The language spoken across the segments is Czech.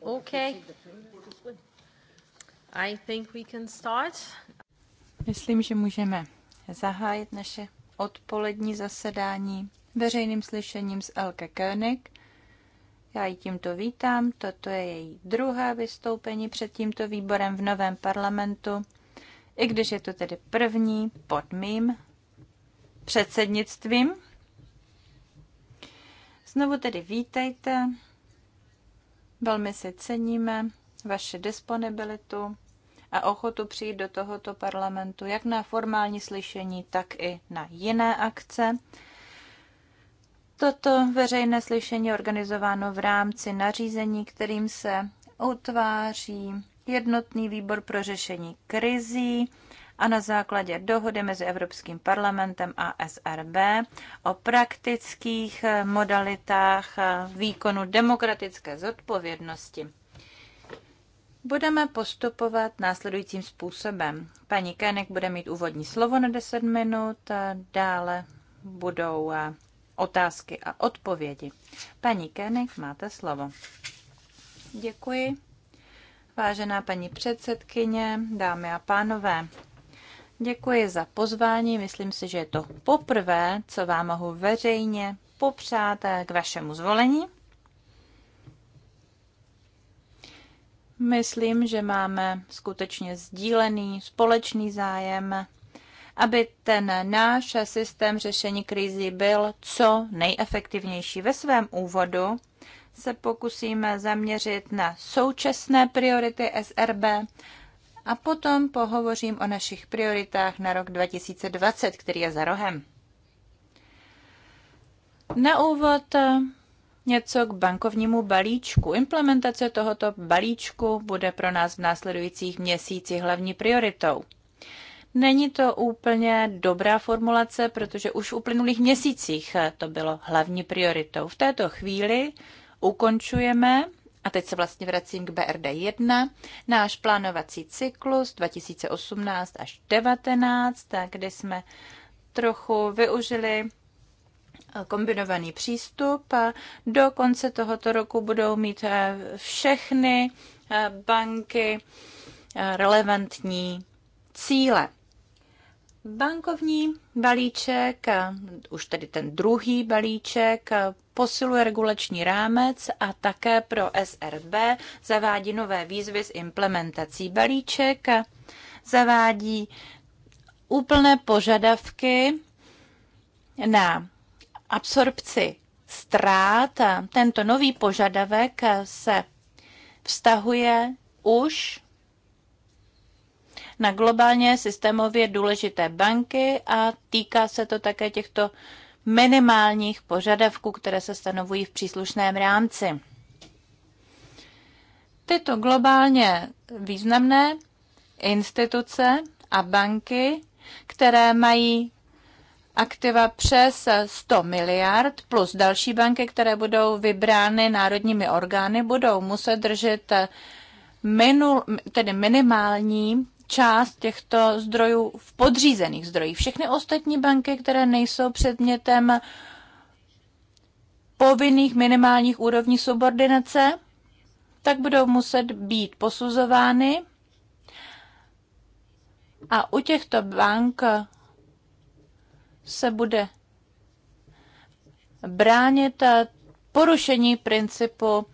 Okay. I think we can start. Myslím, že můžeme zahájit naše odpolední zasedání veřejným slyšením s Elke König. Já ji tímto vítám. Toto je její druhé vystoupení před tímto výborem v novém parlamentu. I když je to tedy první pod mým předsednictvím. Znovu tedy vítejte. Velmi si ceníme vaši disponibilitu a ochotu přijít do tohoto parlamentu, jak na formální slyšení, tak i na jiné akce. Toto veřejné slyšení je organizováno v rámci nařízení, kterým se utváří jednotný výbor pro řešení krizí a na základě dohody mezi Evropským parlamentem a SRB o praktických eh, modalitách eh, výkonu demokratické zodpovědnosti. Budeme postupovat následujícím způsobem. Paní Kének bude mít úvodní slovo na 10 minut, eh, dále budou otázky a odpovědi. Paní Kének, máte slovo. Děkuji. Vážená paní předsedkyně, dámy a pánové, Děkuji za pozvání. Myslím si, že je to poprvé, co vám mohu veřejně popřát eh, k vašemu zvolení. Myslím, že máme skutečně sdílený společný zájem, aby ten náš systém řešení krizí byl co nejefektivnější. Ve svém úvodu se pokusíme zaměřit na současné priority SRB a potom pohovořím o našich prioritách na rok 2020, který je za rohem. Na úvod něco k bankovnímu balíčku. Implementace tohoto balíčku bude pro nás v následujících měsících hlavní prioritou. Není to úplně dobrá formulace, protože už v uplynulých měsících to bylo hlavní prioritou. V této chvíli ukončujeme a teď se vlastně vracím k BRD1, náš plánovací cyklus 2018 až 2019, kde jsme trochu využili eh, kombinovaný přístup. Do konce tohoto roku budou mít eh, všechny eh, banky relevantní cíle. Bankovní balíček, už tedy ten druhý balíček, posiluje regulační rámec a také pro SRB zavádí nové výzvy s implementací balíček, zavádí úplné požadavky na absorpci ztrát. Tento nový požadavek se vztahuje už na globálně systémově důležité banky a týká se to také těchto minimálních požadavků, které se stanovují v příslušném rámci. Tyto globálně významné instituce a banky, které mají aktiva přes 100 miliard plus další banky, které budou vybrány národními orgány, budou muset držet minul, tedy minimální část těchto zdrojů v podřízených zdrojích. Všechny ostatní banky, které nejsou předmětem povinných minimálních úrovní subordinace, tak budou muset být posuzovány. A u těchto bank se bude bránit porušení principu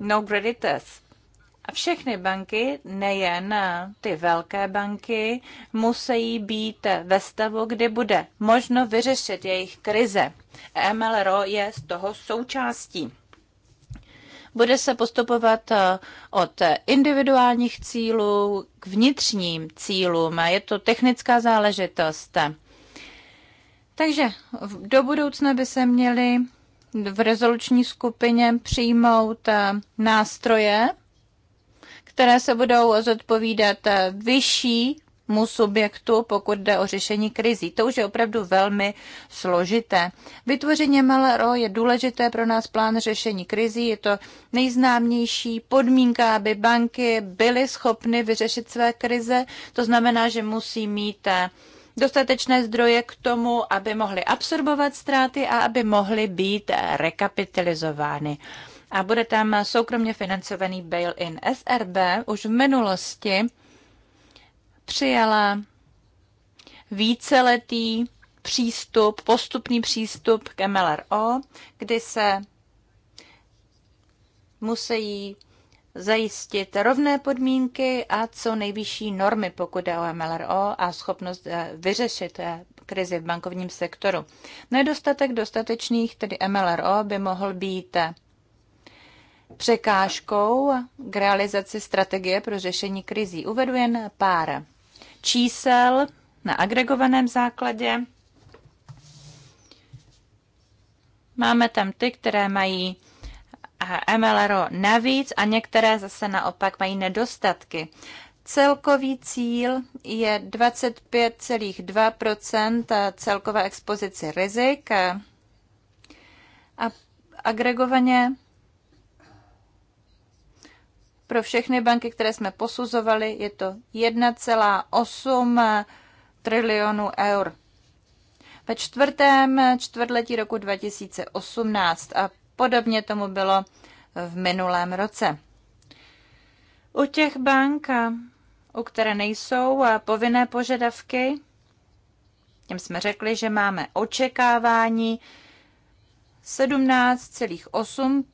no test. A všechny banky, nejen ty velké banky, musí být ve stavu, kdy bude možno vyřešit jejich krize. MLRO je z toho součástí. Bude se postupovat eh, od individuálních cílů k vnitřním cílům. Je to technická záležitost. Takže do budoucna by se měly v rezoluční skupině přijmout eh, nástroje, které se budou zodpovídat eh, mu subjektu, pokud jde o řešení krizí. To už je opravdu velmi složité. Vytvoření MLRO je důležité pro nás plán řešení krizí. Je to nejznámější podmínka, aby banky byly schopny vyřešit své krize. To znamená, že musí mít eh, dostatečné zdroje k tomu, aby mohly absorbovat ztráty a aby mohly být eh, rekapitalizovány a bude tam soukromně financovaný bail-in. SRB už v minulosti přijala víceletý přístup, postupný přístup k MLRO, kdy se musí zajistit rovné podmínky a co nejvyšší normy, pokud jde o MLRO a schopnost eh, vyřešit eh, krizi v bankovním sektoru. Nedostatek dostatečných, tedy MLRO, by mohl být eh, překážkou k realizaci strategie pro řešení krizí. Uvedu jen pár čísel na agregovaném základě. Máme tam ty, které mají MLRO navíc a některé zase naopak mají nedostatky. Celkový cíl je 25,2 celkové expozici rizik a agregovaně pro všechny banky, které jsme posuzovali, je to 1,8 trilionů eur. Ve čtvrtém čtvrtletí roku 2018 a podobně tomu bylo v minulém roce. U těch bank, u které nejsou povinné požadavky, těm jsme řekli, že máme očekávání 17,8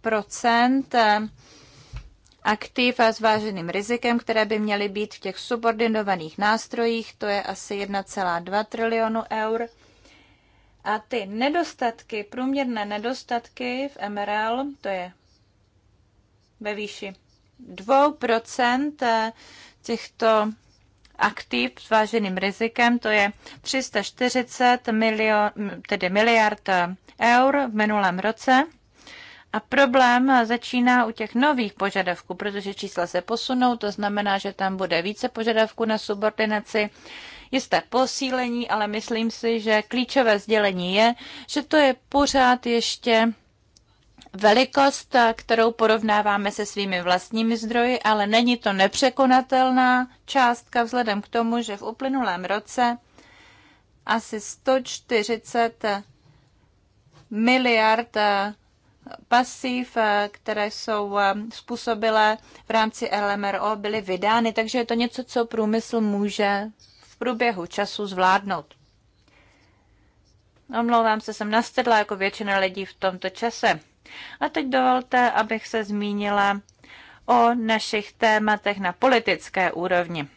aktiv s váženým rizikem, které by měly být v těch subordinovaných nástrojích, to je asi 1,2 trilionu eur. A ty nedostatky, průměrné nedostatky v MRL, to je ve výši 2% těchto aktiv s váženým rizikem, to je 340 milion, tedy miliard eur v minulém roce. A problém začíná u těch nových požadavků, protože čísla se posunou, to znamená, že tam bude více požadavků na subordinaci, jisté posílení, ale myslím si, že klíčové sdělení je, že to je pořád ještě velikost, kterou porovnáváme se svými vlastními zdroji, ale není to nepřekonatelná částka vzhledem k tomu, že v uplynulém roce asi 140 miliard pasiv, eh, které jsou eh, způsobilé v rámci LMRO, byly vydány, takže je to něco, co průmysl může v průběhu času zvládnout. Omlouvám se, jsem nastedla jako většina lidí v tomto čase. A teď dovolte, abych se zmínila o našich tématech na politické úrovni.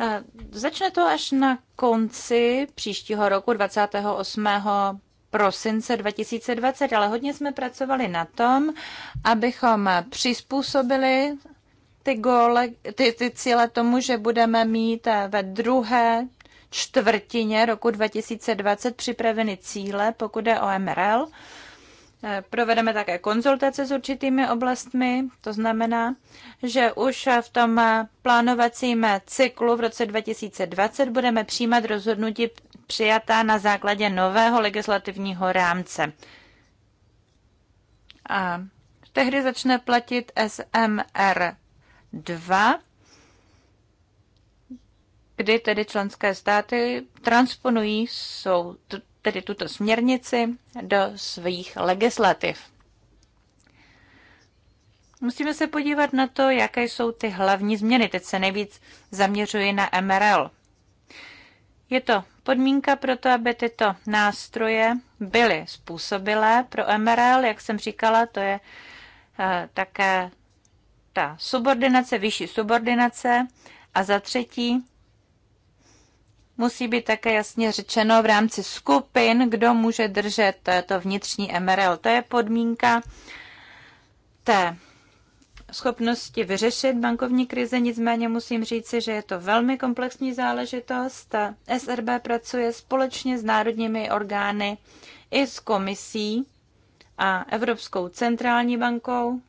Eh, začne to až na konci příštího roku 28 prosince 2020, ale hodně jsme pracovali na tom, abychom přizpůsobili ty, góle, ty, ty cíle tomu, že budeme mít ve druhé čtvrtině roku 2020 připraveny cíle, pokud je o MRL. Provedeme také konzultace s určitými oblastmi, to znamená, že už v tom plánovacím cyklu v roce 2020 budeme přijímat rozhodnutí přijatá na základě nového legislativního rámce. A tehdy začne platit SMR 2, kdy tedy členské státy transponují jsou tedy tuto směrnici do svých legislativ. Musíme se podívat na to, jaké jsou ty hlavní změny. Teď se nejvíc zaměřuji na MRL. Je to Podmínka pro to, aby tyto nástroje byly způsobilé pro MRL, jak jsem říkala, to je eh, také ta subordinace, vyšší subordinace. A za třetí, musí být také jasně řečeno v rámci skupin, kdo může držet to vnitřní MRL. To je podmínka té schopnosti vyřešit bankovní krize, nicméně musím říci, že je to velmi komplexní záležitost. SRB pracuje společně s národními orgány i s komisí a Evropskou centrální bankou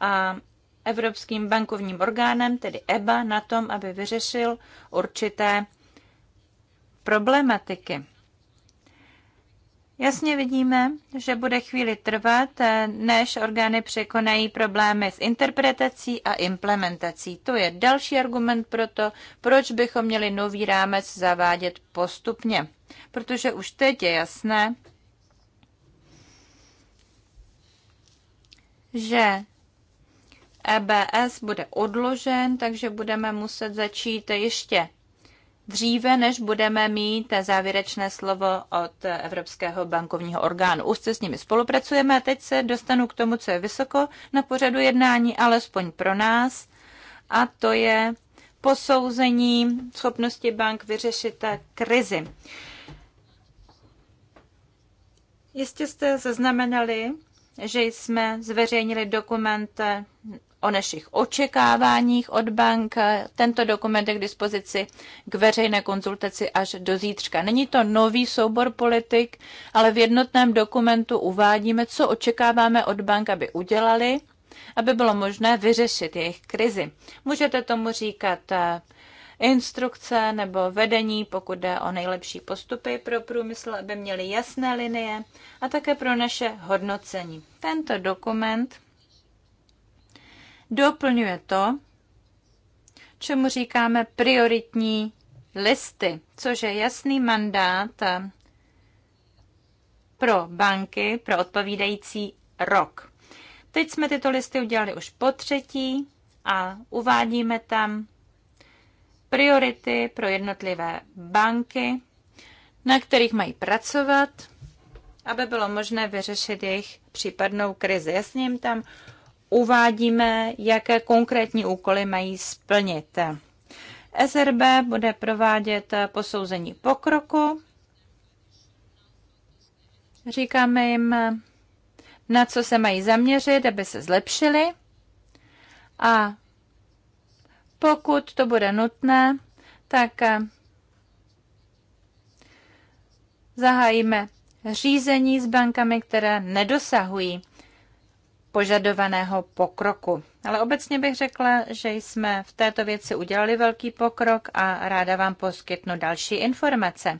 a Evropským bankovním orgánem, tedy EBA, na tom, aby vyřešil určité problematiky. Jasně vidíme, že bude chvíli trvat, eh, než orgány překonají problémy s interpretací a implementací. To je další argument pro to, proč bychom měli nový rámec zavádět postupně. Protože už teď je jasné, že EBS bude odložen, takže budeme muset začít ještě dříve, než budeme mít závěrečné slovo od Evropského bankovního orgánu. Už se s nimi spolupracujeme a teď se dostanu k tomu, co je vysoko na pořadu jednání, alespoň pro nás, a to je posouzení schopnosti bank vyřešit krizi. Jistě jste zaznamenali, že jsme zveřejnili dokument o našich očekáváních od bank. Tento dokument je k dispozici k veřejné konzultaci až do zítřka. Není to nový soubor politik, ale v jednotném dokumentu uvádíme, co očekáváme od bank, aby udělali, aby bylo možné vyřešit jejich krizi. Můžete tomu říkat eh, instrukce nebo vedení, pokud jde o nejlepší postupy pro průmysl, aby měli jasné linie a také pro naše hodnocení. Tento dokument doplňuje to, čemu říkáme prioritní listy, což je jasný mandát pro banky pro odpovídající rok. Teď jsme tyto listy udělali už po třetí a uvádíme tam priority pro jednotlivé banky, na kterých mají pracovat, aby bylo možné vyřešit jejich případnou krizi. Jasně jim tam uvádíme, jaké konkrétní úkoly mají splnit. SRB bude provádět posouzení pokroku. Říkáme jim, na co se mají zaměřit, aby se zlepšili. A pokud to bude nutné, tak zahájíme řízení s bankami, které nedosahují požadovaného pokroku. Ale obecně bych řekla, že jsme v této věci udělali velký pokrok a ráda vám poskytnu další informace.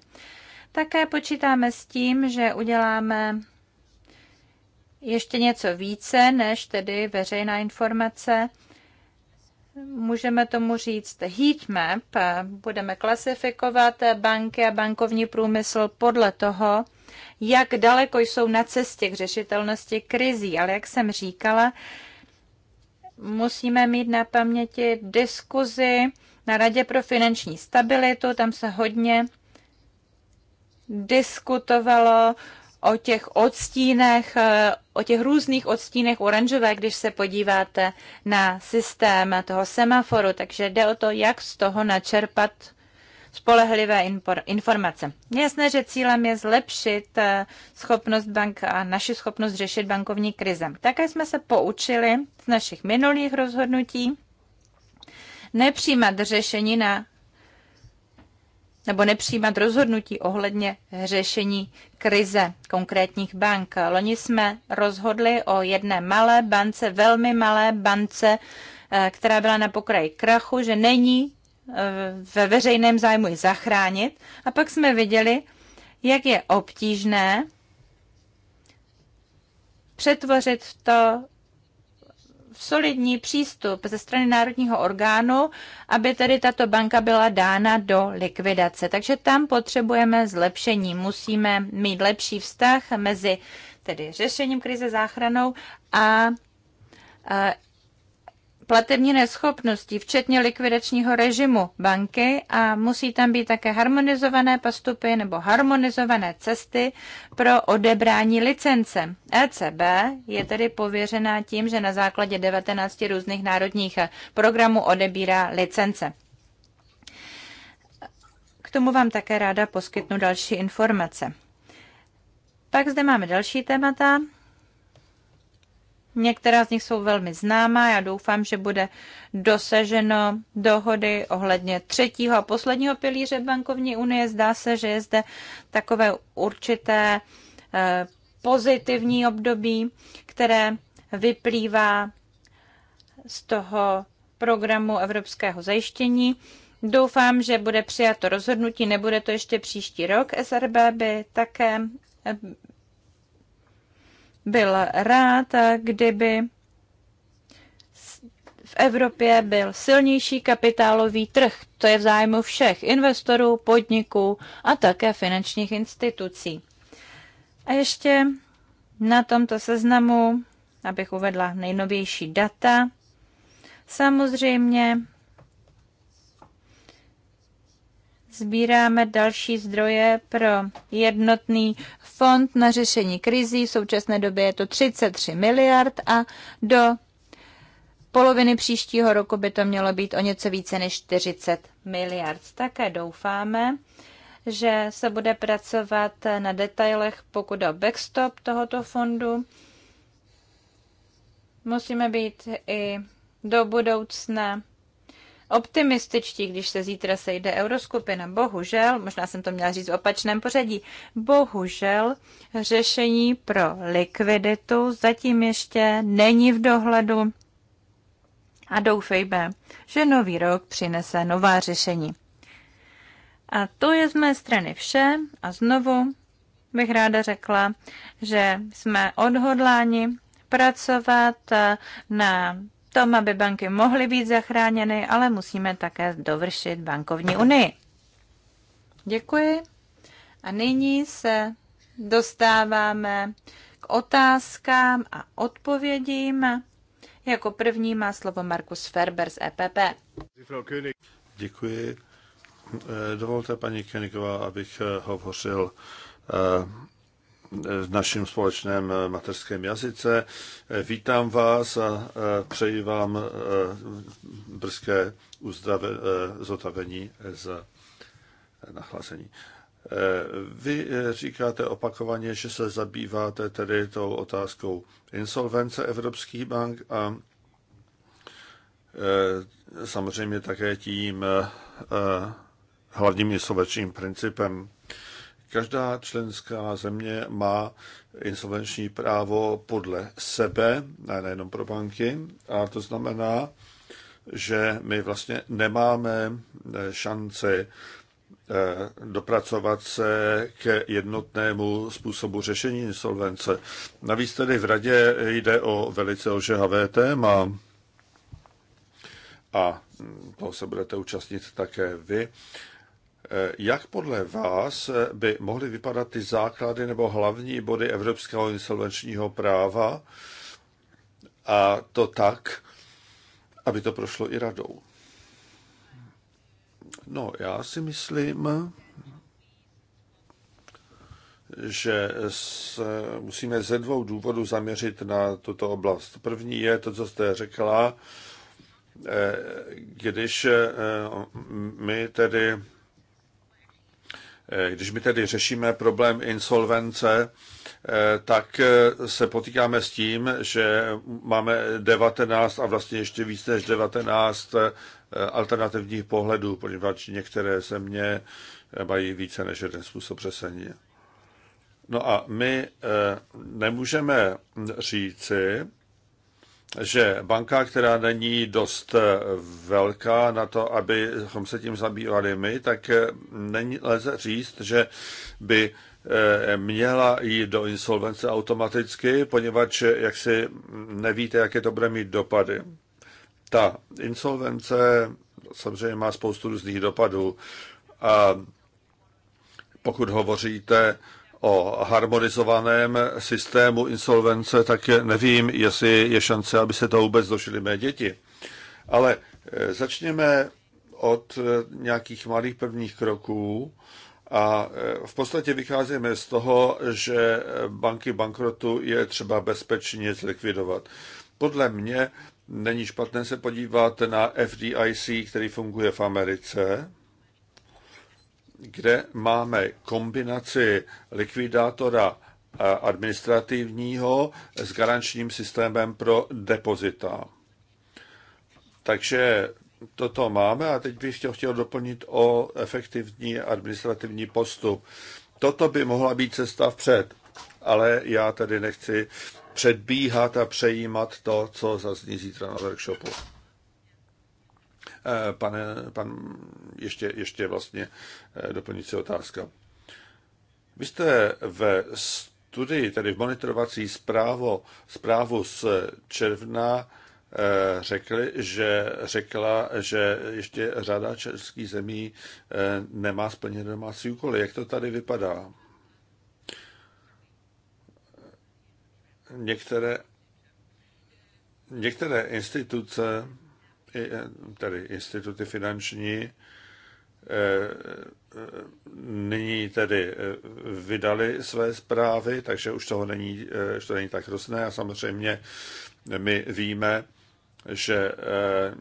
Také počítáme s tím, že uděláme ještě něco více než tedy veřejná informace. Můžeme tomu říct map, Budeme klasifikovat banky a bankovní průmysl podle toho, jak daleko jsou na cestě k řešitelnosti krizí, ale jak jsem říkala, musíme mít na paměti diskuzi na Radě pro finanční stabilitu, tam se hodně diskutovalo o těch odstínech, o těch různých odstínech oranžové, když se podíváte na systém toho semaforu. Takže jde o to, jak z toho načerpat spolehlivé informace. Je jasné, že cílem je zlepšit eh, schopnost bank a naši schopnost řešit bankovní krize. Také jsme se poučili z našich minulých rozhodnutí nepřijímat řešení na nebo nepřijímat rozhodnutí ohledně řešení krize konkrétních bank. Loni jsme rozhodli o jedné malé bance, velmi malé bance, eh, která byla na pokraji krachu, že není ve veřejném zájmu je zachránit. A pak jsme viděli, jak je obtížné přetvořit to v solidní přístup ze strany národního orgánu, aby tedy tato banka byla dána do likvidace. Takže tam potřebujeme zlepšení. Musíme mít lepší vztah mezi tedy řešením krize záchranou a, a platební neschopnosti, včetně likvidačního režimu banky a musí tam být také harmonizované postupy nebo harmonizované cesty pro odebrání licence. ECB je tedy pověřená tím, že na základě 19 různých národních programů odebírá licence. K tomu vám také ráda poskytnu další informace. Pak zde máme další témata, Některá z nich jsou velmi známá. Já doufám, že bude dosaženo dohody ohledně třetího a posledního pilíře bankovní unie. Zdá se, že je zde takové určité eh, pozitivní období, které vyplývá z toho programu evropského zajištění. Doufám, že bude přijato rozhodnutí, nebude to ještě příští rok. SRB by také eh, byl rád, kdyby v Evropě byl silnější kapitálový trh. To je v zájmu všech investorů, podniků a také finančních institucí. A ještě na tomto seznamu, abych uvedla nejnovější data, samozřejmě sbíráme další zdroje pro jednotný fond na řešení krizí. V současné době je to 33 miliard a do poloviny příštího roku by to mělo být o něco více než 40 miliard. Také doufáme, že se bude pracovat na detailech, pokud o backstop tohoto fondu. Musíme být i do budoucna optimističtí, když se zítra sejde euroskupina. Bohužel, možná jsem to měla říct v opačném pořadí, bohužel řešení pro likviditu zatím ještě není v dohledu a doufejme, že nový rok přinese nová řešení. A to je z mé strany vše a znovu bych ráda řekla, že jsme odhodláni pracovat na tom, aby banky mohly být zachráněny, ale musíme také dovršit bankovní unii. Děkuji. A nyní se dostáváme k otázkám a odpovědím. Jako první má slovo Markus Ferber z EPP. Děkuji. Eh, dovolte, paní Keniková, abych eh, hovořil eh, v našem společném eh, mateřském jazyce. Eh, vítám vás a eh, přeji vám brzké uzdrave, zotavení z nachlazení. Vy říkáte opakovaně, že se zabýváte tedy tou otázkou insolvence evropských bank a samozřejmě také tím hlavním insolvenčním principem. Každá členská země má insolvenční právo podle sebe, ne, nejenom pro banky, a to znamená, že my vlastně nemáme eh, šanci eh, dopracovat se k jednotnému způsobu řešení insolvence. Navíc tedy v radě jde o velice ožehavé téma a toho se budete účastnit také vy. Eh, jak podle vás eh, by mohly vypadat ty základy nebo hlavní body evropského insolvenčního práva a to tak, aby to prošlo i radou? No, já si myslím, že se musíme ze dvou důvodů zaměřit na tuto oblast. První je to, co jste řekla, eh, když my tedy Eh, když my tedy řešíme problém insolvence, eh, tak eh, se potýkáme s tím, že máme 19 a vlastně ještě víc než 19 alternativních pohledů, poněvadž některé země mají více než jeden způsob řešení. No a my nemůžeme říci, že banka, která není dost eh, velká na to, abychom se tím zabývali my, tak eh, není, lze říct, že by eh, měla jít do insolvence automaticky, poněvadž jak si nevíte, jaké to bude mít dopady. Ta insolvence samozřejmě má spoustu různých dopadů a pokud hovoříte o harmonizovaném systému insolvence, tak nevím, jestli je šance, aby se to vůbec došly mé děti. Ale e, začněme od e, nějakých malých prvních kroků a e, v podstatě vycházíme z toho, že banky bankrotu je třeba bezpečně zlikvidovat. Podle mě není špatné se podívat na FDIC, který funguje v Americe, kde máme kombinaci likvidátora administrativního s garančním systémem pro depozita. Takže toto máme a teď bych chtěl, chtěl doplnit o efektivní administrativní postup. Toto by mohla být cesta vpřed, ale já tady nechci předbíhat a přejímat to, co zazní zítra na workshopu. Eh, pane, pan, ještě, ještě vlastně eh, doplňující otázka. Vy jste ve studii, tedy v monitorovací zprávo, zprávu z června eh, řekli, že řekla, že ještě řada českých zemí nemá splněné domácí úkoly. Jak to tady vypadá? Některé, některé instituce E, tedy instituty finanční, e, e, nyní tedy vydali své zprávy, takže už toho není, už to není tak hrozné a samozřejmě my víme, že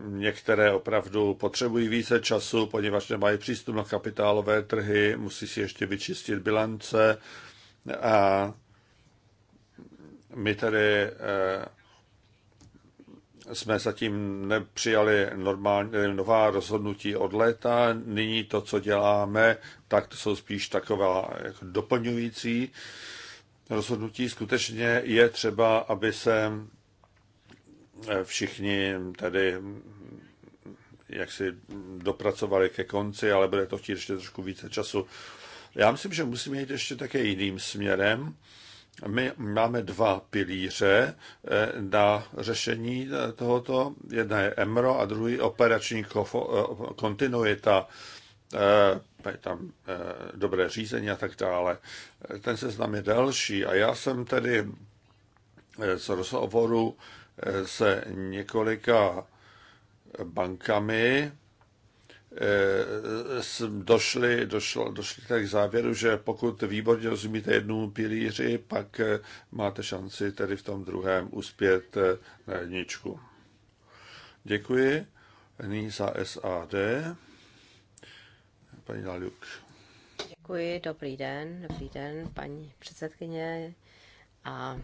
některé opravdu potřebují více času, poněvadž nemají přístup na kapitálové trhy, musí si ještě vyčistit bilance a my tedy jsme zatím nepřijali normální, nová rozhodnutí od léta. Nyní to, co děláme, tak to jsou spíš taková jako doplňující rozhodnutí. Skutečně je třeba, aby se všichni tedy jak si dopracovali ke konci, ale bude to chtít ještě trošku více času. Já myslím, že musíme jít ještě také jiným směrem my máme dva pilíře eh, na řešení eh, tohoto. Jedna je EMRO a druhý operační eh, kontinuita. Je tam dobré řízení a tak dále. Ten seznam je delší a já jsem tedy z rozhovoru se několika bankami Eh, došli, došlo, došli k závěru, že pokud výborně rozumíte jednu pilíři, pak eh, máte šanci tedy v tom druhém uspět eh, na jedničku. Děkuji. Nyní za SAD. Paní Daliuk. Děkuji, dobrý den, dobrý den, paní předsedkyně. A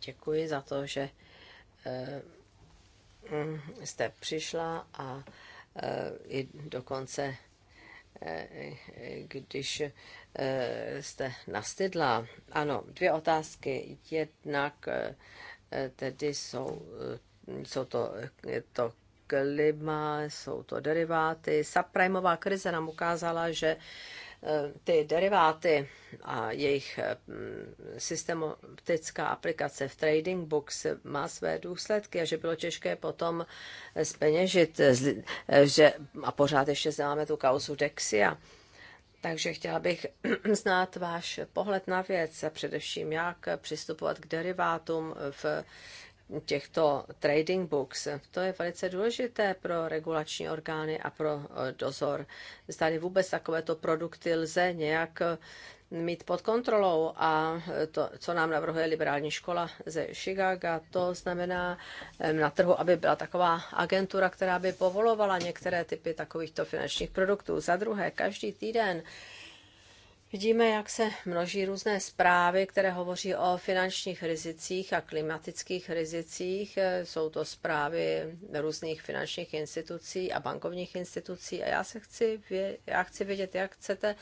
děkuji za to, že Mm, jste přišla a eh, i dokonce eh, když eh, jste nastydla. Ano, dvě otázky. Jednak tedy jsou, jsou to, je to klima, jsou to deriváty. Subprimová krize nám ukázala, že Eh, ty deriváty a jejich eh, mm, systematická aplikace v Trading Box má své důsledky a že bylo těžké potom speněžit, eh, že, a pořád ještě známe tu kauzu Dexia, takže chtěla bych znát váš pohled na věc a především jak přistupovat k derivátům v těchto trading books. To je velice důležité pro regulační orgány a pro eh, dozor. Zdali vůbec takovéto produkty lze nějak eh, mít pod kontrolou a eh, to, co nám navrhuje liberální škola ze Chicago to znamená na trhu, aby byla taková agentura, která by povolovala některé typy takovýchto finančních produktů. Za druhé, každý týden Vidíme, jak se množí různé zprávy, které hovoří o finančních rizicích a klimatických rizicích. E, jsou to zprávy různých finančních institucí a bankovních institucí. A já se chci, já chci vědět, jak chcete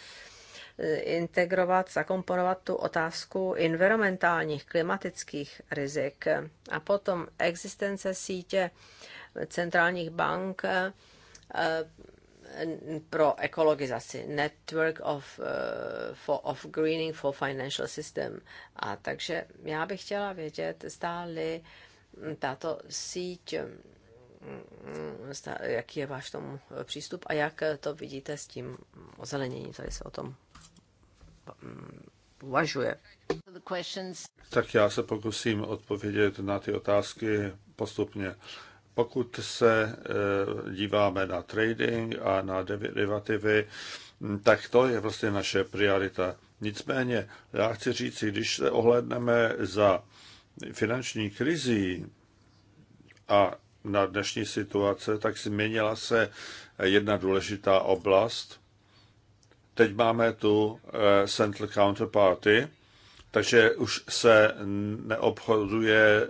e, integrovat, zakomponovat tu otázku environmentálních, klimatických rizik. A potom existence sítě centrálních bank e, pro ekologizaci, Network of, eh, for, of Greening for Financial System. A takže já bych chtěla vědět, zdáli mm, tato síť, mm, mm, jaký je váš tomu přístup a jak to vidíte s tím ozeleněním, tady se o tom uvažuje. Tak já se pokusím odpovědět na ty otázky postupně. Pokud se eh, díváme na trading a na derivativy, hm, tak to je vlastně naše priorita. Nicméně, já chci říct, když se ohledneme za finanční krizí a na dnešní situace, tak změnila se jedna důležitá oblast. Teď máme tu eh, Central Counterparty, takže už se neobchoduje eh,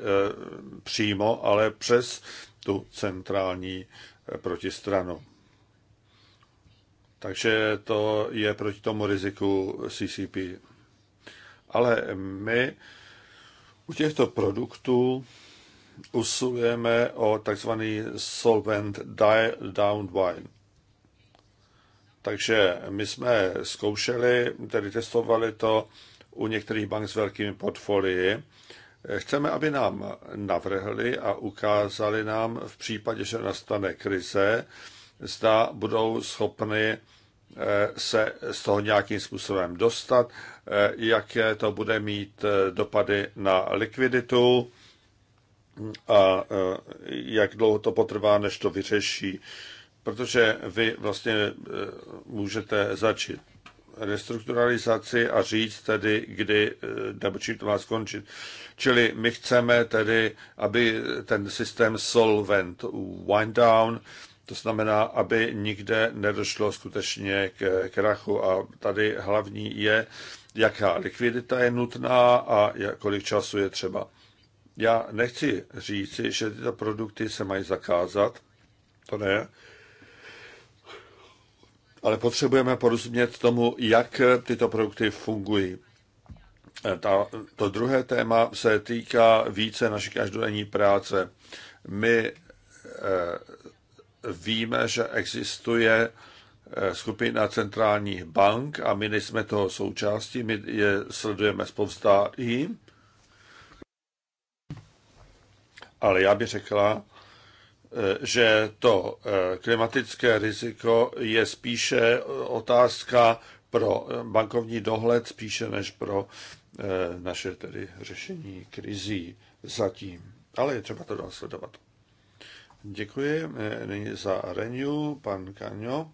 přímo, ale přes tu centrální eh, protistranu. Takže to je proti tomu riziku CCP. Ale my u těchto produktů usilujeme o takzvaný solvent down wine. Takže my jsme zkoušeli, tedy testovali to u některých bank s velkými portfolii Chceme, aby nám navrhli a ukázali nám v případě, že nastane krize, zda budou schopny eh, se z toho nějakým způsobem dostat, eh, jaké to bude mít eh, dopady na likviditu a jak dlouho to potrvá, než to vyřeší. Protože vy vlastně můžete začít restrukturalizaci a říct tedy, kdy, eh, nebo čím to má skončit. Čili my chceme tedy, aby ten systém solvent wind down, to znamená, aby nikde nedošlo skutečně k krachu. A tady hlavní je, jaká likvidita je nutná a kolik času je třeba. Já nechci říci, že tyto produkty se mají zakázat, to ne, ale potřebujeme porozumět tomu, jak tyto produkty fungují. E, ta, to druhé téma se týká více naší každodenní práce. My e, víme, že existuje e, skupina centrálních bank a my nejsme toho součástí, my je sledujeme zpovzdálí. Ale já bych řekla, že to eh, klimatické riziko je spíše otázka pro eh, bankovní dohled, spíše než pro eh, naše tedy řešení krizí zatím. Ale je třeba to následovat. Děkuji. Nyní za Renew, pan Kaňo.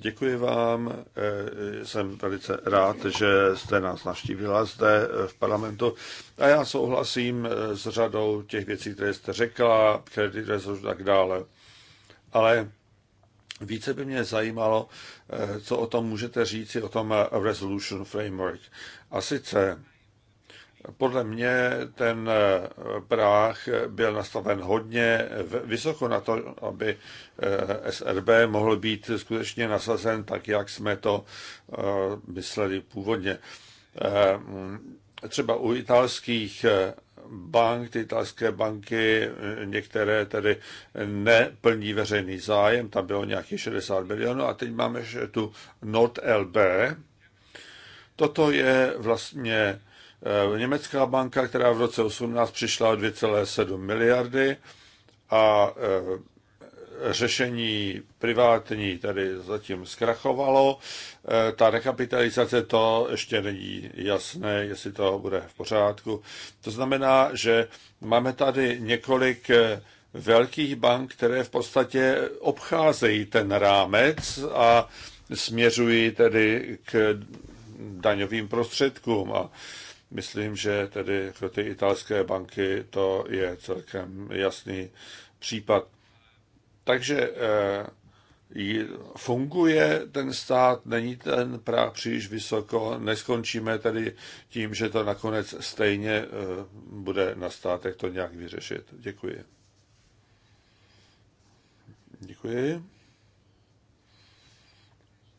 Děkuji vám. Eh, jsem velice rád, že jste nás navštívila zde eh, v parlamentu. A já souhlasím eh, s řadou těch věcí, které jste řekla, kredit resort a tak dále. Ale více by mě zajímalo, co o tom můžete říci, o tom Resolution Framework. A sice podle mě ten eh, práh byl nastaven hodně vysoko na to, aby eh, SRB mohl být skutečně nasazen tak, jak jsme to eh, mysleli původně. Třeba u italských bank, ty italské banky, některé tedy neplní veřejný zájem, tam bylo nějakých 60 milionů a teď máme tu NotLB. Toto je vlastně Eh, německá banka, která v roce 18 přišla o 2,7 miliardy a eh, řešení privátní tady zatím zkrachovalo. Eh, ta rekapitalizace to ještě není jasné, jestli to bude v pořádku. To znamená, že máme tady několik velkých bank, které v podstatě obcházejí ten rámec a směřují tedy k daňovým prostředkům. A Myslím, že tedy pro ty italské banky to je celkem jasný případ. Takže eh, funguje ten stát, není ten práh příliš vysoko, neskončíme tedy tím, že to nakonec stejně eh, bude na státech to nějak vyřešit. Děkuji. Děkuji.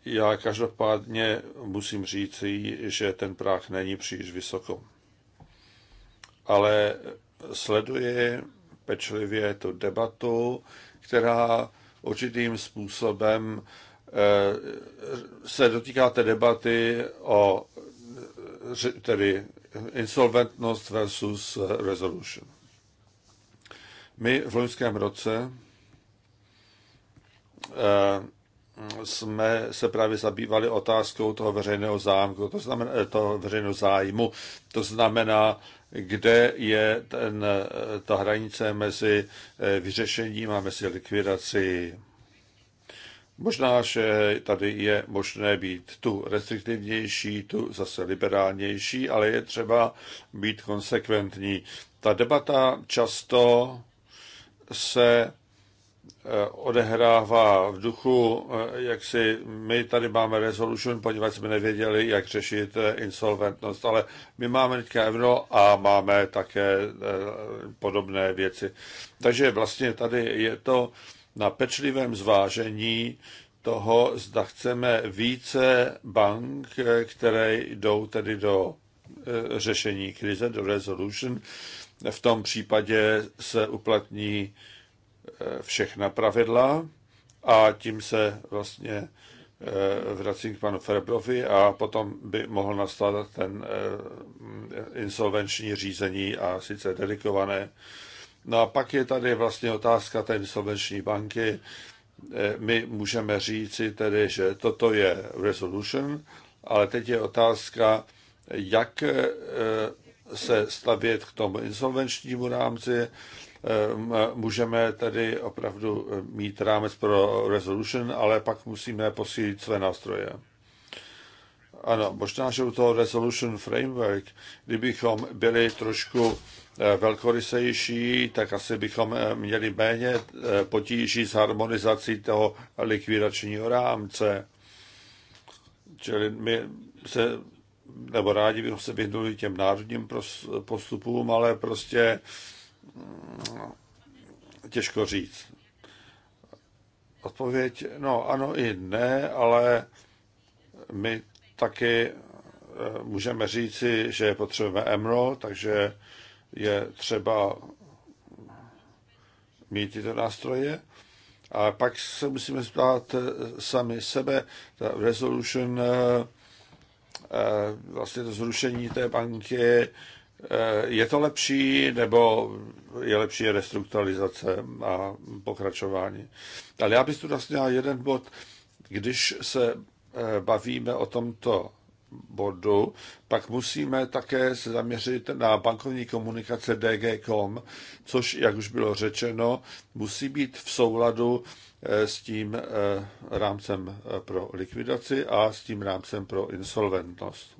Já každopádně musím říct, že ten práh není příliš vysoko. Ale sleduji pečlivě tu debatu, která určitým způsobem eh, se dotýká té debaty o eh, tedy insolventnost versus resolution. My v loňském roce eh, jsme se právě zabývali otázkou toho veřejného zájmu, to znamená, toho veřejného zájmu, to znamená, kde je ten, ta hranice mezi eh, vyřešením a mezi likvidací. Možná, že tady je možné být tu restriktivnější, tu zase liberálnější, ale je třeba být konsekventní. Ta debata často se Eh, odehrává v duchu, eh, jak si my tady máme resolution, poněvadž jsme nevěděli, jak řešit eh, insolventnost, ale my máme teďka euro a máme také podobné věci. Takže vlastně tady je to na pečlivém zvážení toho, zda chceme více bank, které jdou tedy do řešení krize, do resolution. V tom případě se uplatní všechna pravidla a tím se vlastně eh, vracím k panu Ferbrovi a potom by mohl nastat ten eh, insolvenční řízení a sice dedikované. No a pak je tady vlastně otázka té insolvenční banky. Eh, my můžeme říci tedy, že toto je resolution, ale teď je otázka, jak se stavět k tomu insolvenčnímu rámci, Ehm, můžeme tedy opravdu eh, mít rámec pro resolution, ale pak musíme posílit své nástroje. Ano, možná, že u toho resolution framework, kdybychom byli trošku eh, velkorysejší, tak asi bychom eh, měli méně potíží s harmonizací toho likvidačního rámce. Čili my se, nebo rádi bychom se vyhnuli těm národním postupům, ale prostě No, těžko říct. Odpověď, no ano i ne, ale my taky eh, můžeme říci, že potřebujeme EMRO, takže je třeba mít tyto nástroje. A pak se musíme zeptat eh, sami sebe, ta resolution, eh, vlastně to zrušení té banky, Eh, je to lepší, nebo je lepší restrukturalizace a pokračování? Ale já bych tu vlastně jeden bod. Když se eh, bavíme o tomto bodu, pak musíme také se zaměřit na bankovní komunikace DG.com, což, jak už bylo řečeno, musí být v souladu eh, s tím rámcem pro likvidaci a s tím rámcem pro insolventnost.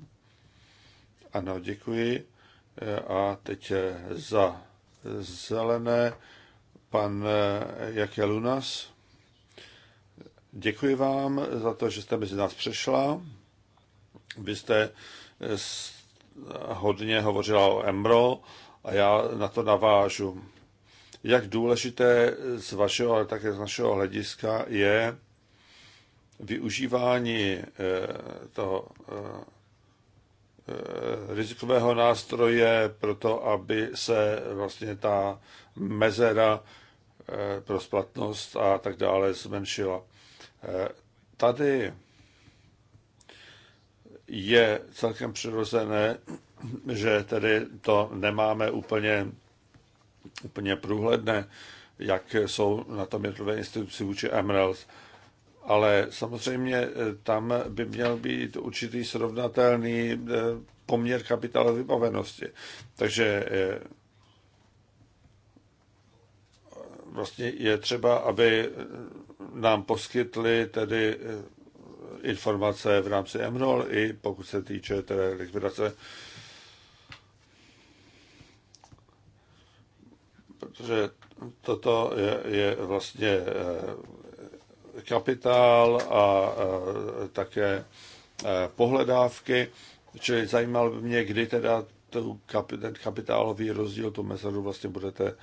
Ano, děkuji. A teď eh, za zelené pan eh, Jaké Lunas. Děkuji vám za to, že jste mezi nás přešla. Vy jste eh, hodně hovořila o Emro a já na to navážu. Jak důležité z vašeho, ale také z našeho hlediska je využívání toho Eh, rizikového nástroje pro to, aby se vlastně ta mezera eh, pro splatnost a tak dále zmenšila. Eh, tady je celkem přirozené, že tedy to nemáme úplně, úplně průhledné, jak jsou na tom jednotlivé instituci vůči Emeralds ale samozřejmě eh, tam by měl být určitý srovnatelný eh, poměr kapitálové vybavenosti. Takže eh, vlastně je třeba, aby nám poskytli tedy informace v rámci MNOL i pokud se týče tedy likvidace protože toto je, je vlastně kapitál a také e, pohledávky, čili zajímal by mě, kdy teda ten kapitálový rozdíl, tu mezeru vlastně budete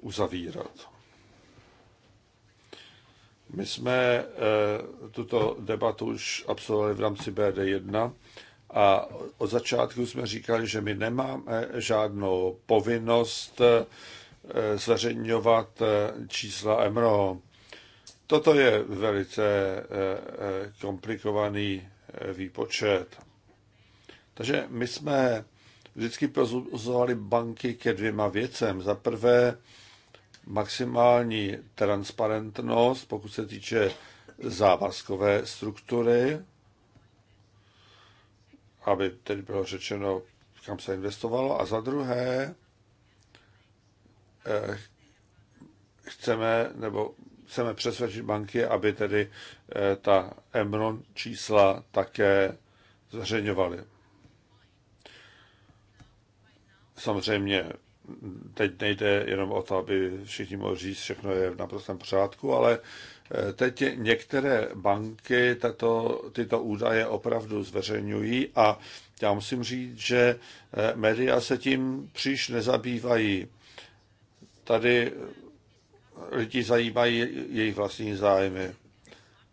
uzavírat. My jsme e, tuto debatu už absolvovali v rámci BD1 a od začátku jsme říkali, že my nemáme žádnou povinnost e, zveřejňovat čísla MRO. Toto je velice eh, eh, komplikovaný eh, výpočet. Takže my jsme vždycky pozvali banky ke dvěma věcem. Za prvé maximální transparentnost, pokud se týče závazkové struktury, aby tedy bylo řečeno, kam se investovalo. A za druhé, chceme nebo chceme přesvědčit banky, aby tedy eh, ta Emron čísla také zveřejňovaly. Samozřejmě teď nejde jenom o to, aby všichni mohli říct, všechno je v naprostém pořádku, ale eh, teď některé banky tato, tyto údaje opravdu zveřejňují a já musím říct, že eh, média se tím příliš nezabývají. Tady lidi zajímají jejich vlastní zájmy.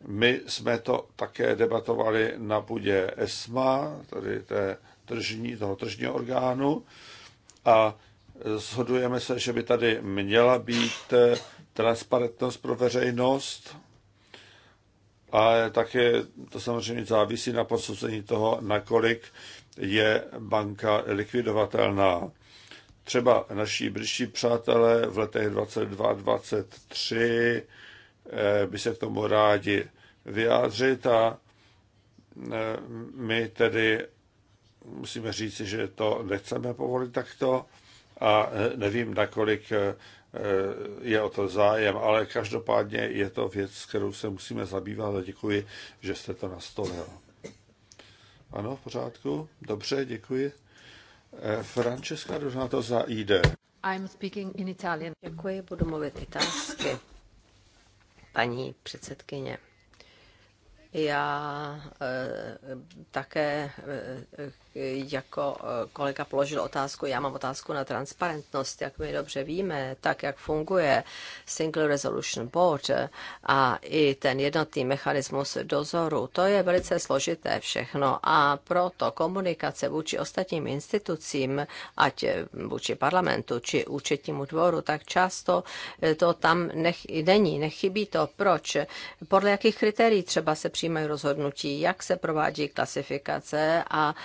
My jsme to také debatovali na budě ESMA, tedy té tržní, toho tržního orgánu, a shodujeme se, že by tady měla být eh, transparentnost pro veřejnost, a také to samozřejmě závisí na posouzení toho, nakolik je banka likvidovatelná třeba naši blížší přátelé v letech 22-23 eh, by se k tomu rádi vyjádřit a eh, my tedy musíme říci, že to nechceme povolit takto a eh, nevím, nakolik je o to zájem, ale každopádně je to věc, s kterou se musíme zabývat a děkuji, že jste to nastolil. Ano, v pořádku? Dobře, děkuji. Eh, Francesca Donato za ID. I'm speaking in Italian. Děkuji, budu mluvit italsky. Paní předsedkyně, já eh, také eh, jako eh, kolega položil otázku, já mám otázku na transparentnost, jak my dobře víme, tak jak funguje Single Resolution Board a i ten jednotný mechanismus dozoru, to je velice složité všechno a proto komunikace vůči ostatním institucím, ať eh, vůči parlamentu či účetnímu dvoru, tak často eh, to tam nech, není, nechybí to. Proč? Podle jakých kritérií třeba se přijímají rozhodnutí, jak se provádí klasifikace a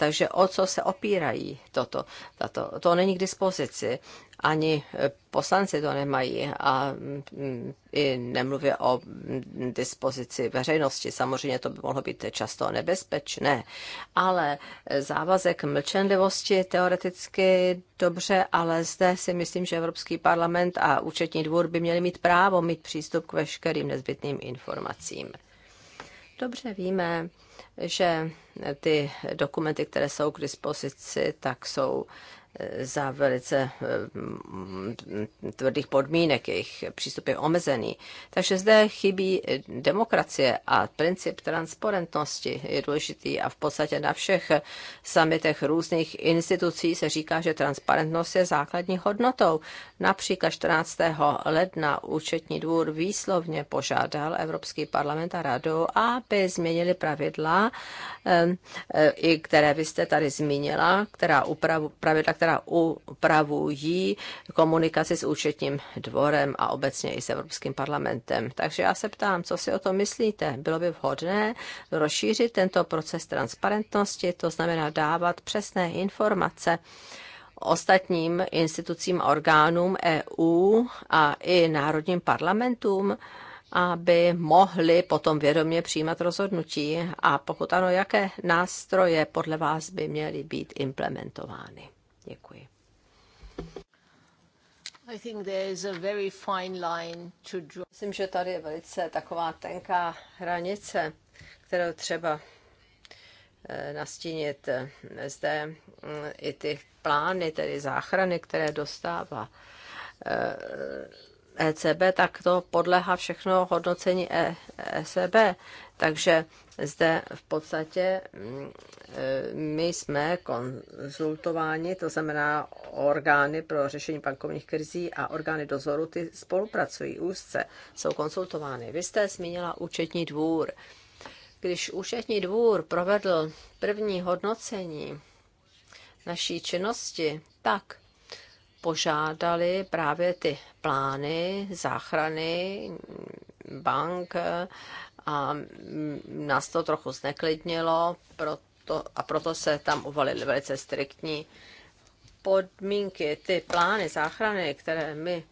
takže o co se opírají toto, tato, to není k dispozici. Ani e, poslanci to nemají a mm, i nemluvě o mm, dispozici veřejnosti. Samozřejmě to by mohlo být často nebezpečné, ale e, závazek mlčenlivosti teoreticky dobře, ale zde si myslím, že Evropský parlament a účetní dvůr by měli mít právo mít přístup k veškerým nezbytným informacím. Dobře víme, že ty dokumenty, které jsou k dispozici, tak jsou za velice eh, tvrdých podmínek, jejich přístup je omezený. Takže zde chybí demokracie a princip transparentnosti je důležitý a v podstatě na všech samitech různých institucí se říká, že transparentnost je základní hodnotou. Například 14. ledna účetní dvůr výslovně požádal Evropský parlament a radu, aby změnili pravidla, eh, eh, i které vy jste tady zmínila, která upravu, pravidla, která upravují komunikaci s účetním dvorem a obecně i s Evropským parlamentem. Takže já se ptám, co si o to myslíte? Bylo by vhodné rozšířit tento proces transparentnosti, to znamená dávat přesné informace ostatním institucím, orgánům EU a i národním parlamentům, aby mohli potom vědomě přijímat rozhodnutí a pokud ano, jaké nástroje podle vás by měly být implementovány. Děkuji. Myslím, že tady je velice taková tenká hranice, kterou třeba eh, nastínit eh, zde mm, i ty plány, tedy záchrany, které dostává eh, ECB, tak to podlehá všechno hodnocení ECB. Takže zde v podstatě mm, e, my jsme konzultováni, to znamená orgány pro řešení bankovních krizí a orgány dozoru, ty spolupracují úzce, jsou konzultovány. Vy jste zmínila účetní dvůr. Když účetní dvůr provedl první hodnocení naší činnosti, tak požádali právě ty plány záchrany bank a nás to trochu zneklidnilo proto, a proto se tam uvalily velice striktní podmínky, ty plány záchrany, které my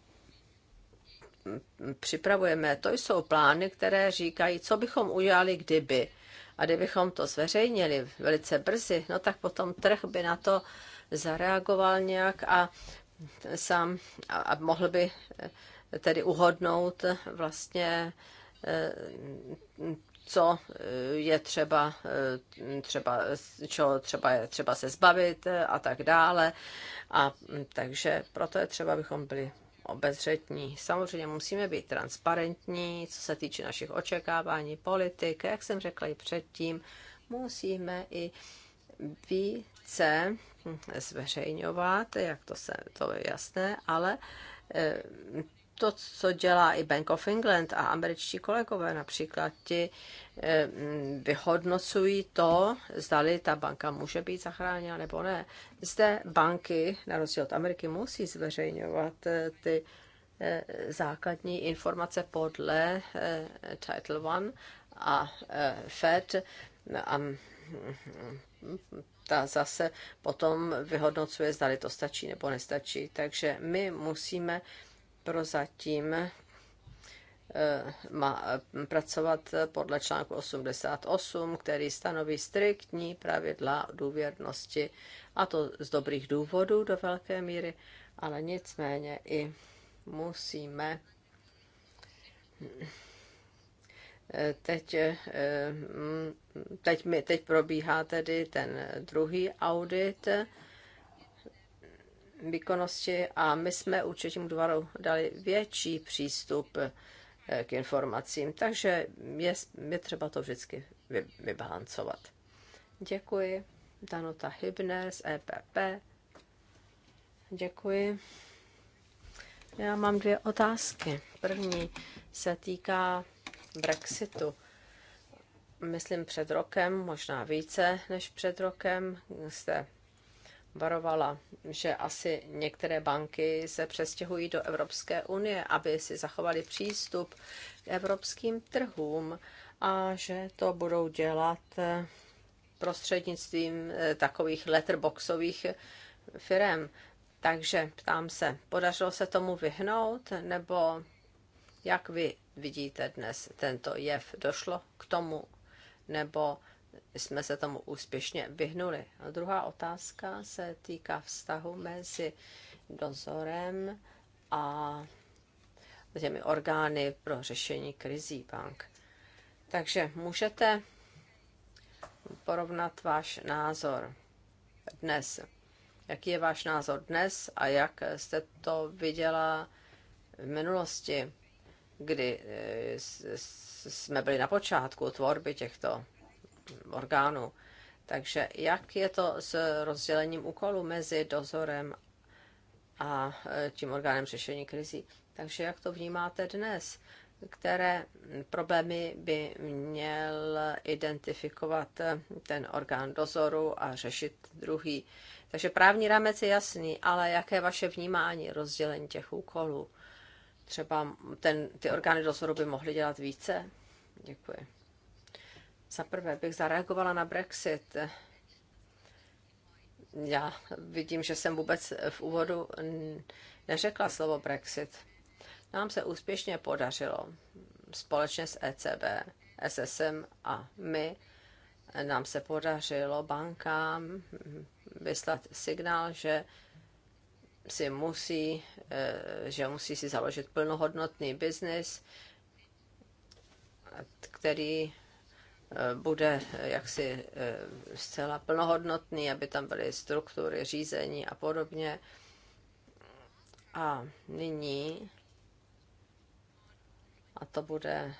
připravujeme, to jsou plány, které říkají, co bychom udělali, kdyby. A kdybychom to zveřejnili velice brzy, no tak potom trh by na to zareagoval nějak a sám a, mohl by eh, tedy uhodnout vlastně, eh, co eh, je třeba, třeba, čo třeba je třeba se zbavit a tak dále. A mm, takže proto je třeba, abychom byli obezřetní. Samozřejmě musíme být transparentní, co se týče našich očekávání, politik, jak jsem řekla i předtím, musíme i být nechce zveřejňovat, jak to, se, to je jasné, ale eh, to, co dělá i Bank of England a američtí kolegové například, ti eh, vyhodnocují to, zdali ta banka může být zachráněna nebo ne. Zde banky, na rozdíl od Ameriky, musí zveřejňovat eh, ty základní informace podle Title One a Fed a mm, ta zase potom vyhodnocuje, zda to stačí nebo nestačí. Takže my musíme prozatím eh, má eh, pracovat podle článku 88, který stanoví striktní pravidla důvěrnosti, a to z dobrých důvodů do velké míry, ale nicméně i musíme Teď, eh, mm, teď, mi, teď probíhá tedy ten druhý audit výkonnosti a my jsme určitému dvaru dali větší přístup eh, k informacím, takže je, je třeba to vždycky vy, vybalancovat. Děkuji. Danuta Hybner z EPP. Děkuji. Já mám dvě otázky. První se týká Brexitu. Myslím před rokem, možná více než před rokem, jste varovala, že asi některé banky se přestěhují do Evropské unie, aby si zachovali přístup k evropským trhům a že to budou dělat eh, prostřednictvím eh, takových letterboxových firm. Takže ptám se, podařilo se tomu vyhnout, nebo jak vy vidíte dnes tento jev? Došlo k tomu, nebo jsme se tomu úspěšně vyhnuli? A druhá otázka se týká vztahu mezi dozorem a těmi orgány pro řešení krizí bank. Takže můžete porovnat váš názor dnes. Jaký je váš názor dnes a jak jste to viděla v minulosti? kdy eh, jsme byli na počátku tvorby těchto orgánů. Takže jak je to s rozdělením úkolů mezi dozorem a eh, tím orgánem řešení krizí? Takže jak to vnímáte dnes? Které problémy by měl identifikovat eh, ten orgán dozoru a řešit druhý? Takže právní rámec je jasný, ale jaké vaše vnímání rozdělení těch úkolů? třeba ten, ty orgány dozoru by mohly dělat více? Děkuji. Za prvé bych zareagovala na Brexit. Já vidím, že jsem vůbec v úvodu neřekla slovo Brexit. Nám se úspěšně podařilo společně s ECB, SSM a my nám se podařilo bankám vyslat signál, že si musí, eh, že musí si založit plnohodnotný biznis, který eh, bude eh, jaksi zcela plnohodnotný, aby tam byly struktury, řízení a podobně. A nyní, a to bude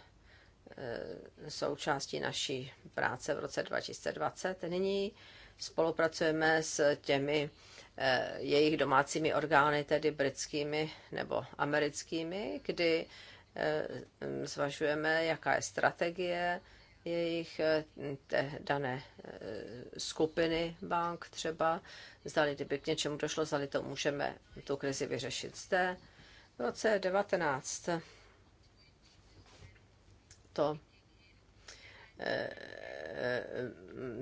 součástí naší práce v roce 2020, nyní spolupracujeme s těmi Eh, jejich domácími orgány, tedy britskými nebo americkými, kdy eh, zvažujeme, jaká je strategie jejich eh, té dané skupiny bank třeba, zdali kdyby k něčemu došlo, zdali to můžeme tu krizi vyřešit zde. V roce 19 to Eh,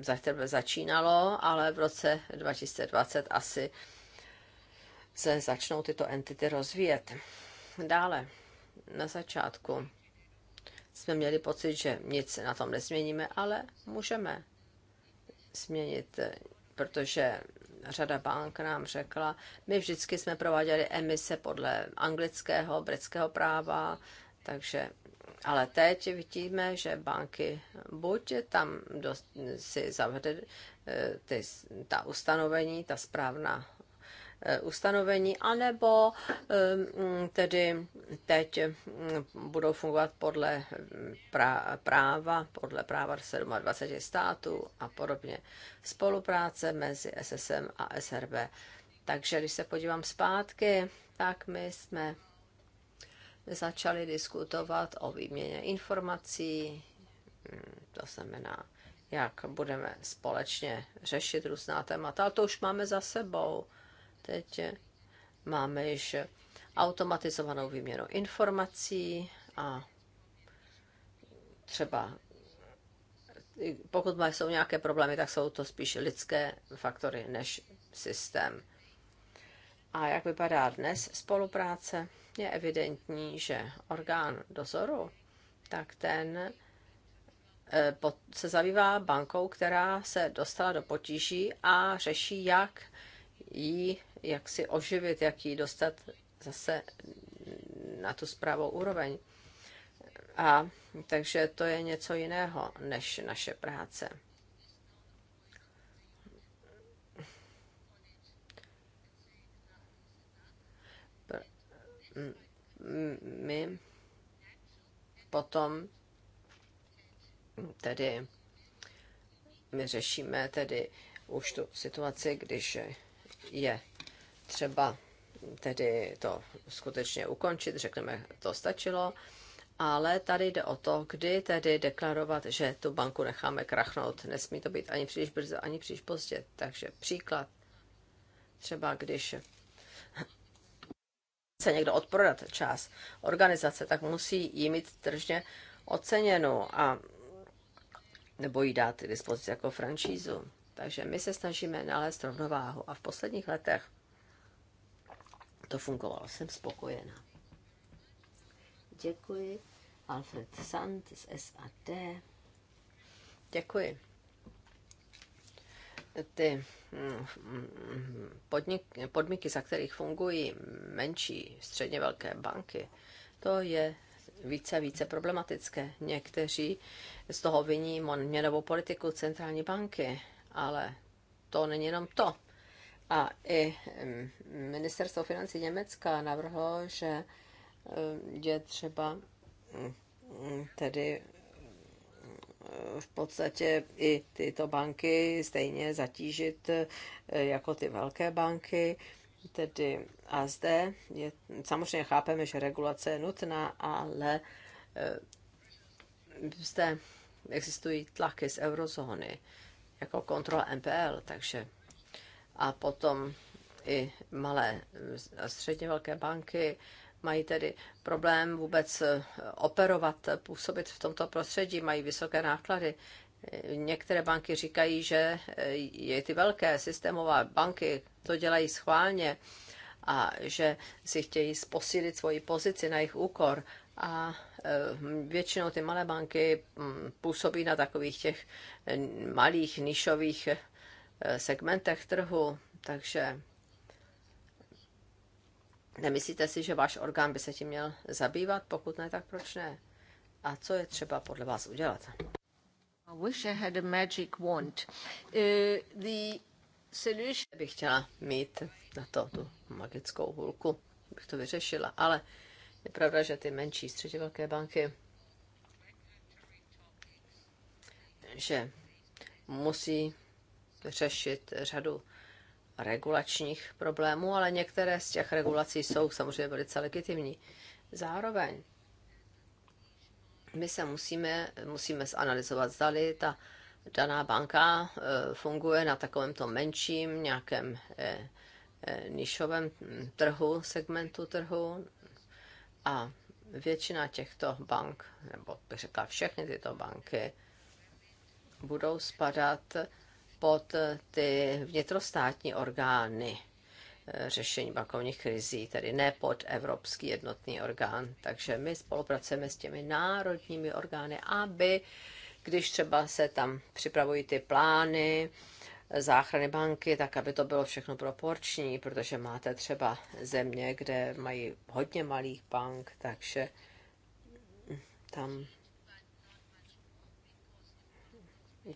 za tebe začínalo, ale v roce 2020 asi se začnou tyto entity rozvíjet. Dále, na začátku jsme měli pocit, že nic na tom nezměníme, ale můžeme změnit, eh, protože řada bank nám řekla, my vždycky jsme prováděli emise podle anglického, britského práva, takže ale teď vidíme, že banky buď tam dost, si zavede eh, ty, ta ustanovení, ta správná eh, ustanovení, anebo ehm, tedy teď mm, budou fungovat podle mm, práva, podle práva 27 států a podobně. Spolupráce mezi SSM a SRB. Takže když se podívám zpátky, tak my jsme začali diskutovat o výměně informací, hm, to znamená, jak budeme společně řešit různá témata. Ale to už máme za sebou. Teď máme již automatizovanou výměnu informací a třeba pokud jsou nějaké problémy, tak jsou to spíš lidské faktory než systém a jak vypadá dnes spolupráce, je evidentní, že orgán dozoru, tak ten eh, se zabývá bankou, která se dostala do potíží a řeší, jak ji jak si oživit, jak ji dostat zase na tu správnou úroveň. A takže to je něco jiného než naše práce. my potom tedy my řešíme tedy už tu situaci, když je třeba tedy to skutečně ukončit, řekneme, to stačilo, ale tady jde o to, kdy tedy deklarovat, že tu banku necháme krachnout. Nesmí to být ani příliš brzo, ani příliš pozdě. Takže příklad, třeba když chce někdo odprodat část organizace, tak musí ji mít tržně oceněnou a nebo jí dát dispozici jako franšízu. Takže my se snažíme nalézt rovnováhu a v posledních letech to fungovalo. Jsem spokojená. Děkuji. Alfred Sand z SAD. Děkuji ty mm, podnik, podmínky, za kterých fungují menší, středně velké banky, to je více a více problematické. Někteří z toho viní měnovou politiku centrální banky, ale to není jenom to. A i mm, ministerstvo financí Německa navrhlo, že mm, je třeba tedy v podstatě i tyto banky stejně zatížit eh, jako ty velké banky. Tedy a zde je, samozřejmě chápeme, že regulace je nutná, ale eh, zde existují tlaky z eurozóny jako kontrola MPL, takže a potom i malé a středně velké banky mají tedy problém vůbec eh, operovat, působit v tomto prostředí, mají vysoké náklady. Některé banky říkají, že eh, je ty velké systémové banky to dělají schválně a že si chtějí posílit svoji pozici na jejich úkor. A eh, většinou ty malé banky hm, působí na takových těch malých nišových segmentech trhu, takže Nemyslíte si, že váš orgán by se tím měl zabývat? Pokud ne, tak proč ne? A co je třeba podle vás udělat? I wish I had a magic wand. Uh, the solution... Bych chtěla mít na to tu magickou hulku, bych to vyřešila, ale je pravda, že ty menší středně velké banky, že musí řešit řadu regulačních problémů, ale některé z těch regulací jsou samozřejmě velice legitimní. Zároveň my se musíme, musíme zanalizovat, zdali ta daná banka eh, funguje na takovémto menším nějakém eh, eh, nišovém trhu, segmentu trhu a většina těchto bank, nebo bych řekla všechny tyto banky, budou spadat pod eh, ty vnitrostátní orgány eh, řešení bankovních krizí, tedy ne pod Evropský jednotný orgán. Takže my spolupracujeme s těmi národními orgány, aby když třeba se tam připravují ty plány, eh, záchrany banky, tak aby to bylo všechno proporční, protože máte třeba země, kde mají hodně malých bank, takže hm, tam,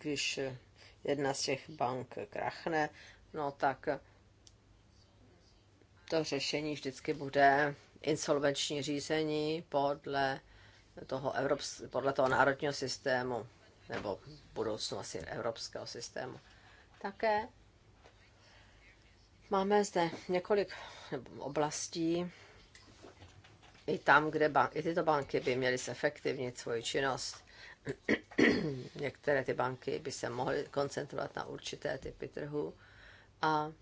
když jedna z těch bank krachne, no tak to řešení vždycky bude insolvenční řízení podle toho, evropsk- podle toho národního systému, nebo v budoucnu asi evropského systému. Také máme zde několik oblastí, i tam, kde ban- i tyto banky by měly zefektivnit svoji činnost. Některé ty banky by se mohly koncentrovat na určité typy trhu a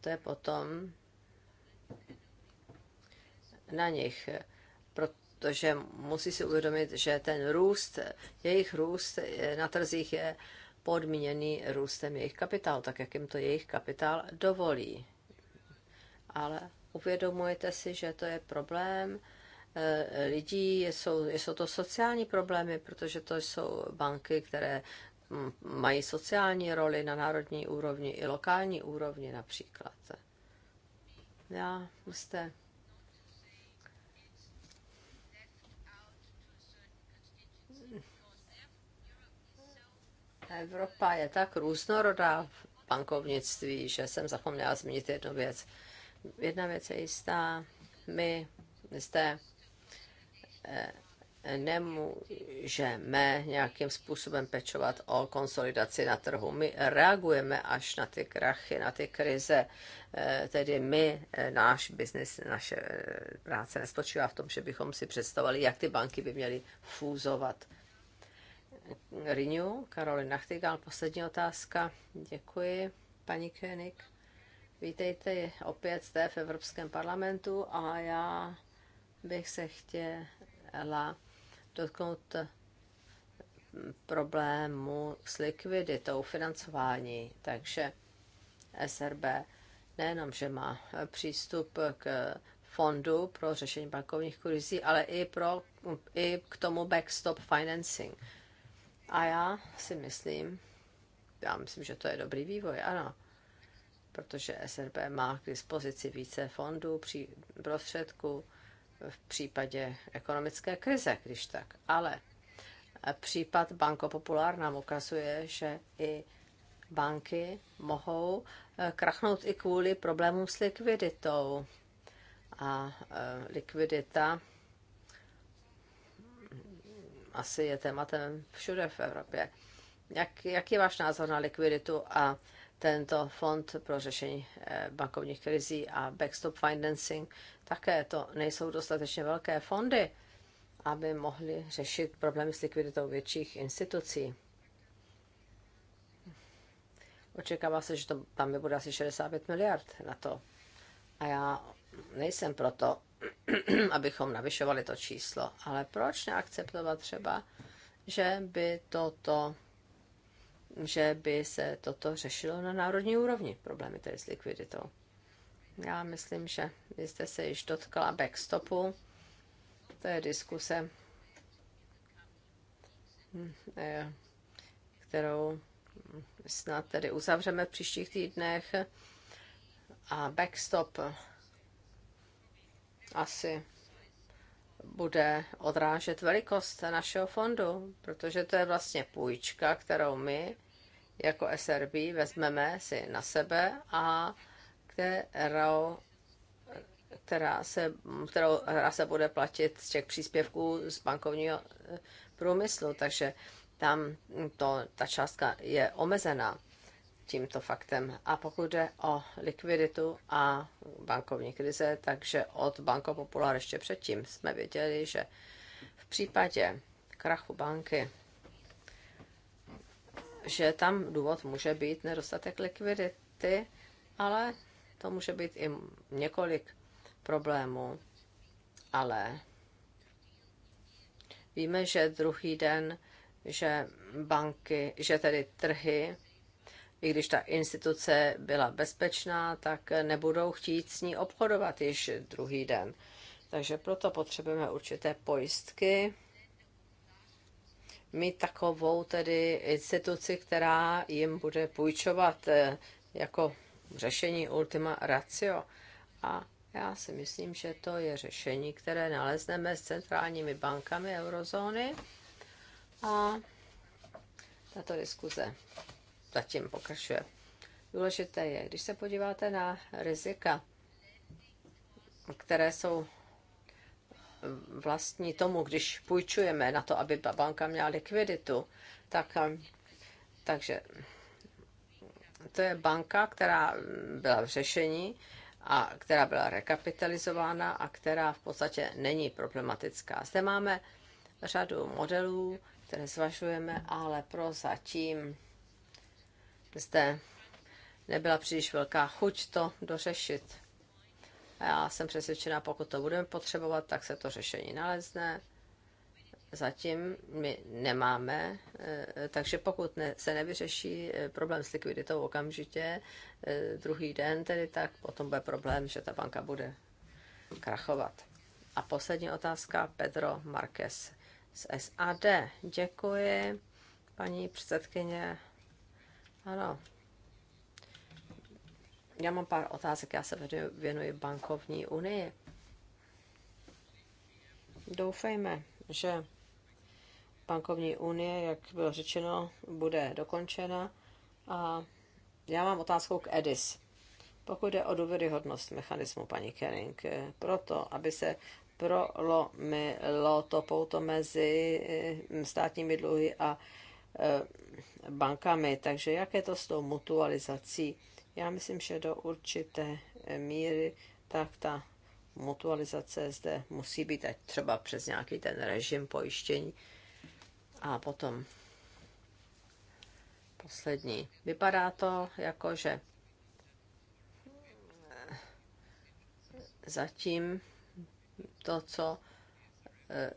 to je potom na nich, protože musí si uvědomit, že ten růst, jejich růst na trzích je podmíněný růstem jejich kapitálu, tak jak jim to jejich kapitál dovolí. Ale uvědomujete si, že to je problém, E, lidí, jsou, jsou to sociální problémy, protože to jsou banky, které mm, mají sociální roli na národní úrovni i lokální úrovni například. Já jste Evropa je tak různorodá v bankovnictví, že jsem zapomněla zmínit jednu věc. Jedna věc je jistá. My zde nemůžeme nějakým způsobem pečovat o konsolidaci na trhu. My reagujeme až na ty krachy, na ty krize, eh, tedy my, eh, náš biznis, naše eh, práce nespočívá v tom, že bychom si představovali, jak ty banky by měly fúzovat. Renew, Karolina Nachtigal, poslední otázka. Děkuji, paní König. Vítejte opět zde v Evropském parlamentu a já bych se chtěl ela dotknout problému s likviditou financování. Takže SRB nejenom, že má přístup k fondu pro řešení bankovních krizí, ale i, pro, i k tomu backstop financing. A já si myslím, já myslím, že to je dobrý vývoj, ano, protože SRB má k dispozici více fondů, prostředků, v případě ekonomické krize, když tak. Ale případ Banko Popular nám ukazuje, že i banky mohou eh, krachnout i kvůli problémům s likviditou. A eh, likvidita asi je tématem všude v Evropě. Jak, jaký je váš názor na likviditu a tento fond pro řešení eh, bankovních krizí a backstop financing, také to nejsou dostatečně velké fondy, aby mohly řešit problémy s likviditou větších institucí. Očekává se, že to, tam bude asi 65 miliard na to. A já nejsem proto, abychom navyšovali to číslo. Ale proč neakceptovat třeba, že by toto že by se toto řešilo na národní úrovni, problémy tedy s likviditou. Já myslím, že vy jste se již dotkla backstopu, to je diskuse, kterou snad tedy uzavřeme v příštích týdnech. A backstop asi bude odrážet velikost našeho fondu, protože to je vlastně půjčka, kterou my jako SRB vezmeme si na sebe a kterou, která, se, kterou, která se bude platit z těch příspěvků z bankovního eh, průmyslu. Takže tam to, ta částka je omezená tímto faktem. A pokud jde o likviditu a bankovní krize, takže od Banko Popular ještě předtím jsme věděli, že v případě krachu banky, že tam důvod může být nedostatek likvidity, ale to může být i několik problémů. Ale víme, že druhý den, že banky, že tedy trhy i když ta instituce byla bezpečná, tak nebudou chtít s ní obchodovat již druhý den. Takže proto potřebujeme určité pojistky, mít takovou tedy instituci, která jim bude půjčovat eh, jako řešení ultima ratio. A já si myslím, že to je řešení, které nalezneme s centrálními bankami eurozóny. A tato diskuze zatím pokračuje. Důležité je, když se podíváte na rizika, které jsou vlastní tomu, když půjčujeme na to, aby banka měla likviditu, tak, um, takže to je banka, která byla v řešení a která byla rekapitalizována a která v podstatě není problematická. Zde máme řadu modelů, které zvažujeme, ale pro zatím zde nebyla příliš velká chuť to dořešit. A já jsem přesvědčená, pokud to budeme potřebovat, tak se to řešení nalezne. Zatím my nemáme, eh, takže pokud ne, se nevyřeší eh, problém s likviditou okamžitě, eh, druhý den tedy, tak potom bude problém, že ta banka bude krachovat. A poslední otázka, Pedro Marquez z SAD. Děkuji, paní předsedkyně ano. Já mám pár otázek, já se věnuji bankovní unii. Doufejme, že bankovní unie, jak bylo řečeno, bude dokončena. A já mám otázku k EDIS. Pokud jde o důvěryhodnost mechanismu, paní Kering, proto, aby se prolomilo to pouto mezi eh, státními dluhy a Eh, bankami. Takže jak je to s tou mutualizací? Já myslím, že do určité míry tak ta mutualizace zde musí být ať třeba přes nějaký ten režim pojištění. A potom poslední. Vypadá to jako, že zatím to, co eh,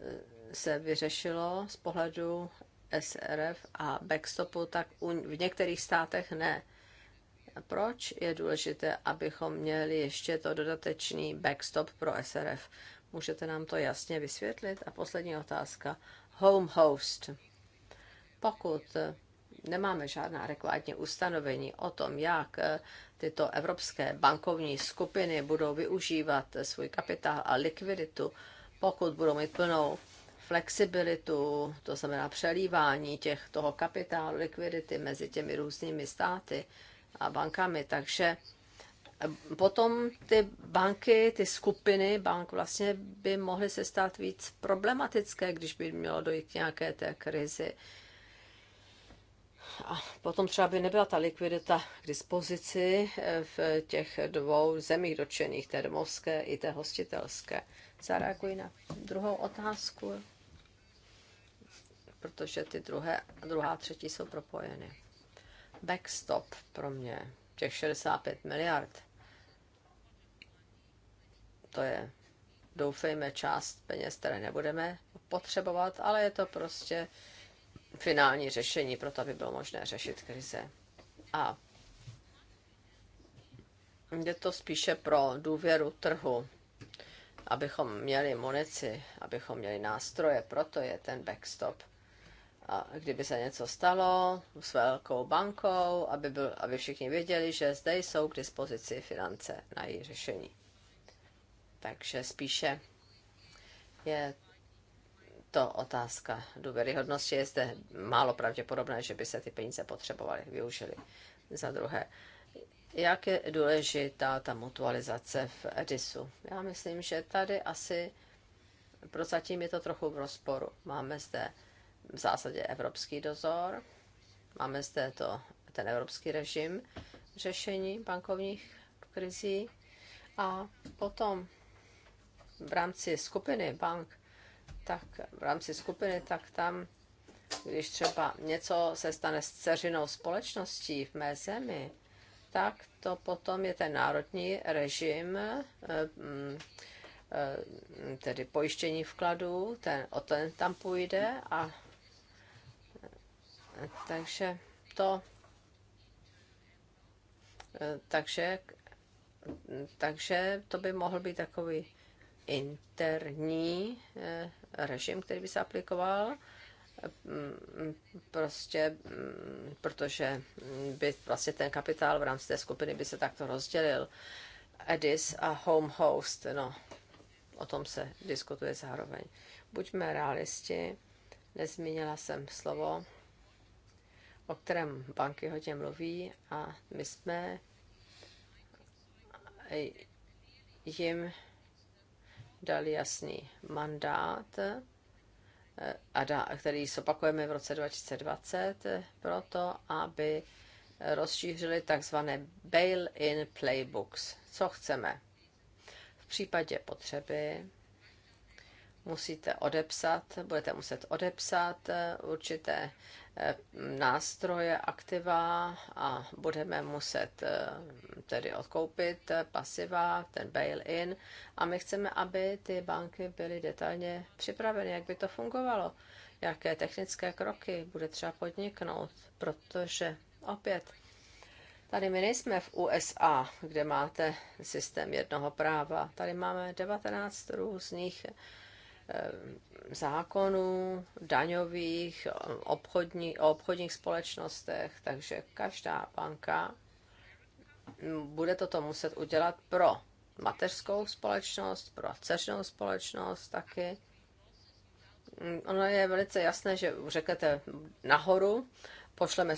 se vyřešilo z pohledu SRF a backstopu, tak v některých státech ne. Proč je důležité, abychom měli ještě to dodatečný backstop pro SRF? Můžete nám to jasně vysvětlit? A poslední otázka. Home host. Pokud nemáme žádná adekvátní ustanovení o tom, jak eh, tyto evropské bankovní skupiny budou využívat svůj kapitál a likviditu, pokud budou mít plnou flexibilitu, to znamená přelívání těch, toho kapitálu, likvidity mezi těmi různými státy a bankami. Takže eh, potom ty banky, ty skupiny bank vlastně by mohly se stát víc problematické, když by mělo dojít k nějaké té krizi. A potom třeba by nebyla ta likvidita k dispozici eh, v těch dvou zemích dočených, té domovské i té hostitelské. Zareaguji na druhou otázku protože ty druhé, druhá a třetí jsou propojeny. Backstop pro mě, těch 65 miliard, to je, doufejme, část peněz, které nebudeme potřebovat, ale je to prostě finální řešení pro to, aby bylo možné řešit krize. A je to spíše pro důvěru trhu, abychom měli munici, abychom měli nástroje, proto je ten backstop a kdyby se něco stalo s velkou bankou, aby, byl, aby všichni věděli, že zde jsou k dispozici finance na její řešení. Takže spíše je to otázka důvěryhodnosti. Je zde málo pravděpodobné, že by se ty peníze potřebovaly, využili. Za druhé, jak je důležitá ta mutualizace v Edisu? Já myslím, že tady asi prozatím je to trochu v rozporu. Máme zde v zásadě evropský dozor. Máme zde to, ten evropský režim řešení bankovních krizí. A potom v rámci skupiny bank, tak v rámci skupiny, tak tam, když třeba něco se stane s ceřinou společností v mé zemi, tak to potom je ten národní režim, eh, mm, eh, tedy pojištění vkladů, ten, o ten tam půjde a takže to, e, takže, takže to by mohl být takový interní e, režim, který by se aplikoval, mm, prostě, mm, protože by vlastně ten kapitál v rámci té skupiny by se takto rozdělil. Edis a home host, no, o tom se diskutuje zároveň. Buďme realisti, nezmínila jsem slovo o kterém banky hodně mluví a my jsme eh, jim dali jasný mandát, eh, a da, který zopakujeme v roce 2020, proto aby rozšířili takzvané bail-in playbooks. Co chceme? V případě potřeby musíte odepsat, budete muset odepsat eh, určité eh, nástroje, aktiva a budeme muset eh, tedy odkoupit pasiva, ten bail-in a my chceme, aby ty banky byly detailně připraveny, jak by to fungovalo, jaké technické kroky bude třeba podniknout, protože opět Tady my nejsme v USA, kde máte systém jednoho práva. Tady máme 19 různých Eh, zákonů, daňových, obchodní, o obchodních společnostech, takže každá banka bude toto muset udělat pro mateřskou společnost, pro dceřnou společnost taky. Ono je velice jasné, že řeknete nahoru, pošleme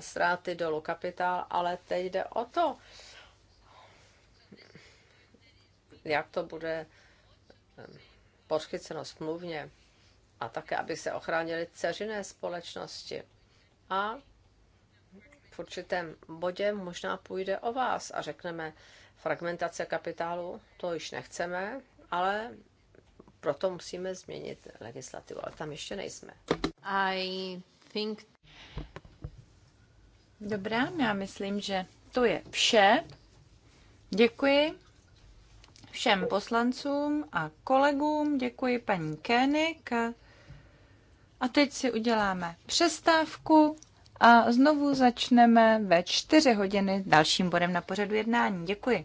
ztráty dolů kapitál, ale teď jde o to, jak to bude eh, podchyceno smluvně a také, aby se ochránily ceřiné společnosti. A v určitém bodě možná půjde o vás a řekneme, fragmentace kapitálu, to již nechceme, ale proto musíme změnit legislativu, ale tam ještě nejsme. I think... Dobrá, já myslím, že to je vše. Děkuji všem poslancům a kolegům, děkuji paní Kénik. A teď si uděláme přestávku a znovu začneme ve čtyři hodiny dalším bodem na pořadu jednání. Děkuji.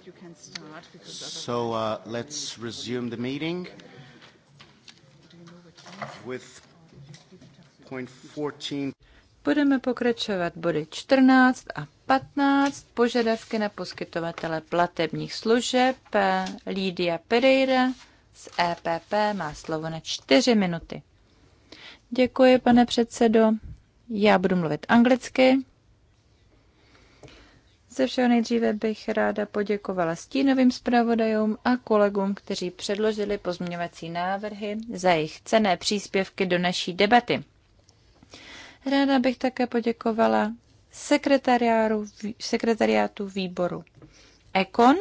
think you can start because So uh, let's resume the meeting with point 14. Budeme pokračovat body 14 a 15, požadavky na poskytovatele platebních služeb. Lídia Pereira z EPP má slovo na 4 minuty. Děkuji, pane předsedo. Já budu mluvit anglicky. Ze všeho nejdříve bych ráda poděkovala stínovým zpravodajům a kolegům, kteří předložili pozměňovací návrhy za jejich cené příspěvky do naší debaty. Ráda bych také poděkovala sekretariátu výboru Ekon.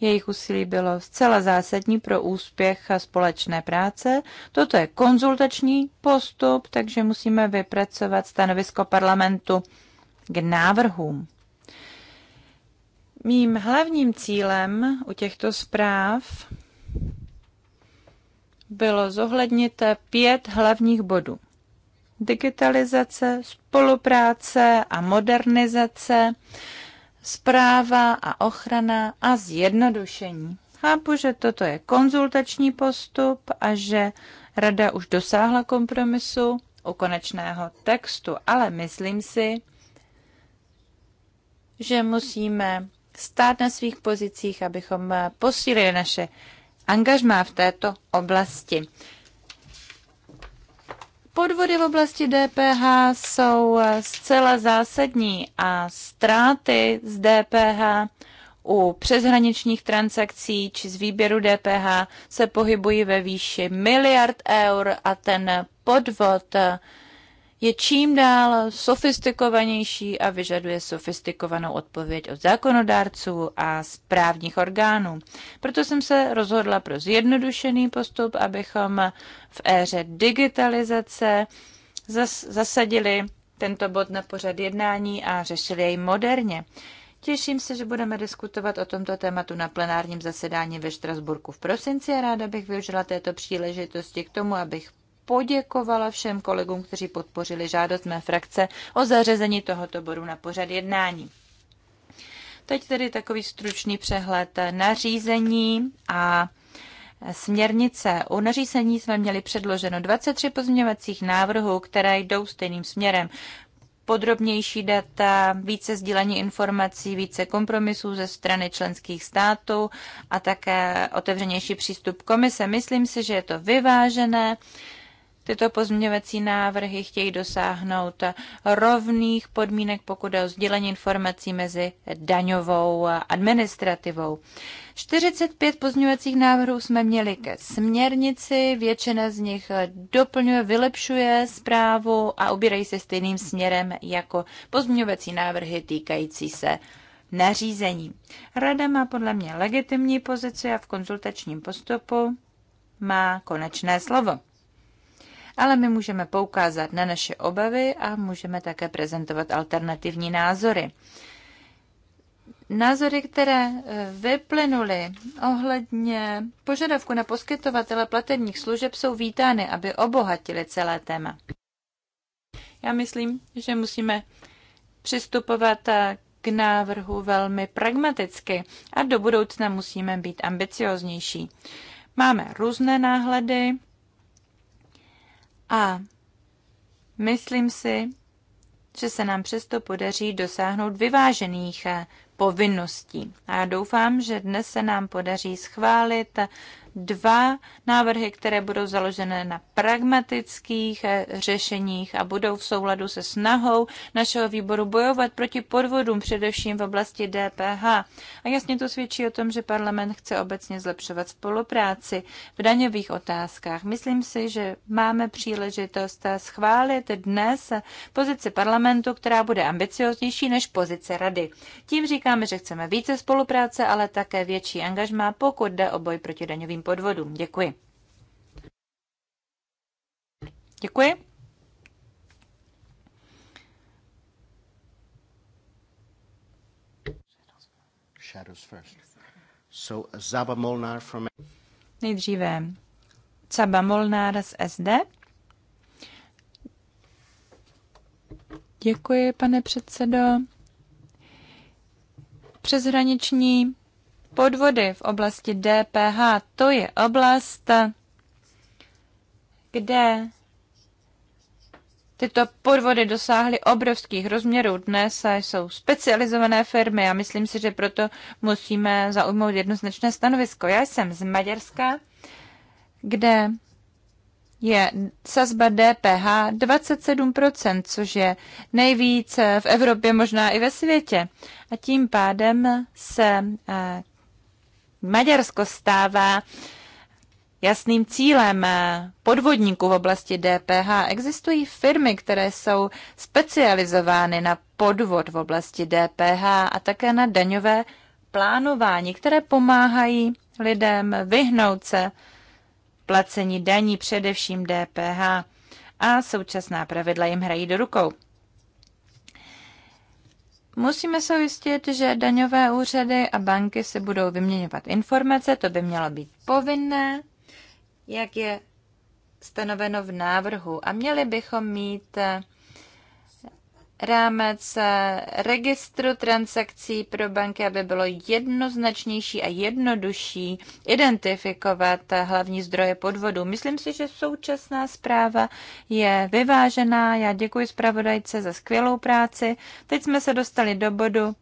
Jejich úsilí bylo zcela zásadní pro úspěch a společné práce. Toto je konzultační postup, takže musíme vypracovat stanovisko parlamentu k návrhům. Mým hlavním cílem u těchto zpráv bylo zohlednit pět hlavních bodů. Digitalizace, spolupráce a modernizace, zpráva a ochrana a zjednodušení. Chápu, že toto je konzultační postup a že rada už dosáhla kompromisu u konečného textu, ale myslím si, že musíme stát na svých pozicích, abychom eh, posílili naše angažmá v této oblasti. Podvody v oblasti DPH jsou eh, zcela zásadní a ztráty z DPH u přeshraničních transakcí či z výběru DPH se pohybují ve výši miliard eur a ten podvod eh, je čím dál sofistikovanější a vyžaduje sofistikovanou odpověď od zákonodárců a správních orgánů. Proto jsem se rozhodla pro zjednodušený postup, abychom v éře digitalizace zas zasadili tento bod na pořad jednání a řešili jej moderně. Těším se, že budeme diskutovat o tomto tématu na plenárním zasedání ve Štrasburku v prosinci a ráda bych využila této příležitosti k tomu, abych poděkovala všem kolegům, kteří podpořili žádost mé frakce o zařazení tohoto bodu na pořad jednání. Teď tedy takový stručný přehled nařízení a směrnice. U nařízení jsme měli předloženo 23 pozměňovacích návrhů, které jdou stejným směrem. Podrobnější data, více sdílení informací, více kompromisů ze strany členských států a také otevřenější přístup komise. Myslím si, že je to vyvážené Tyto pozměňovací návrhy chtějí dosáhnout rovných podmínek, pokud je o sdělení informací mezi daňovou administrativou. 45 pozměňovacích návrhů jsme měli ke směrnici, většina z nich doplňuje, vylepšuje zprávu a ubírají se stejným směrem jako pozměňovací návrhy týkající se nařízení. Rada má podle mě legitimní pozici a v konzultačním postupu má konečné slovo ale my můžeme poukázat na naše obavy a můžeme také prezentovat alternativní názory. Názory, které eh, vyplynuly ohledně požadavku na poskytovatele platebních služeb, jsou vítány, aby obohatili celé téma. Já myslím, že musíme přistupovat eh, k návrhu velmi pragmaticky a do budoucna musíme být ambicioznější. Máme různé náhledy, a myslím si, že se nám přesto podaří dosáhnout vyvážených eh, povinností. A já doufám, že dnes se nám podaří schválit dva návrhy, které budou založené na pragmatických eh, řešeních a budou v souladu se snahou našeho výboru bojovat proti podvodům, především v oblasti DPH. A jasně to svědčí o tom, že parlament chce obecně zlepšovat spolupráci v daňových otázkách. Myslím si, že máme příležitost schválit dnes pozici parlamentu, která bude ambicioznější než pozice rady. Tím říkáme, že chceme více spolupráce, ale také větší angažmá, pokud jde o boj proti daňovým podvodům. Děkuji. Děkuji. Shadows first. So Zaba Molnar from... Nejdříve Caba Molnár z SD. Děkuji, pane předsedo. Přeshraniční podvody v oblasti DPH, to je oblast, kde tyto podvody dosáhly obrovských rozměrů. Dnes jsou specializované firmy a myslím si, že proto musíme zaujmout jednoznačné stanovisko. Já jsem z Maďarska, kde je sazba DPH 27%, což je nejvíce v Evropě, možná i ve světě. A tím pádem se eh, Maďarsko stává jasným cílem podvodníků v oblasti DPH. Existují firmy, které jsou specializovány na podvod v oblasti DPH a také na daňové plánování, které pomáhají lidem vyhnout se placení daní, především DPH. A současná pravidla jim hrají do rukou. Musíme se ujistit, že daňové úřady a banky si budou vyměňovat informace, to by mělo být povinné, jak je stanoveno v návrhu. A měli bychom mít rámec eh, registru transakcí pro banky, aby bylo jednoznačnější a jednodušší identifikovat eh, hlavní zdroje podvodu. Myslím si, že současná zpráva je vyvážená. Já děkuji zpravodajce za skvělou práci. Teď jsme se dostali do bodu,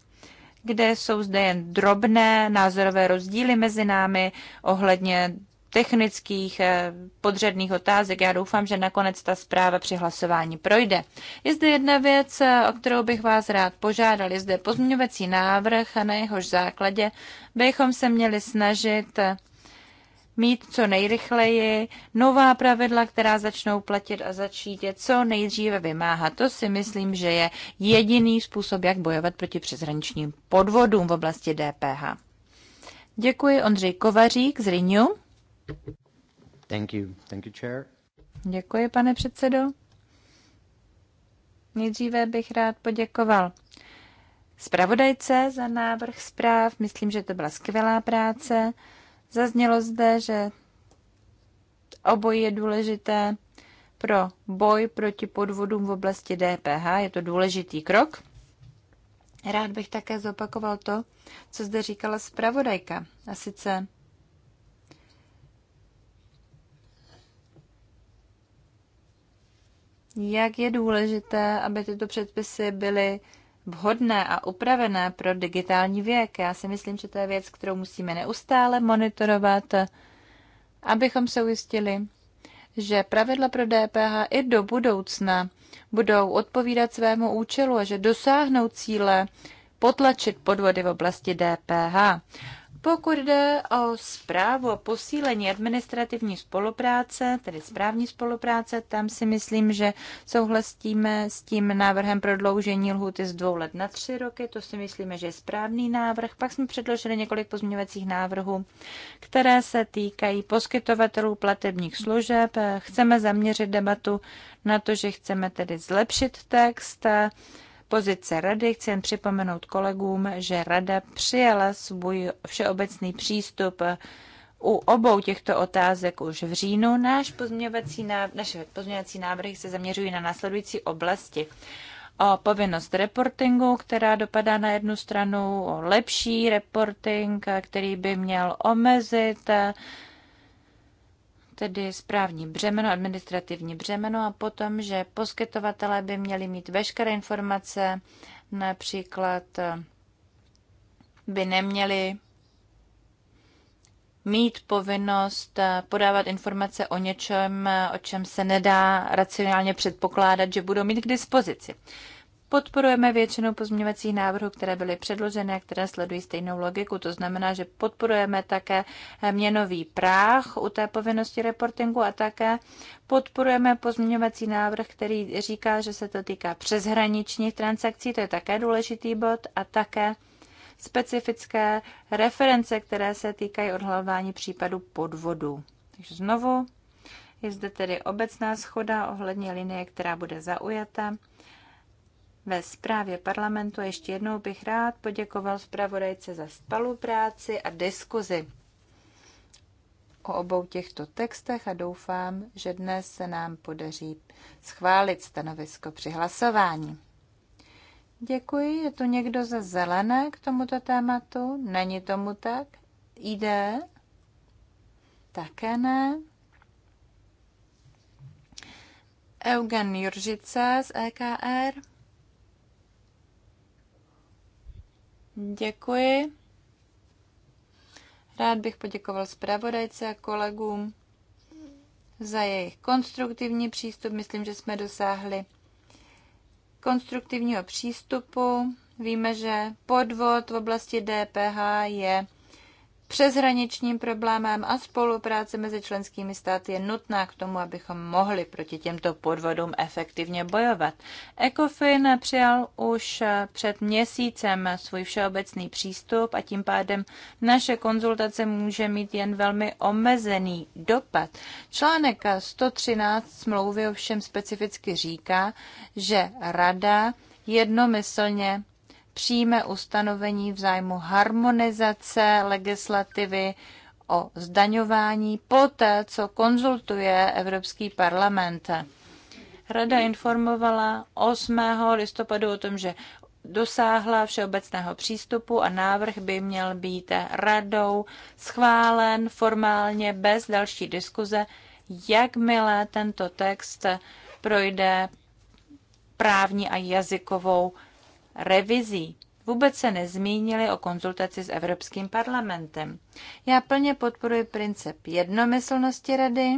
kde jsou zde jen drobné názorové rozdíly mezi námi ohledně technických eh, podřadných otázek. Já doufám, že nakonec ta zpráva při hlasování projde. Je zde jedna věc, eh, o kterou bych vás rád požádal. Je zde pozměňovací návrh a na jehož základě bychom se měli snažit eh, mít co nejrychleji nová pravidla, která začnou platit a začít je co nejdříve vymáhat. To si myslím, že je jediný způsob, jak bojovat proti přeshraničním podvodům v oblasti DPH. Děkuji Ondřej Kovařík z Rynu. Thank you. Thank you, chair. Děkuji, pane předsedo. Nejdříve bych rád poděkoval zpravodajce za návrh zpráv. Myslím, že to byla skvělá práce. Zaznělo zde, že obojí je důležité pro boj proti podvodům v oblasti DPH. Je to důležitý krok. Rád bych také zopakoval to, co zde říkala zpravodajka. A sice jak je důležité, aby tyto předpisy byly vhodné a upravené pro digitální věk. Já si myslím, že to je věc, kterou musíme neustále monitorovat, abychom se ujistili, že pravidla pro DPH i do budoucna budou odpovídat svému účelu a že dosáhnou cíle potlačit podvody v oblasti DPH. Pokud jde o zprávu o posílení administrativní spolupráce, tedy správní spolupráce, tam si myslím, že souhlasíme s tím návrhem prodloužení lhuty z dvou let na tři roky. To si myslíme, že je správný návrh. Pak jsme předložili několik pozměňovacích návrhů, které se týkají poskytovatelů platebních služeb. Chceme zaměřit debatu na to, že chceme tedy zlepšit text pozice rady, chci jen připomenout kolegům, že rada přijala svůj všeobecný přístup u obou těchto otázek už v říjnu. Náš pozměňovací návrh, naše pozměňovací návrhy se zaměřují na následující oblasti. O povinnost reportingu, která dopadá na jednu stranu, o lepší reporting, který by měl omezit tedy správní břemeno, administrativní břemeno a potom, že poskytovatelé by měli mít veškeré informace, například eh, by neměli mít povinnost eh, podávat informace o něčem, eh, o čem se nedá racionálně předpokládat, že budou mít k dispozici podporujeme většinu pozměňovacích návrhů, které byly předloženy a které sledují stejnou logiku. To znamená, že podporujeme také měnový práh u té povinnosti reportingu a také podporujeme pozměňovací návrh, který říká, že se to týká přeshraničních transakcí, to je také důležitý bod, a také specifické reference, které se týkají odhalování případů podvodu. Takže znovu je zde tedy obecná schoda ohledně linie, která bude zaujata ve zprávě parlamentu. Ještě jednou bych rád poděkoval zpravodajce za spolupráci a diskuzi o obou těchto textech a doufám, že dnes se nám podaří schválit stanovisko při hlasování. Děkuji. Je tu někdo ze zelené k tomuto tématu? Není tomu tak? Jde? Také ne. Eugen Juržice z EKR. Děkuji. Rád bych poděkoval zpravodajce a kolegům za jejich konstruktivní přístup. Myslím, že jsme dosáhli konstruktivního přístupu. Víme, že podvod v oblasti DPH je přeshraničním problémem a spolupráce mezi členskými státy je nutná k tomu, abychom mohli proti těmto podvodům efektivně bojovat. ECOFIN přijal už před měsícem svůj všeobecný přístup a tím pádem naše konzultace může mít jen velmi omezený dopad. Článek 113 smlouvy ovšem specificky říká, že Rada jednomyslně přijme ustanovení v zájmu harmonizace legislativy o zdaňování poté, co konzultuje Evropský parlament. Rada informovala 8. listopadu o tom, že dosáhla všeobecného přístupu a návrh by měl být radou schválen formálně bez další diskuze, jakmile tento text projde právní a jazykovou revizí. Vůbec se nezmínili o konzultaci s Evropským parlamentem. Já plně podporuji princip jednomyslnosti rady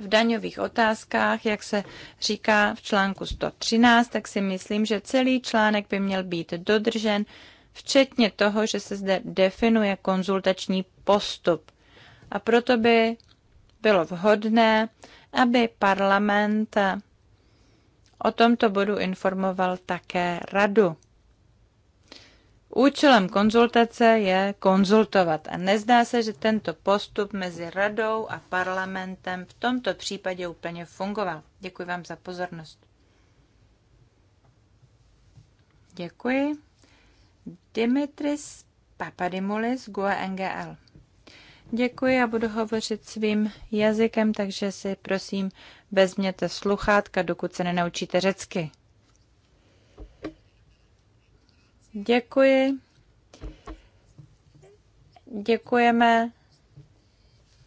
v daňových otázkách, jak se říká v článku 113, tak si myslím, že celý článek by měl být dodržen, včetně toho, že se zde definuje konzultační postup. A proto by bylo vhodné, aby parlament O tomto bodu informoval také radu. Účelem konzultace je konzultovat a nezdá se, že tento postup mezi radou a parlamentem v tomto případě úplně fungoval. Děkuji vám za pozornost. Děkuji. Dimitris Papadimulis, GUE NGL. Děkuji a budu hovořit svým jazykem, takže si prosím vezměte sluchátka, dokud se nenaučíte řecky. Děkuji. Děkujeme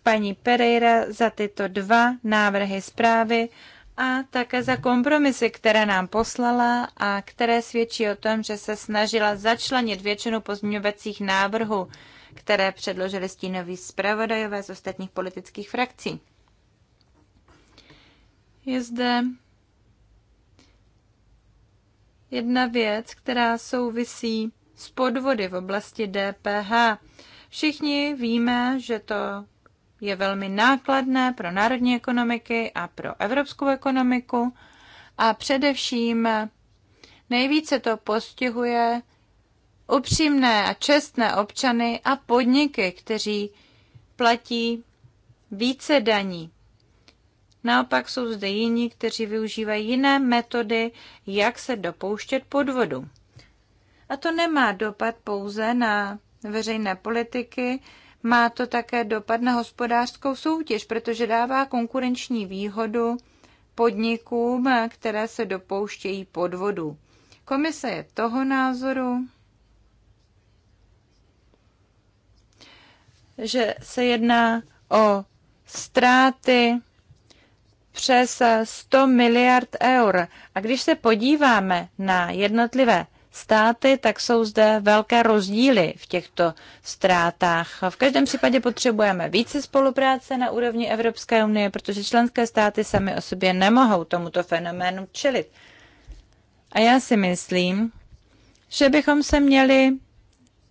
paní Pereira za tyto dva návrhy zprávy a také za kompromisy, které nám poslala a které svědčí o tom, že se snažila začlenit většinu pozměňovacích návrhů které předložili stínoví zpravodajové z ostatních politických frakcí. Je zde jedna věc, která souvisí s podvody v oblasti DPH. Všichni víme, že to je velmi nákladné pro národní ekonomiky a pro evropskou ekonomiku a především nejvíce to postihuje upřímné a čestné občany a podniky, kteří platí více daní. Naopak jsou zde jiní, kteří využívají jiné metody, jak se dopouštět podvodu. A to nemá dopad pouze na veřejné politiky, má to také dopad na hospodářskou soutěž, protože dává konkurenční výhodu podnikům, které se dopouštějí podvodu. Komise je toho názoru, že se jedná o ztráty přes 100 miliard eur. A když se podíváme na jednotlivé státy, tak jsou zde velké rozdíly v těchto ztrátách. V každém případě potřebujeme více spolupráce na úrovni Evropské unie, protože členské státy sami o sobě nemohou tomuto fenoménu čelit. A já si myslím, že bychom se měli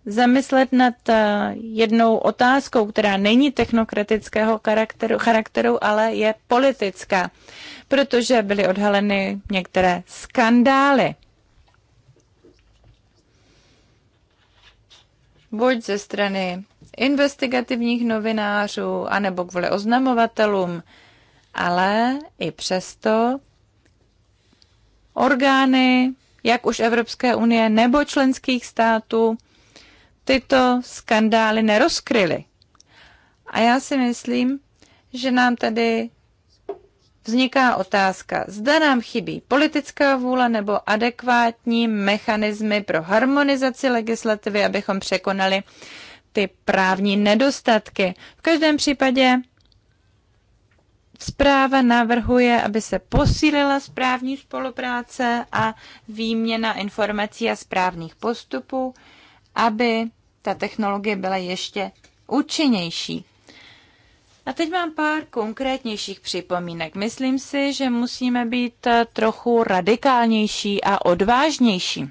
zamyslet nad eh, jednou otázkou, která není technokratického charakteru, charakteru, ale je politická, protože byly odhaleny některé skandály. Buď ze strany investigativních novinářů, anebo kvůli oznamovatelům, ale i přesto orgány, jak už Evropské unie nebo členských států, tyto skandály nerozkryly. A já si myslím, že nám tady vzniká otázka, zda nám chybí politická vůle nebo adekvátní mechanismy pro harmonizaci legislativy, abychom překonali ty právní nedostatky. V každém případě zpráva navrhuje, aby se posílila správní spolupráce a výměna informací a správných postupů aby ta technologie byla ještě účinnější. A teď mám pár konkrétnějších připomínek. Myslím si, že musíme být trochu radikálnější a odvážnější.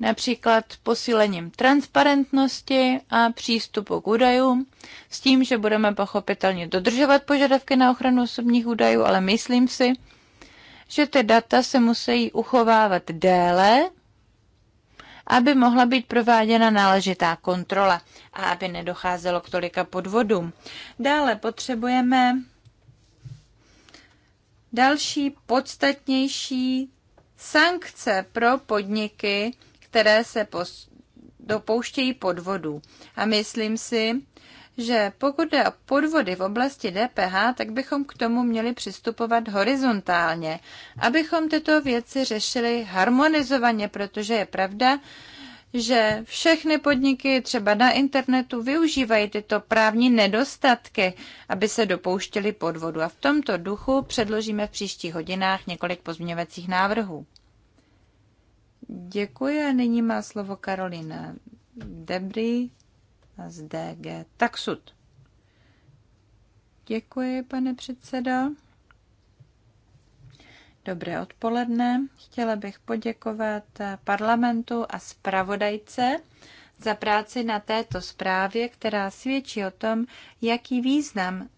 Například posílením transparentnosti a přístupu k údajům, s tím, že budeme pochopitelně dodržovat požadavky na ochranu osobních údajů, ale myslím si, že ty data se musí uchovávat déle, aby mohla být prováděna náležitá kontrola a aby nedocházelo k tolika podvodům. Dále potřebujeme další podstatnější sankce pro podniky, které se dopouštějí podvodů. A myslím si, že pokud jde o podvody v oblasti DPH, tak bychom k tomu měli přistupovat horizontálně, abychom tyto věci řešili harmonizovaně, protože je pravda, že všechny podniky třeba na internetu využívají tyto právní nedostatky, aby se dopouštěli podvodu. A v tomto duchu předložíme v příštích hodinách několik pozměňovacích návrhů. Děkuji a nyní má slovo Karolina Debry z DG Taxud. Děkuji, pane předsedo. Dobré odpoledne. Chtěla bych poděkovat parlamentu a zpravodajce za práci na této zprávě, která svědčí o tom, jaký význam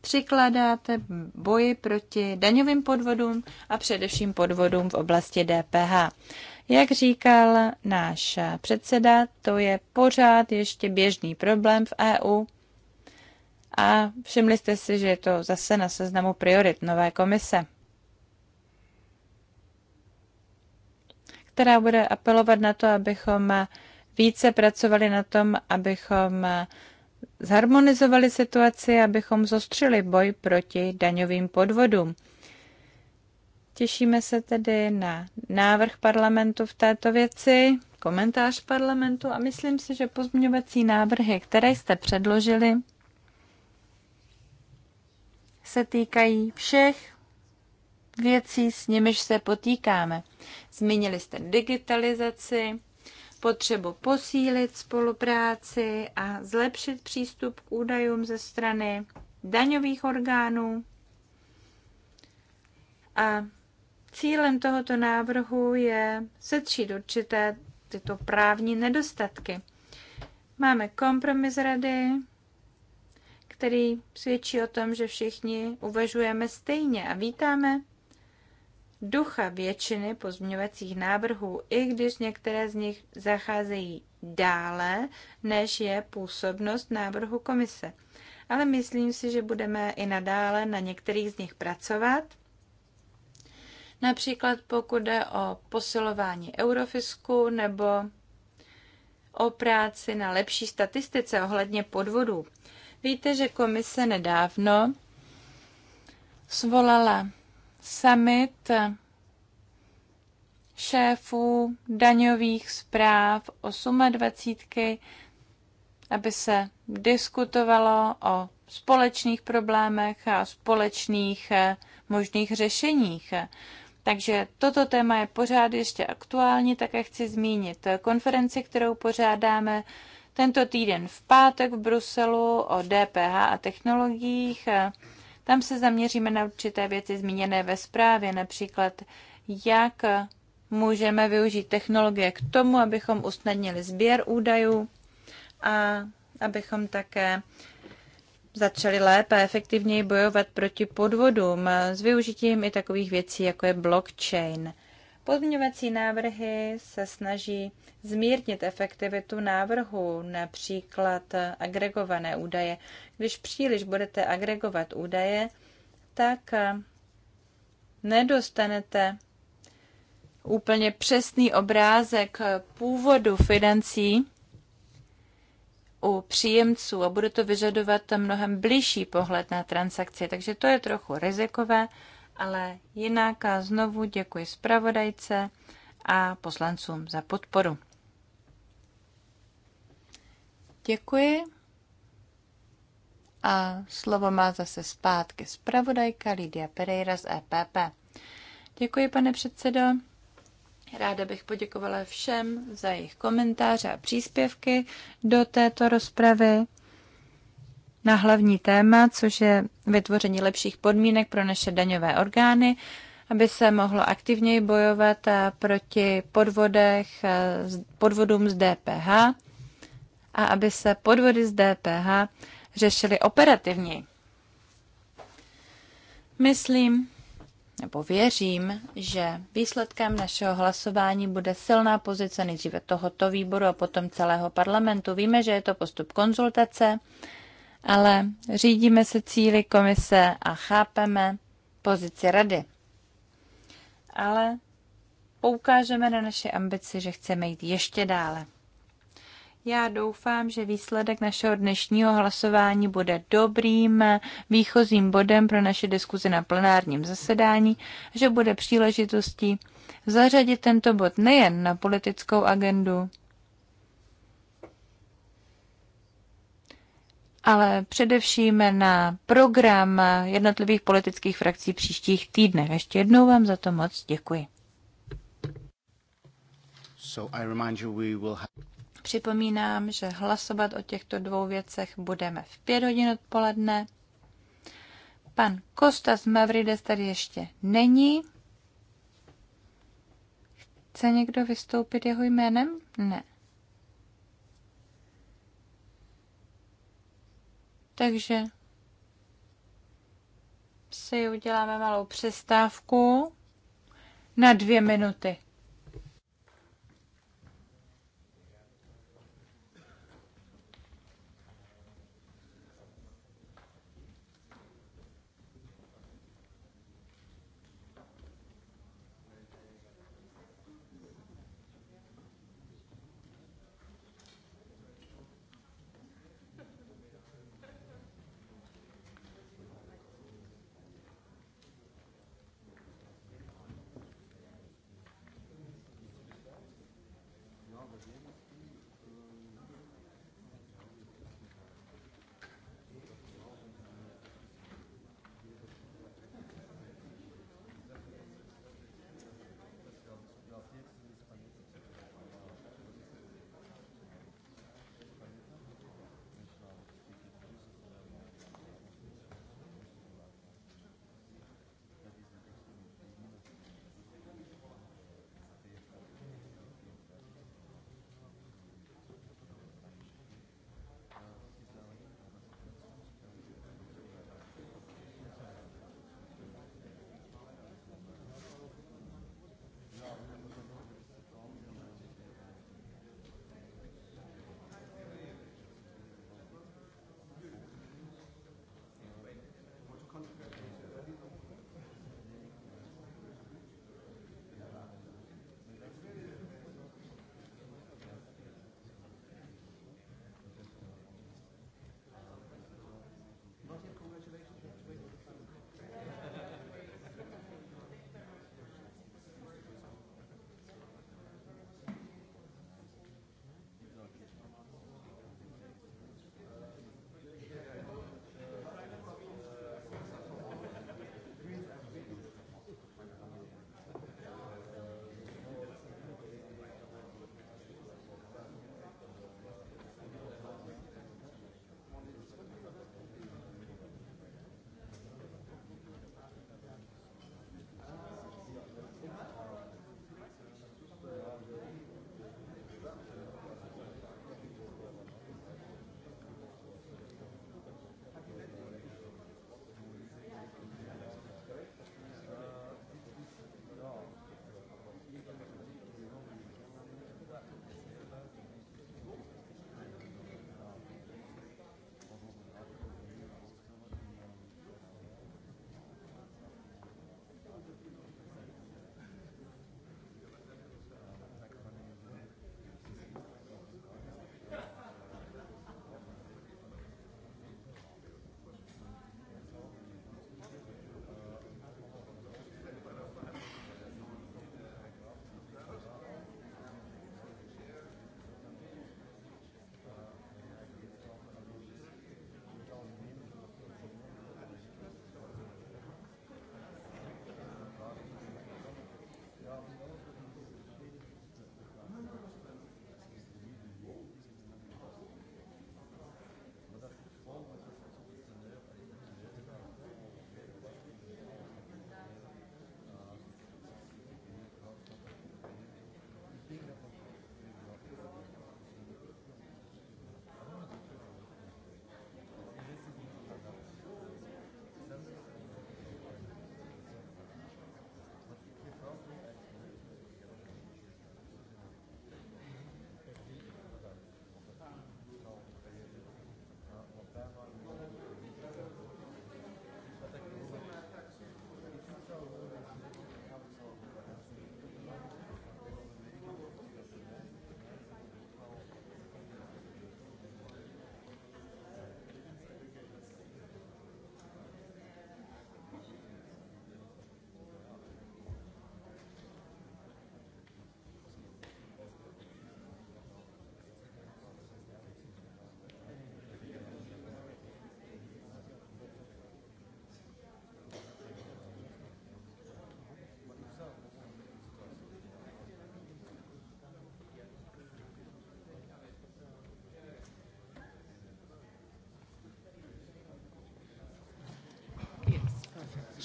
přikládáte boji proti daňovým podvodům a především podvodům v oblasti DPH. Jak říkal náš předseda, to je pořád ještě běžný problém v EU. A všimli jste si, že je to zase na seznamu priorit nové komise, která bude apelovat na to, abychom více pracovali na tom, abychom zharmonizovali situaci, abychom zostřili boj proti daňovým podvodům. Těšíme se tedy na návrh parlamentu v této věci, komentář parlamentu a myslím si, že pozměňovací návrhy, které jste předložili, se týkají všech věcí, s nimiž se potýkáme. Zmínili jste digitalizaci, potřebu posílit spolupráci a zlepšit přístup k údajům ze strany daňových orgánů a Cílem tohoto návrhu je setřít určité tyto právní nedostatky. Máme kompromis rady, který svědčí o tom, že všichni uvažujeme stejně a vítáme ducha většiny pozměňovacích návrhů, i když některé z nich zacházejí dále, než je působnost návrhu komise. Ale myslím si, že budeme i nadále na některých z nich pracovat Například pokud jde o posilování eurofisku nebo o práci na lepší statistice ohledně podvodů. Víte, že komise nedávno svolala summit šéfů daňových zpráv 28, aby se diskutovalo o společných problémech a společných eh, možných řešeních. Takže toto téma je pořád ještě aktuální, také chci zmínit konferenci, kterou pořádáme tento týden v pátek v Bruselu o DPH a technologiích. Tam se zaměříme na určité věci zmíněné ve zprávě, například jak můžeme využít technologie k tomu, abychom usnadnili sběr údajů a abychom také začali lépe a efektivněji bojovat proti podvodům s využitím i takových věcí, jako je blockchain. Pozměňovací návrhy se snaží zmírnit efektivitu návrhu, například agregované údaje. Když příliš budete agregovat údaje, tak eh, nedostanete úplně přesný obrázek původu financí u příjemců a bude to vyžadovat mnohem blížší pohled na transakci, takže to je trochu rizikové, ale jinak a znovu děkuji zpravodajce a poslancům za podporu. Děkuji. A slovo má zase zpátky zpravodajka Lidia Pereira z EPP. Děkuji, pane předsedo. Ráda bych poděkovala všem za jejich komentáře a příspěvky do této rozpravy na hlavní téma, což je vytvoření lepších podmínek pro naše daňové orgány, aby se mohlo aktivněji bojovat proti podvodech, podvodům z DPH a aby se podvody z DPH řešily operativněji. Myslím, nebo věřím, že výsledkem našeho hlasování bude silná pozice nejdříve tohoto výboru a potom celého parlamentu. Víme, že je to postup konzultace, ale řídíme se cíly komise a chápeme pozici rady. Ale poukážeme na naše ambici, že chceme jít ještě dále. Já doufám, že výsledek našeho dnešního hlasování bude dobrým eh, výchozím bodem pro naše diskuzi na plenárním zasedání, že bude příležitostí zařadit tento bod nejen na politickou agendu, ale především na program jednotlivých politických frakcí příštích týdnech. Ještě jednou vám za to moc děkuji. So I remind you, we will have... Připomínám, že hlasovat o těchto dvou věcech budeme v pět hodin odpoledne. Pan Kostas Mavrides tady ještě není. Chce někdo vystoupit jeho jménem? Ne. Takže si uděláme malou přestávku na dvě minuty.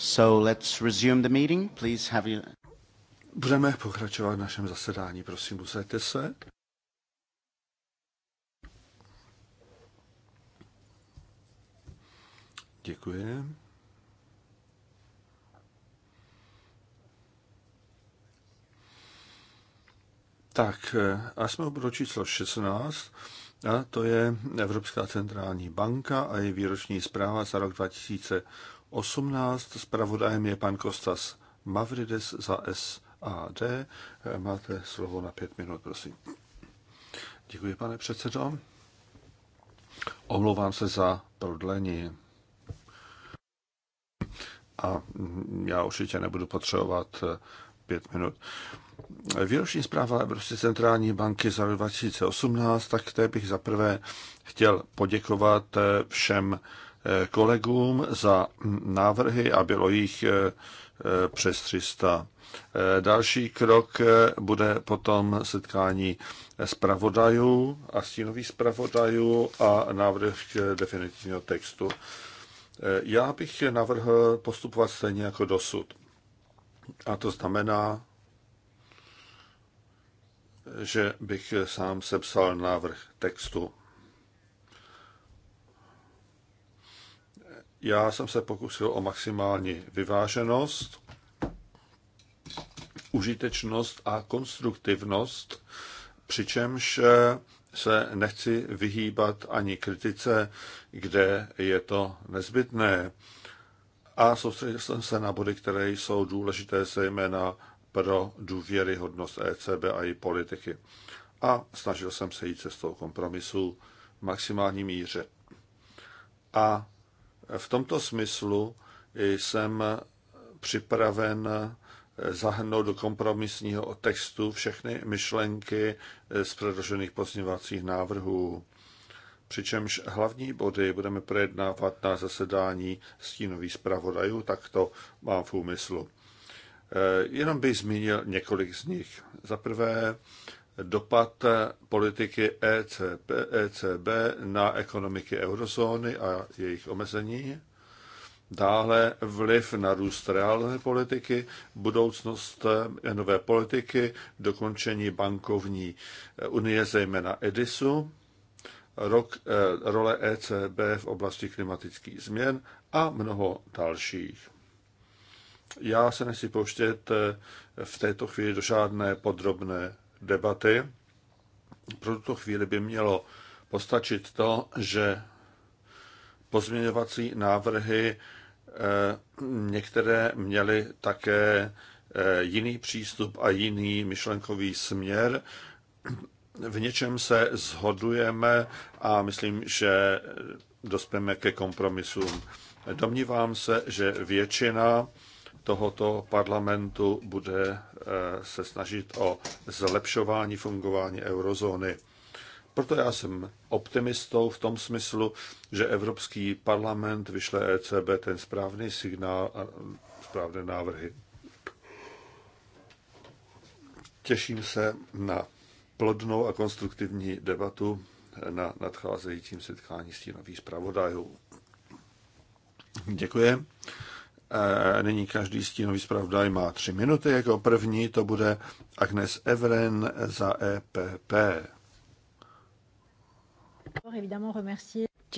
So let's resume the meeting. Please have you... Budeme pokračovat v našem zasedání. Prosím, usaďte se. Děkuji. Tak, a jsme u bodu číslo 16, a to je Evropská centrální banka a její výroční zpráva za rok 2000. 18. Spravodajem je pan Kostas Mavrides za SAD. Máte slovo na pět minut, prosím. Děkuji, pane předsedo. Omlouvám se za prodlení. A já určitě nebudu potřebovat pět minut. Výroční zpráva Evropské centrální banky za 2018, tak té bych zaprvé chtěl poděkovat všem kolegům za návrhy a bylo jich eh, přes 300. Eh, další krok eh, bude potom setkání zpravodajů a stínových zpravodajů a návrh definitivního textu. Já bych navrhl postupovat stejně jako dosud. A to znamená, že bych sám sepsal návrh textu. Já jsem se pokusil o maximální vyváženost, užitečnost a konstruktivnost, přičemž se nechci vyhýbat ani kritice, kde je to nezbytné. A soustředil jsem se na body, které jsou důležité zejména pro důvěryhodnost ECB a její politiky. A snažil jsem se jít cestou kompromisu v maximální míře. A v tomto smyslu jsem připraven zahrnout do kompromisního textu všechny myšlenky z předložených pozměňovacích návrhů. Přičemž hlavní body budeme projednávat na zasedání stínových zpravodajů, tak to mám v úmyslu. Eh, jenom bych zmínil několik z nich. Za prvé dopad politiky ECB, e ECB na ekonomiky eurozóny a jejich omezení, dále vliv na růst reálné politiky, budoucnost eh, nové politiky, dokončení bankovní eh, unie, zejména EDISu, rok, eh, role ECB v oblasti klimatických změn a mnoho dalších. Já se nechci pouštět v této chvíli do žádné podrobné debaty. Pro tuto chvíli by mělo postačit to, že pozměňovací návrhy eh, některé měly také eh, jiný přístup a jiný myšlenkový směr. V něčem se zhodujeme a myslím, že dospěme ke kompromisům. Domnívám se, že většina tohoto parlamentu bude eh, se snažit o zlepšování fungování eurozóny. Proto já jsem optimistou v tom smyslu, že Evropský parlament vyšle ECB ten správný signál a eh, správné návrhy. Těším se na plodnou a konstruktivní debatu na nadcházejícím setkání s tím stínových zpravodajů. Děkuji. Eh, nyní každý stínový zpravodaj má tři minuty. Jako první to bude Agnes Evren za EPP.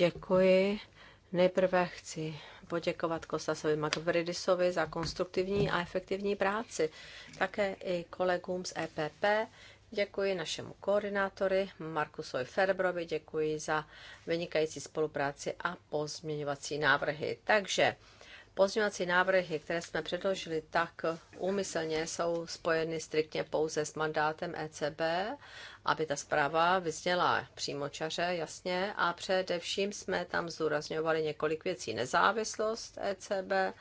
Děkuji. Nejprve chci poděkovat Kostasovi Makvridisovi za konstruktivní a efektivní práci. Také i kolegům z EPP, Děkuji našemu koordinátory Markusovi Ferbrovi, děkuji za vynikající spolupráci a pozměňovací návrhy. Takže Pozměňovací návrhy, které jsme předložili, tak úmyslně jsou spojeny striktně pouze s mandátem ECB, aby ta zpráva vyzněla přímočaře, jasně, a především jsme tam zdůrazňovali několik věcí. Nezávislost ECB,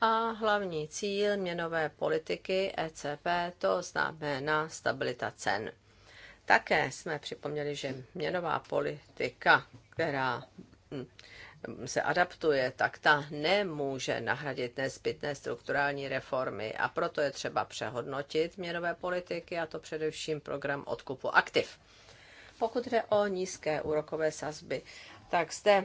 a hlavní cíl měnové politiky ECB to znamená stabilita cen. Také jsme připomněli, že měnová politika, která hm, se adaptuje, tak ta nemůže nahradit nezbytné strukturální reformy a proto je třeba přehodnotit měnové politiky a to především program odkupu aktiv. Pokud jde o nízké úrokové sazby, tak zde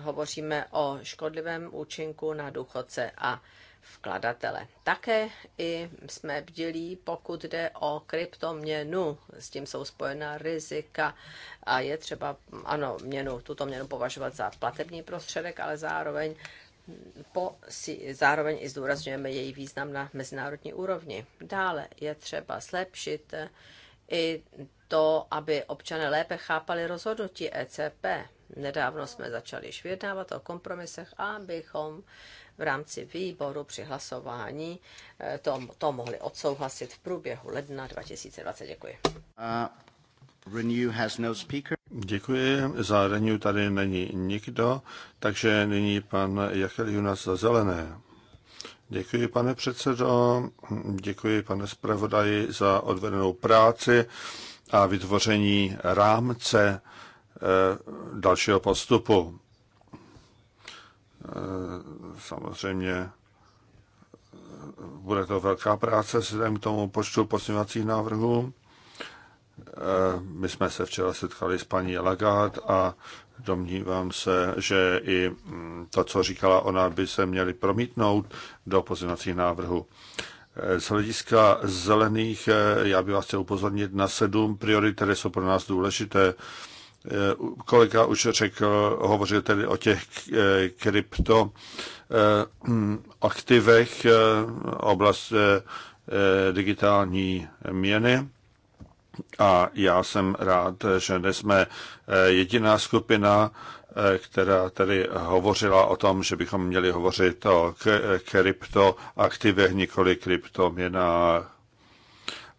hovoříme o škodlivém účinku na důchodce a vkladatele. Také i jsme bdělí, pokud jde o kryptoměnu, s tím jsou spojená rizika a je třeba, ano, měnu, tuto měnu považovat za platební prostředek, ale zároveň po, si, zároveň i zdůrazňujeme její význam na mezinárodní úrovni. Dále je třeba zlepšit i to, aby občané lépe chápali rozhodnutí ECP. Nedávno jsme začali již vyjednávat o kompromisech, abychom v rámci výboru při hlasování eh, to, to mohli odsouhlasit v průběhu ledna 2020. Děkuji. Uh, Renew has no speaker. Děkuji. Za Renew tady není nikdo, takže nyní pan Jachel Junas za zelené. Děkuji, pane předsedo, děkuji, pane zpravodaji, za odvedenou práci a vytvoření rámce eh, dalšího postupu. Eh, samozřejmě eh, bude to velká práce vzhledem k tomu počtu posměvacích návrhů. Eh, my jsme se včera setkali s paní Lagard a domnívám se, že i mm, to, co říkala ona, by se měly promítnout do pozměňovacích návrhů. Z hlediska zelených, já bych vás chtěl upozornit na sedm priorit, které jsou pro nás důležité. Eh, kolega už řekl, hovořil tedy o těch eh, krypto eh, mm, aktivech, oblast digitální měny. A já jsem rád, že nejsme jediná skupina, která tady hovořila o tom, že bychom měli hovořit o kryptoaktivech, nikoli kryptoměnách.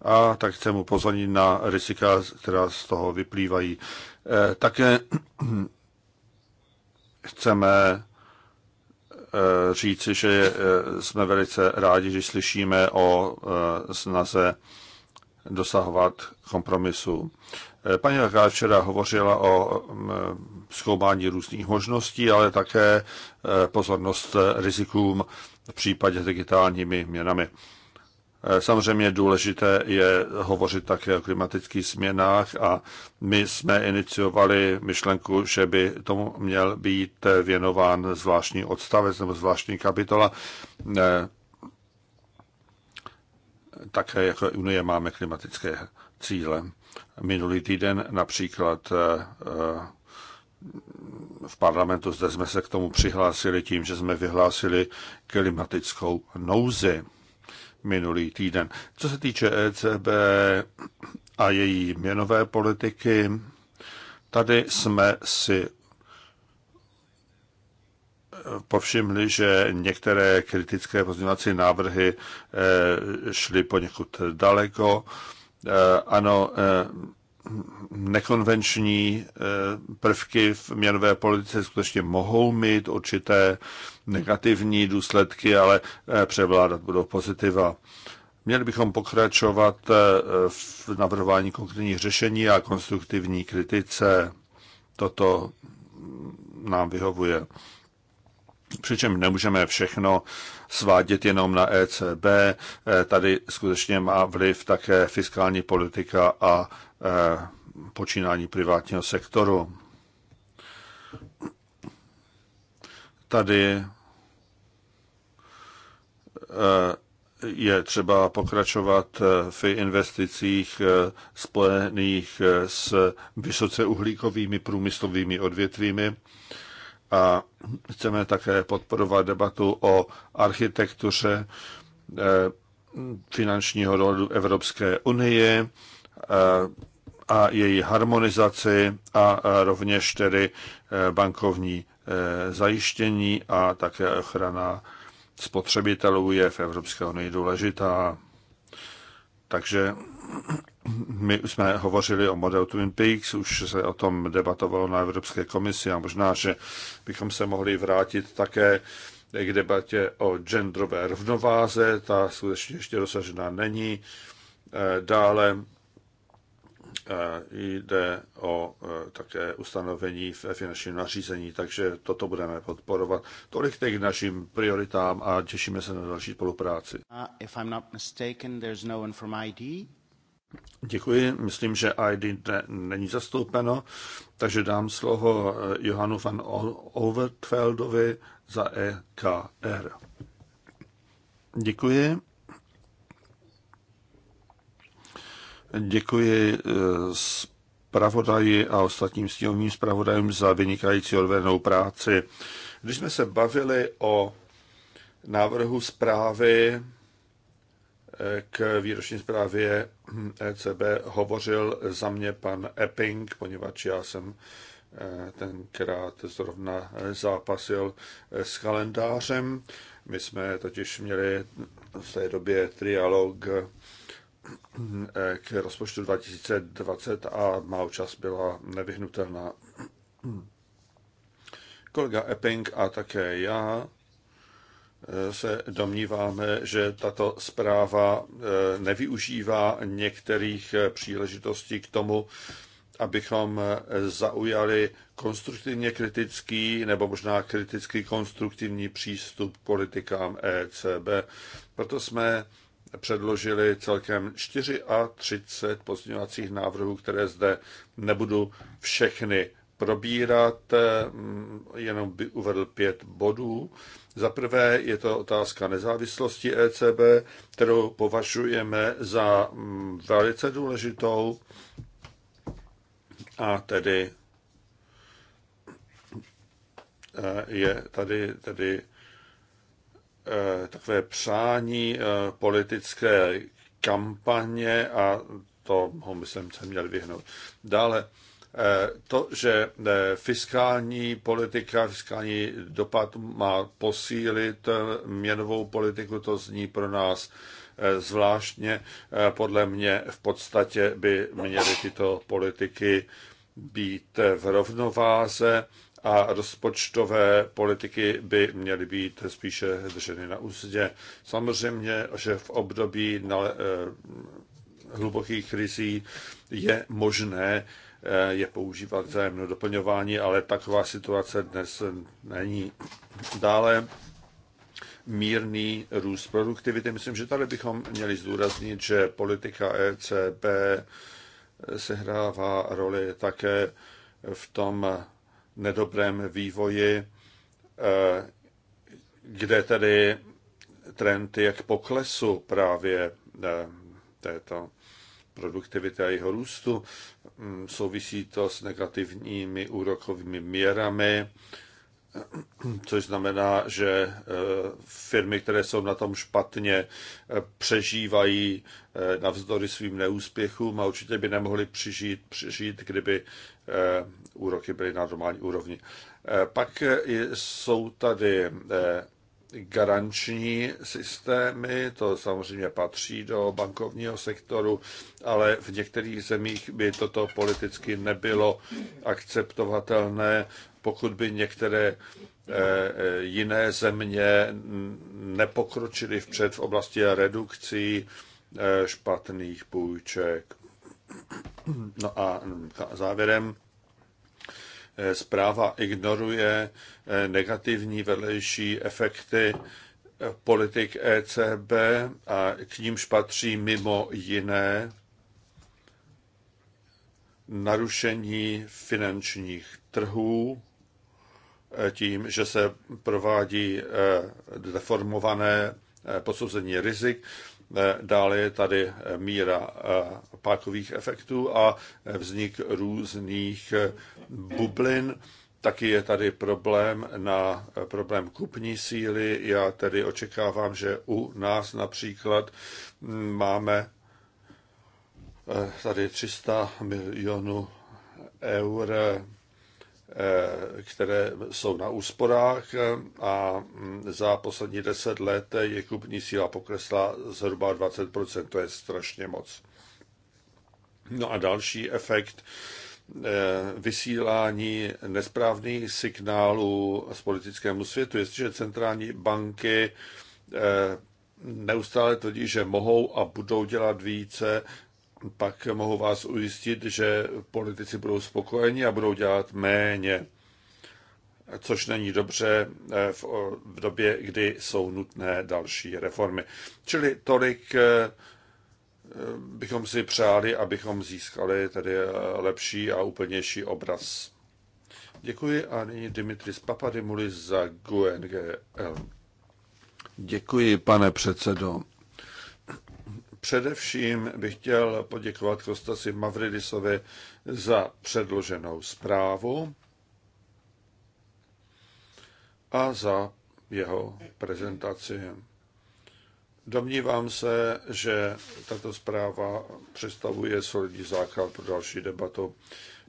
A tak chcem upozornit na rizika, která z toho vyplývají. Eh, také chceme eh, říci, že eh, jsme velice rádi, že slyšíme o snaze dosahovat kompromisu. Paní Lagarde včera hovořila o mm, zkoumání různých možností, ale také pozornost rizikům v případě digitálními měnami. Eh, samozřejmě důležité je hovořit také o klimatických změnách a my jsme iniciovali myšlenku, že by tomu měl být eh, věnován zvláštní odstavec nebo zvláštní kapitola. Eh, také jako Unie máme klimatické cíle. Minulý týden například v parlamentu zde jsme se k tomu přihlásili tím, že jsme vyhlásili klimatickou nouzi minulý týden. Co se týče ECB a její měnové politiky, tady jsme si povšimli, že některé kritické pozměňovací návrhy eh, šly poněkud daleko. Eh, ano, eh, nekonvenční prvky v měnové politice skutečně mohou mít určité negativní důsledky, ale eh, převládat budou pozitiva. Měli bychom pokračovat eh, v navrhování konkrétních řešení a konstruktivní kritice. Toto nám vyhovuje. Přičem nemůžeme všechno svádět jenom na ECB. Eh, tady skutečně má vliv také fiskální politika a počínání privátního sektoru. Tady eh, je třeba pokračovat eh, v investicích eh, spojených s vysoce uhlíkovými průmyslovými odvětvími a chceme také podporovat debatu o architektuře finančního rodu Evropské unie a její harmonizaci a rovněž tedy bankovní Eh, zajištění a také ochrana spotřebitelů je v Evropské unii důležitá. Takže my jsme hovořili o modelu Twin Peaks, už se o tom debatovalo na Evropské komisi a možná, že bychom se mohli vrátit také k debatě o genderové rovnováze, ta skutečně ještě dosažená není. Eh, dále jde o e, také ustanovení v finančním nařízení, takže toto budeme podporovat. Tolik teď k našim prioritám a těšíme se na další spolupráci. Uh, no Děkuji, myslím, že ID ne, není zastoupeno, takže dám slovo e, Johanu van Overtveldovi za EKR. Děkuji. Děkuji eh, zpravodaji a ostatním sněmovním zpravodajům za vynikající odvedenou práci. Když jsme se bavili o návrhu zprávy eh, k výroční zprávě ECB, hovořil za mě pan Epping, poněvadž já jsem eh, tenkrát zrovna zápasil s kalendářem. My jsme totiž měli v té době trialog k rozpočtu 2020 a má účast byla nevyhnutelná. Kolega Epping a také já eh, se domníváme, že tato zpráva eh, nevyužívá některých eh, příležitostí k tomu, abychom zaujali konstruktivně kritický nebo možná kriticky konstruktivní přístup k politikám ECB. Proto jsme předložili celkem 34 pozměňovacích návrhů, které zde nebudu všechny probírat, mm, jenom by uvedl pět bodů. Za prvé je to otázka nezávislosti ECB, kterou považujeme za mm, velice důležitou a tedy e, je tady, tedy Eh, takové přání eh, politické kampaně a to ho myslím se měl vyhnout. Dále eh, to, že fiskální politika, fiskální dopad má posílit měnovou politiku, to zní pro nás zvláštně. Podle mě v podstatě by měly tyto politiky být v rovnováze a rozpočtové politiky by měly být spíše drženy na úzdě. Samozřejmě, že v období na, eh, hlubokých krizí je možné eh, je používat vzájemné doplňování, ale taková situace dnes není. Dále mírný růst produktivity. Myslím, že tady bychom měli zdůraznit, že politika ECB sehrává roli také v tom nedobrém vývoji, eh, kde tedy trend je k poklesu právě eh, této produktivity a jeho růstu. Mm, souvisí to s negativními úrokovými měrami, což znamená, že eh, firmy, které jsou na tom špatně, přežívají navzdory svým neúspěchům a určitě by nemohly přežít, přežít kdyby úroky byly na normální úrovni. Eh, pak eh, jsou tady eh, garanční systémy, to samozřejmě patří do bankovního sektoru, ale v některých zemích by toto politicky nebylo akceptovatelné, pokud by některé jiné země nepokročily vpřed v oblasti redukcí špatných půjček. No a no, závěrem Eh, zpráva ignoruje eh, negativní vedlejší efekty eh, politik ECB a k nímž patří mimo jiné narušení finančních trhů tím, že se provádí deformované posouzení rizik, Eh, dále je tady eh, míra eh, pákových efektů a vznik různých bublin. Taky je tady problém na problém kupní síly. Já tedy očekávám, že u nás například mm, máme tady 300 milionů eur Eh, které jsou na úsporách eh, a mm, za poslední deset let je kupní síla pokresla zhruba 20%, to je strašně moc. No a další efekt eh, vysílání nesprávných signálů z politickému světu. Jestliže centrální banky neustále tvrdí, že mohou a budou dělat více, pak mohu vás ujistit, že politici budou spokojeni a budou dělat méně, což není dobře eh, v, době, kdy jsou nutné další reformy. Čili tolik eh, eh, bychom si přáli, abychom získali tedy lepší a úplnější obraz. Děkuji a nyní Dimitris Papadimulis za GUNGL. Děkuji, pane předsedo. Především bych chtěl poděkovat Kostasi Mavridisovi za předloženou zprávu a za jeho prezentaci. Domnívám se, že tato zpráva představuje solidní základ pro další debatu.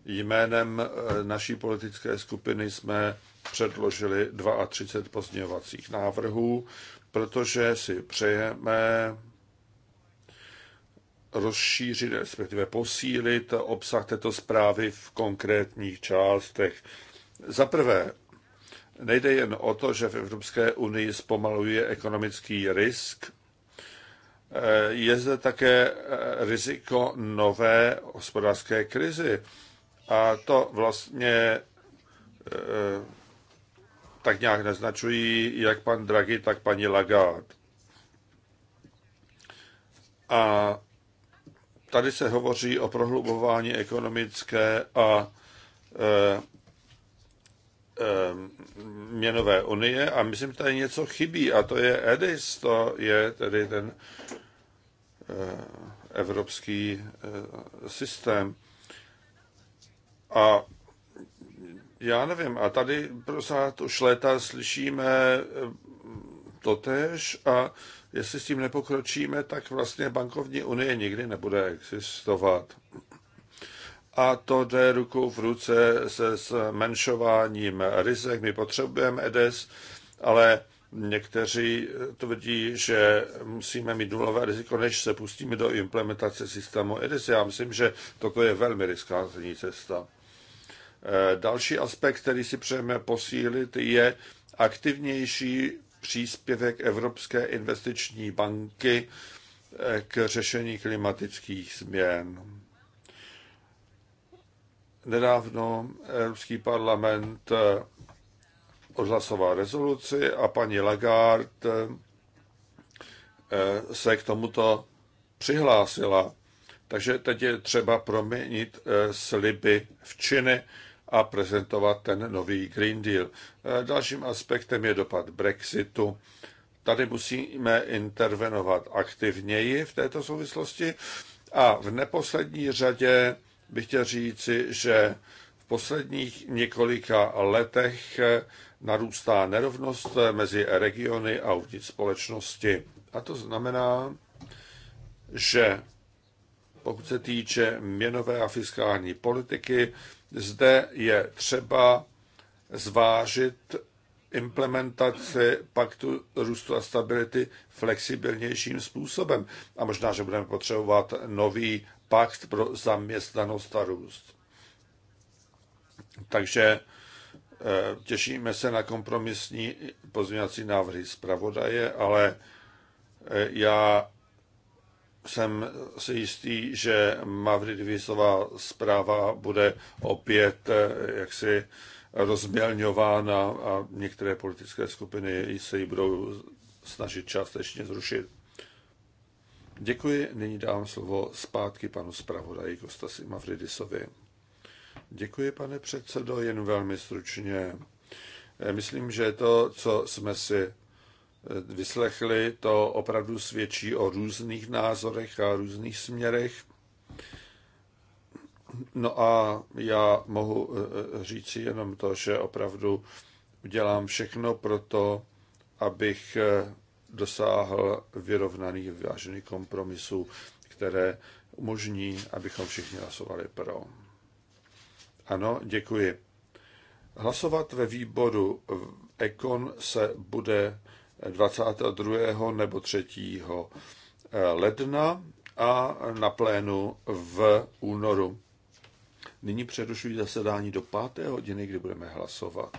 Jménem eh, naší politické skupiny jsme předložili 32 pozměňovacích návrhů, protože si přejeme rozšířit, respektive posílit obsah této zprávy v konkrétních částech. Za prvé, nejde jen o to, že v Evropské unii zpomaluje ekonomický risk, eh, je zde také eh, riziko nové hospodářské krizi. A to vlastně eh, tak nějak naznačují jak pan Draghi, tak paní Lagarde. A tady se hovoří o prohlubování ekonomické a e, e, měnové unie a myslím, že tady něco chybí a to je EDIS, to je tedy ten e, evropský systém. A já nevím, a tady prosát už léta slyšíme totež a jestli s tím nepokročíme, tak vlastně bankovní unie nikdy nebude existovat. A to jde ruku v ruce se zmenšováním rizek. My potřebujeme EDES, ale někteří tvrdí, že musíme mít nulové riziko, než se pustíme do implementace systému EDES. Já myslím, že toto je velmi riskantní cesta. E, další aspekt, který si přejeme posílit, je aktivnější příspěvek Evropské investiční banky eh, k řešení klimatických změn. Nedávno Evropský parlament eh, odhlasoval rezoluci a paní Lagarde eh, se k tomuto přihlásila. Takže teď je třeba proměnit sliby v činy a prezentovat ten nový Green Deal. E, dalším aspektem je dopad Brexitu. Tady musíme intervenovat aktivněji v této souvislosti a v neposlední řadě bych chtěl říci, že v posledních několika letech narůstá nerovnost mezi regiony a uvnitř společnosti. A to znamená, že pokud se týče měnové a fiskální politiky, zde je třeba zvážit implementaci paktu růstu a stability flexibilnějším způsobem. A možná, že budeme potřebovat nový pakt pro zaměstnanost a růst. Takže eh, těšíme se na kompromisní pozměňovací návrhy zpravodaje, ale eh, já jsem si jistý, že Mavridvisová zpráva bude opět eh, jaksi rozmělňována a některé politické skupiny se ji budou snažit částečně zrušit. Děkuji, nyní dám slovo zpátky panu zpravodaji Kostasi Mavridisovi. Děkuji, pane předsedo, jen velmi stručně. Eh, myslím, že to, co jsme si Eh, vyslechli, to opravdu svědčí o různých názorech a různých směrech. No a já mohu eh, eh, říci jenom to, že opravdu udělám všechno pro to, abych dosáhl vyrovnaných vyvážených kompromisů, které umožní, abychom všichni hlasovali pro. Ano, děkuji. Hlasovat ve výboru Ekon se bude 22. nebo 3. Eh, ledna a na plénu v únoru. Nyní přerušuji zasedání do páté hodiny, kdy budeme hlasovat.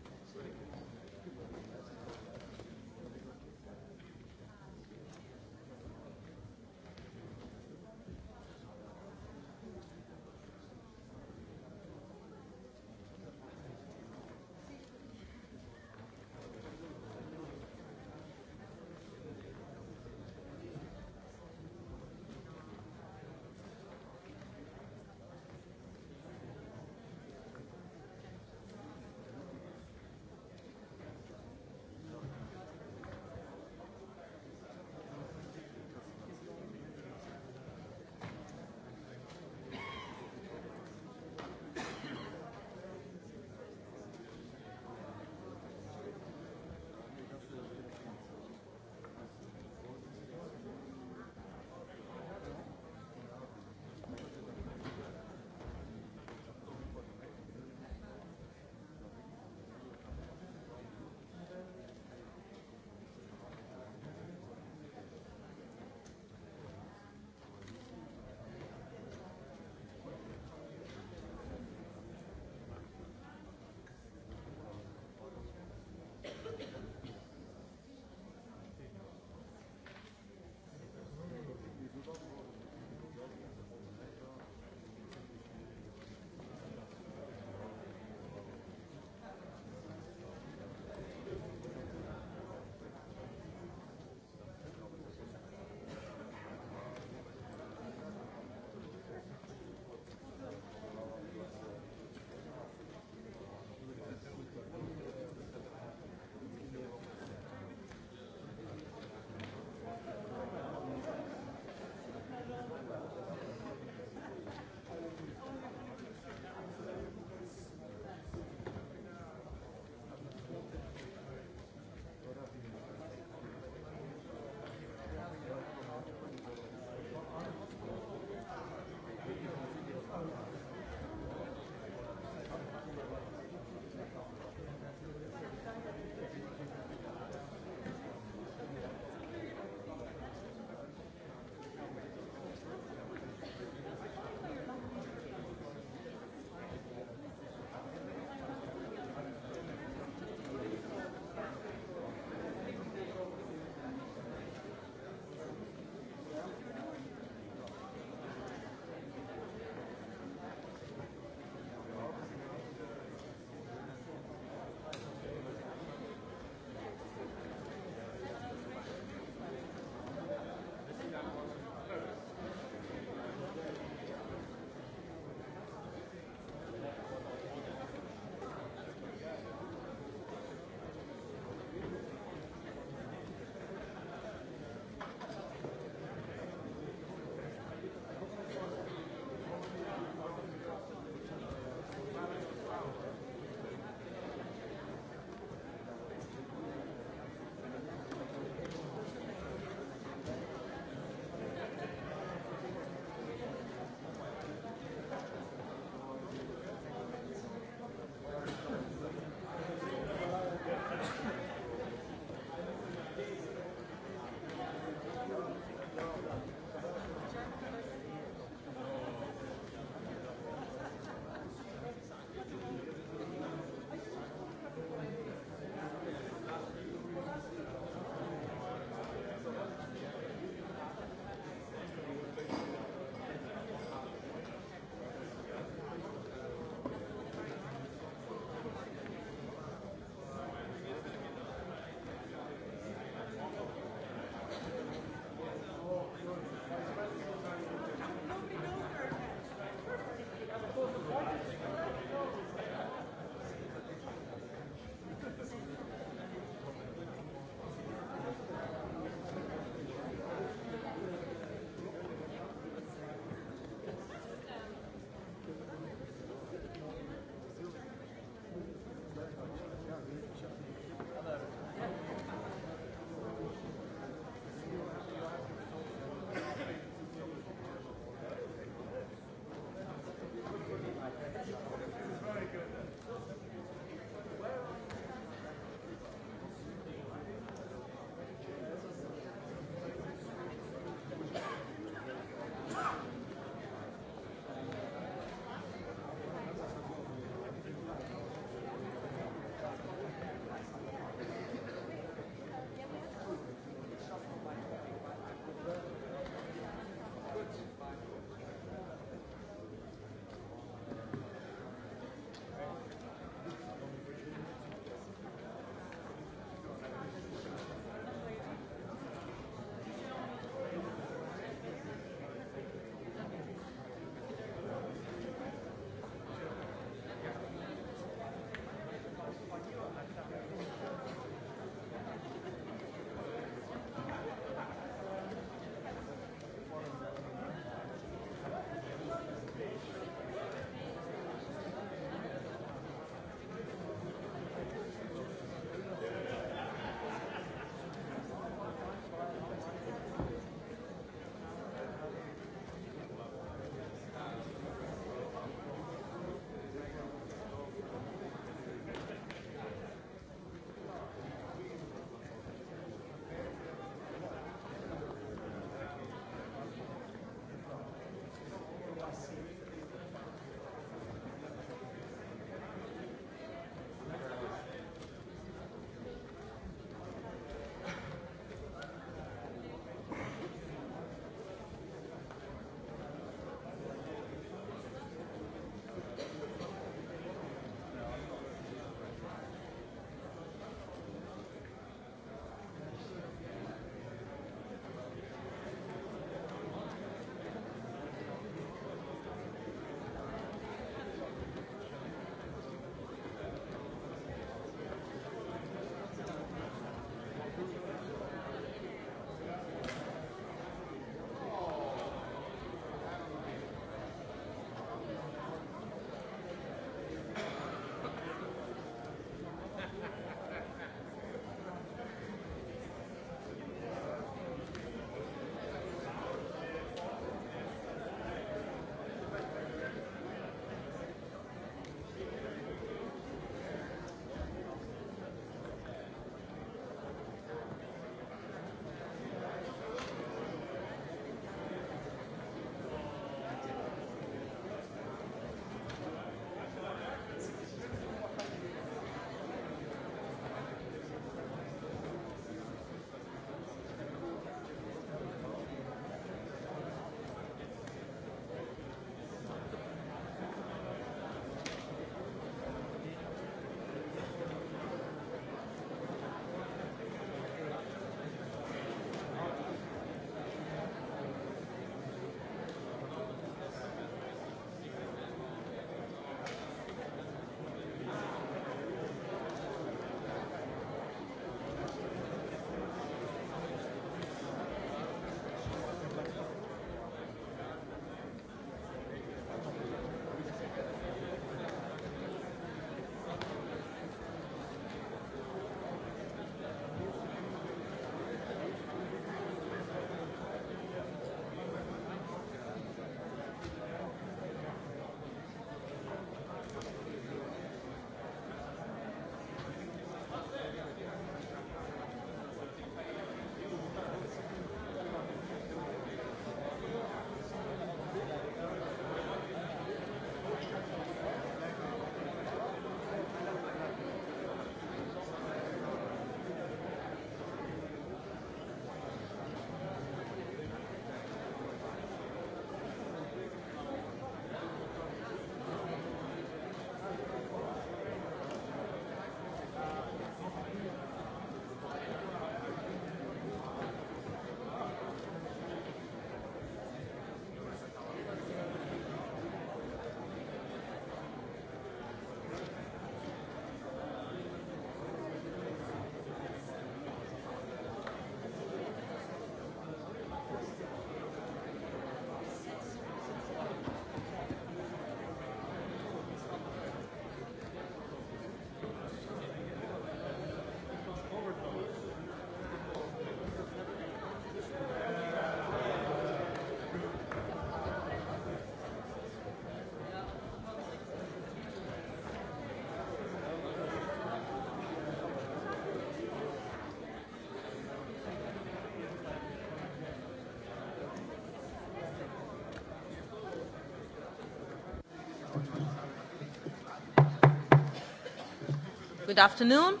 Good afternoon.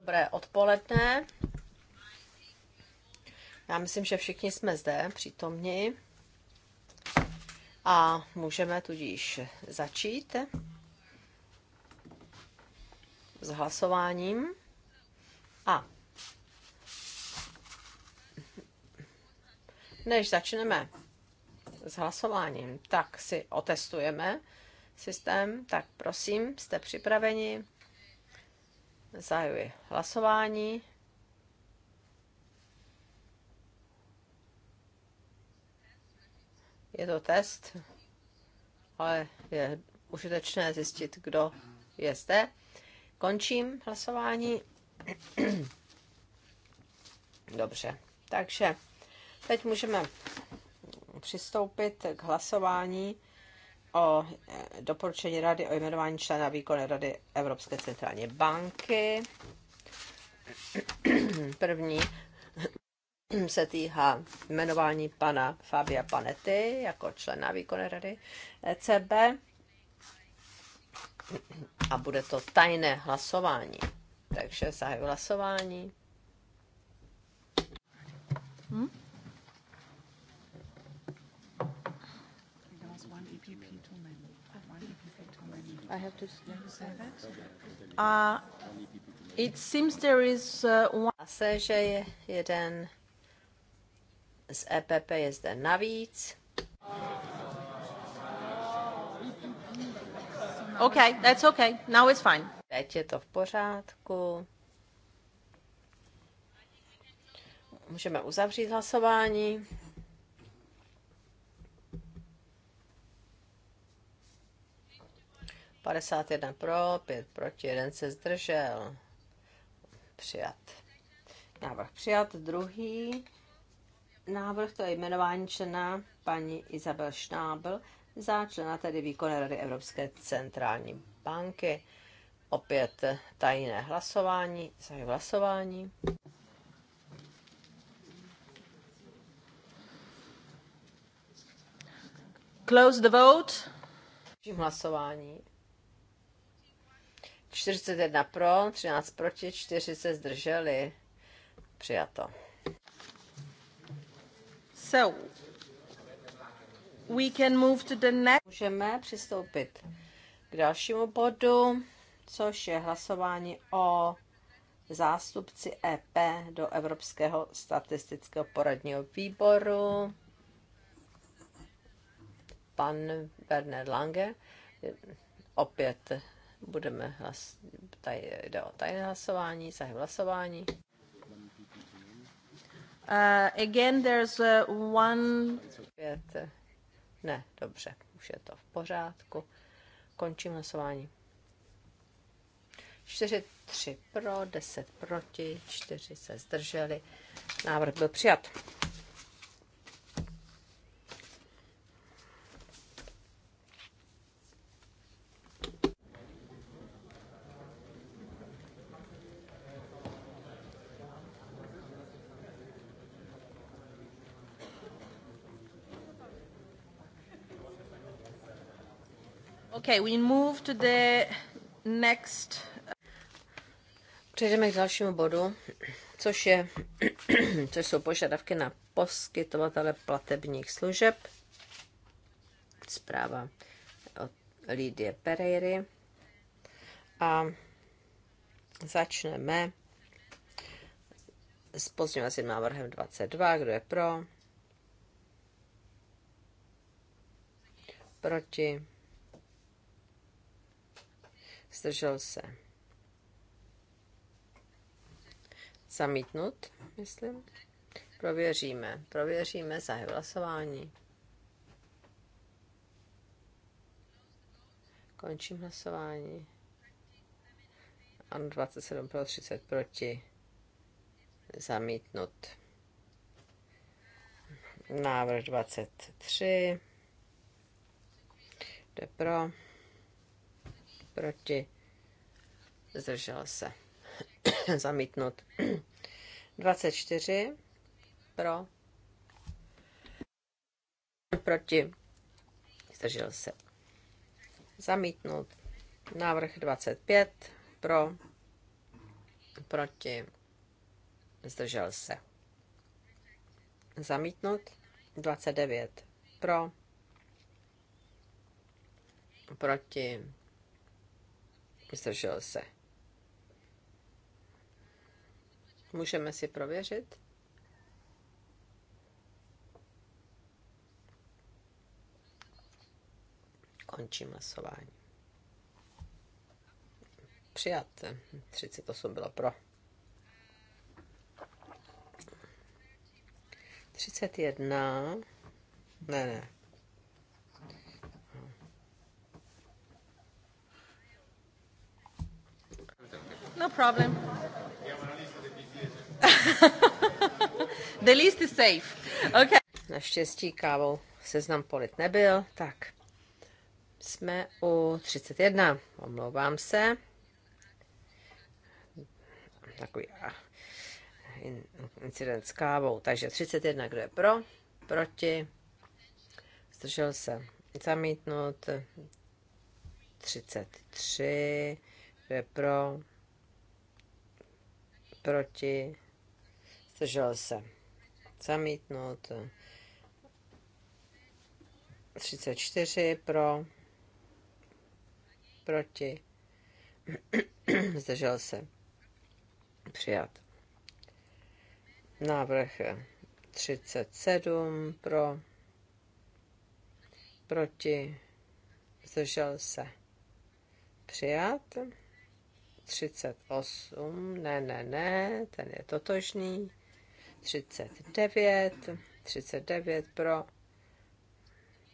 Dobré odpoledne. Já myslím, že všichni jsme zde přítomni a můžeme tudíž začít s hlasováním. A než začneme s hlasováním, tak si otestujeme systém, tak prosím, jste připraveni. Zahajuji hlasování. Je to test, ale je užitečné zjistit, kdo je zde. Končím hlasování. Dobře, takže teď můžeme přistoupit k hlasování o e, doporučení rady o jmenování člena výkonné rady Evropské centrální banky. První se týká jmenování pana Fabia Panety jako člena výkonné rady ECB a bude to tajné hlasování. Takže zahajuji hlasování. Hmm? I have to uh, it seems there is uh, one... Zase, že je jeden z EPP je zde navíc. OK, that's OK. Now it's fine. Teď je to v pořádku. Můžeme uzavřít hlasování. 51 pro, 5 proti, 1 se zdržel. Přijat. Návrh přijat. Druhý návrh, to je jmenování člena paní Izabel Šnábl za člena tedy výkonné rady Evropské centrální banky. Opět tajné hlasování, zahajuji hlasování. Close the vote. Hlasování. 41 pro, 13 proti, 4 se zdrželi. Přijato. So, we can move to the next. Můžeme přistoupit k dalšímu bodu, což je hlasování o zástupci EP do Evropského statistického poradního výboru. Pan Werner Lange opět Budeme hlas... Taj, jde o tajné hlasování, zahajím hlasování. Uh, again, there's uh, one... Pět. Ne, dobře, už je to v pořádku. Končím hlasování. 4, 3 pro, 10 proti, 4 se zdrželi. Návrh byl přijat. Přejdeme k dalšímu bodu, což, je, což jsou požadavky na poskytovatele platebních služeb. Zpráva od Lidie Pereiry. A začneme s pozměňovacím návrhem 22. Kdo je pro? Proti? zdržel se. Zamítnut, myslím. Prověříme, prověříme za hlasování. Končím hlasování. Ano, 27 pro 30 proti. Zamítnut. Návrh 23. Jde pro proti, zdržel se, zamítnut. 24 pro, proti, zdržel se, zamítnut. Návrh 25 pro, proti, zdržel se. Zamítnut 29 pro, proti, zdržel se. Můžeme si prověřit. Končím hlasování. Přijat. 38 bylo pro. 31. Ne, ne. No problem. The list is safe. Okay. Naštěstí kávou seznam polit nebyl, tak jsme u 31. Omlouvám se. Takový incident s kávou. Takže 31, kdo je pro, proti, zdržel se zamítnout, 33, kdo je pro, proti, zdržel se, zamítnout, 34 pro, proti, zdržel se, přijat. Návrh 37 pro, proti, zdržel se, přijat. 38, ne, ne, ne, ten je totožný. 39, 39 pro,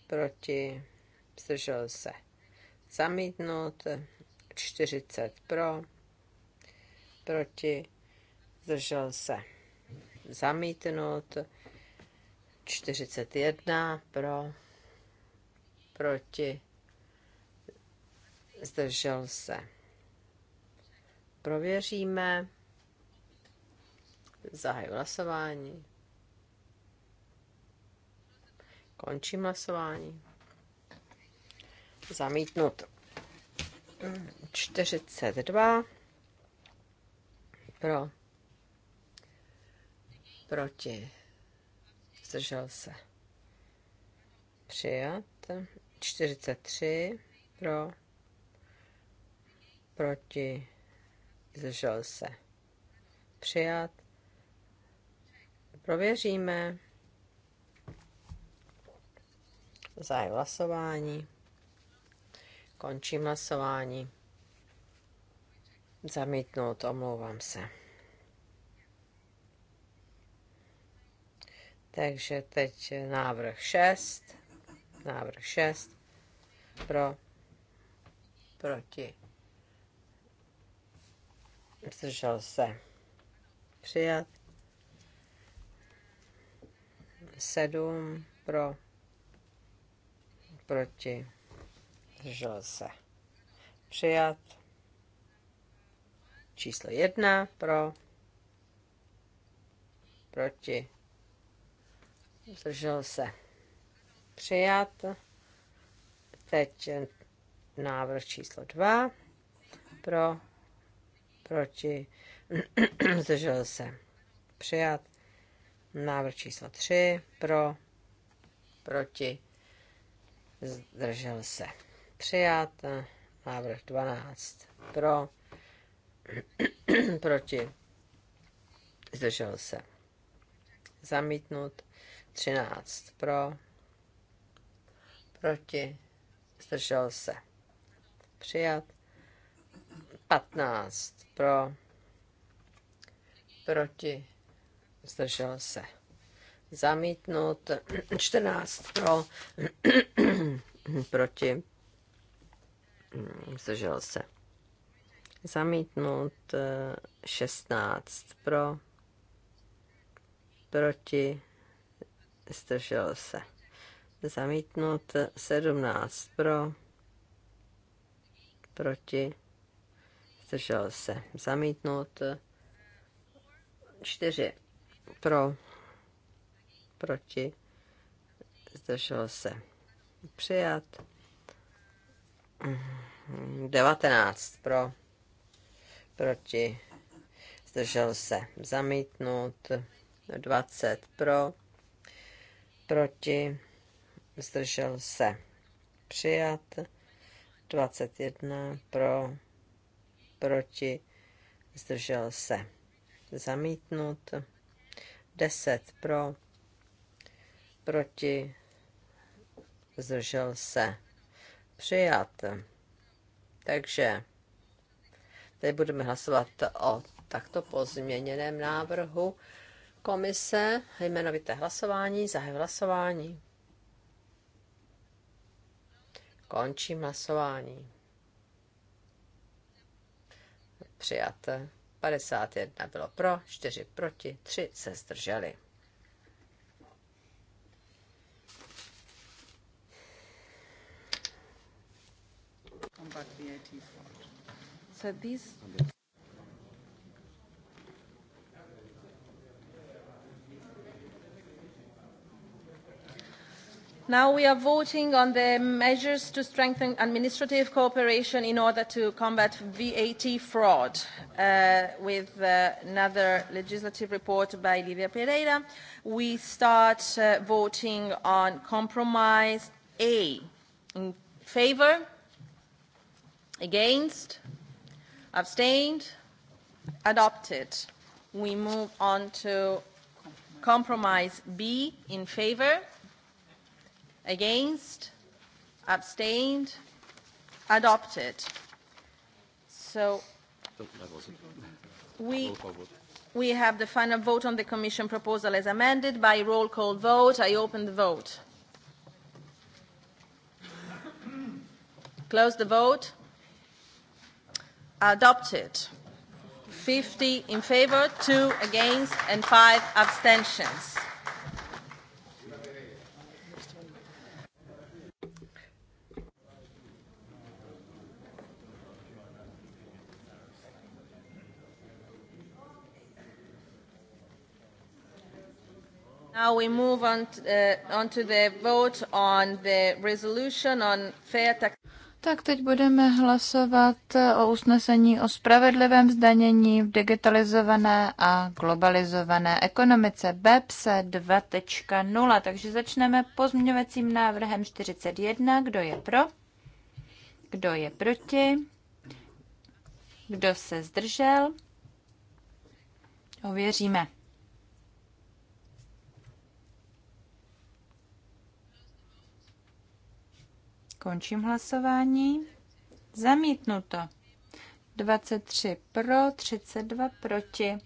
proti, zdržel se. Zamítnut, 40 pro, proti, zdržel se. Zamítnut, 41 pro, proti, zdržel se Prověříme. Zahaju hlasování. Končím hlasování. Zamítnut. 42 pro proti zdržel se přijat 43 pro proti zdržel se. Přijat. Prověříme. Zahajuji hlasování. Končím hlasování. Zamítnout, omlouvám se. Takže teď návrh 6. Návrh 6. Pro. Proti zdržel se, přijat. Sedm pro, proti, zdržel se, přijat. Číslo jedna pro, proti, zdržel se, přijat. Teď návrh číslo dva pro, proti, zdržel se přijat. Návrh číslo 3 pro, proti, zdržel se přijat. Návrh 12 pro, proti, zdržel se zamítnut. 13 pro, proti, zdržel se přijat. 15 pro, proti, zdržel se. Zamítnut 14 pro, proti, zdržel se. Zamítnut 16 pro, proti, zdržel se. Zamítnut 17 pro, proti, zdržel se zamítnout. 4 pro, proti, zdržel se přijat. 19 pro, proti, zdržel se zamítnout. 20 pro, proti, zdržel se přijat. 21 pro, proti, zdržel se. Zamítnut. 10 pro, proti, zdržel se. Přijat. Takže teď budeme hlasovat o takto pozměněném návrhu komise, jmenovité hlasování, zahaj hlasování. Končím hlasování přijat. 51 bylo pro, 4 proti, 3 se zdrželi. So these Now we are voting on the measures to strengthen administrative cooperation in order to combat VAT fraud uh, with uh, another legislative report by Livia Pereira. We start uh, voting on compromise A. In favor? Against? Abstained? Adopted. We move on to compromise B. In favor? Against? Abstained? Adopted. So we, we have the final vote on the Commission proposal as amended by roll call vote. I open the vote. Close the vote. Adopted. 50 in favor, 2 against, and 5 abstentions. Now we move on, to, uh, eh, on to the vote on the resolution on fair tax. Tak teď budeme hlasovat eh, o usnesení o spravedlivém zdanění v digitalizované a globalizované ekonomice BEPS 2.0. Takže začneme pozměňovacím návrhem 41. Kdo je pro? Kdo je proti? Kdo se zdržel? Ověříme. Končím hlasování. Zamítnuto. 23 pro, 32 proti.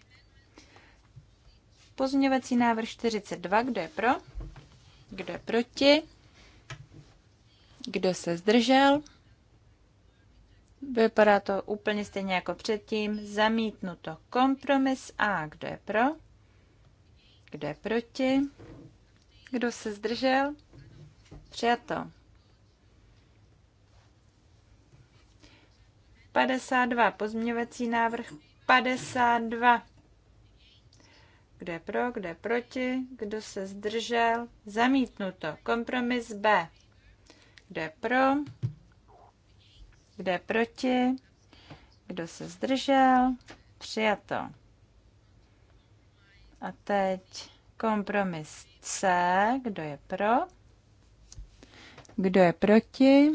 Pozměňovací návrh 42. Kdo je pro? Kdo je proti? Kdo se zdržel? Vypadá to úplně stejně jako předtím. Zamítnuto. Kompromis A. Kdo je pro? Kdo je proti? Kdo se zdržel? Přijato. 52. Pozměňovací návrh 52. Kdo je pro, kdo je proti, kdo se zdržel, zamítnuto. Kompromis B. Kdo je pro, kdo je proti, kdo se zdržel, přijato. A teď kompromis C. Kdo je pro, kdo je proti,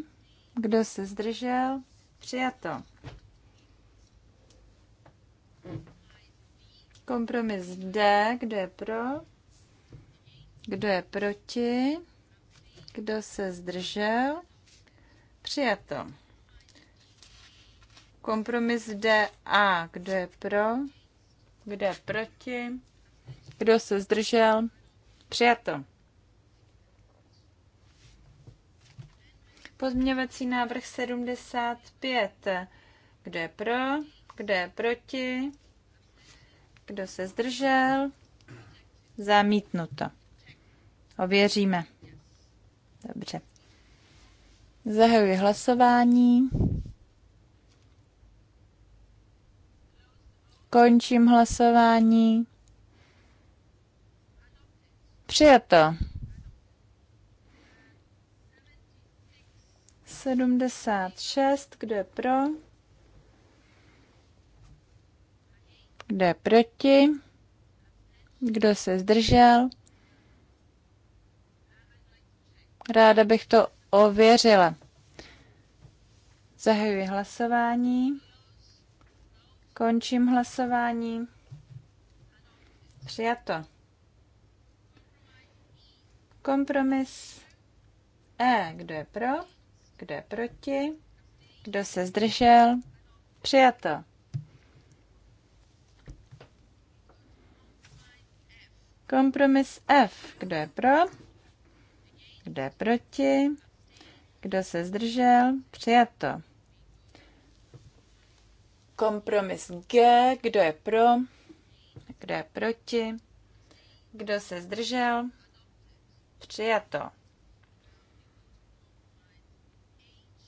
kdo se zdržel, přijato. Kompromis D, kdo je pro? Kdo je proti? Kdo se zdržel? Přijato. Kompromis D a, Kdo je pro? Kdo je proti? Kdo se zdržel? Přijato. Pozměňovací návrh 75. Kdo je pro? Kdo je proti? Kdo se zdržel? Zamítnuto. Ověříme. Dobře. Zahajuji hlasování. Končím hlasování. Přijato. 76, kdo je pro? Kdo je proti? Kdo se zdržel? Ráda bych to ověřila. Zahajuji hlasování. Končím hlasování. Přijato. Kompromis E. Kdo je pro? Kdo je proti? Kdo se zdržel? Přijato. Kompromis F. Kdo je pro? Kdo je proti? Kdo se zdržel? Přijato. Kompromis G. Kdo je pro? Kdo je proti? Kdo se zdržel? Přijato.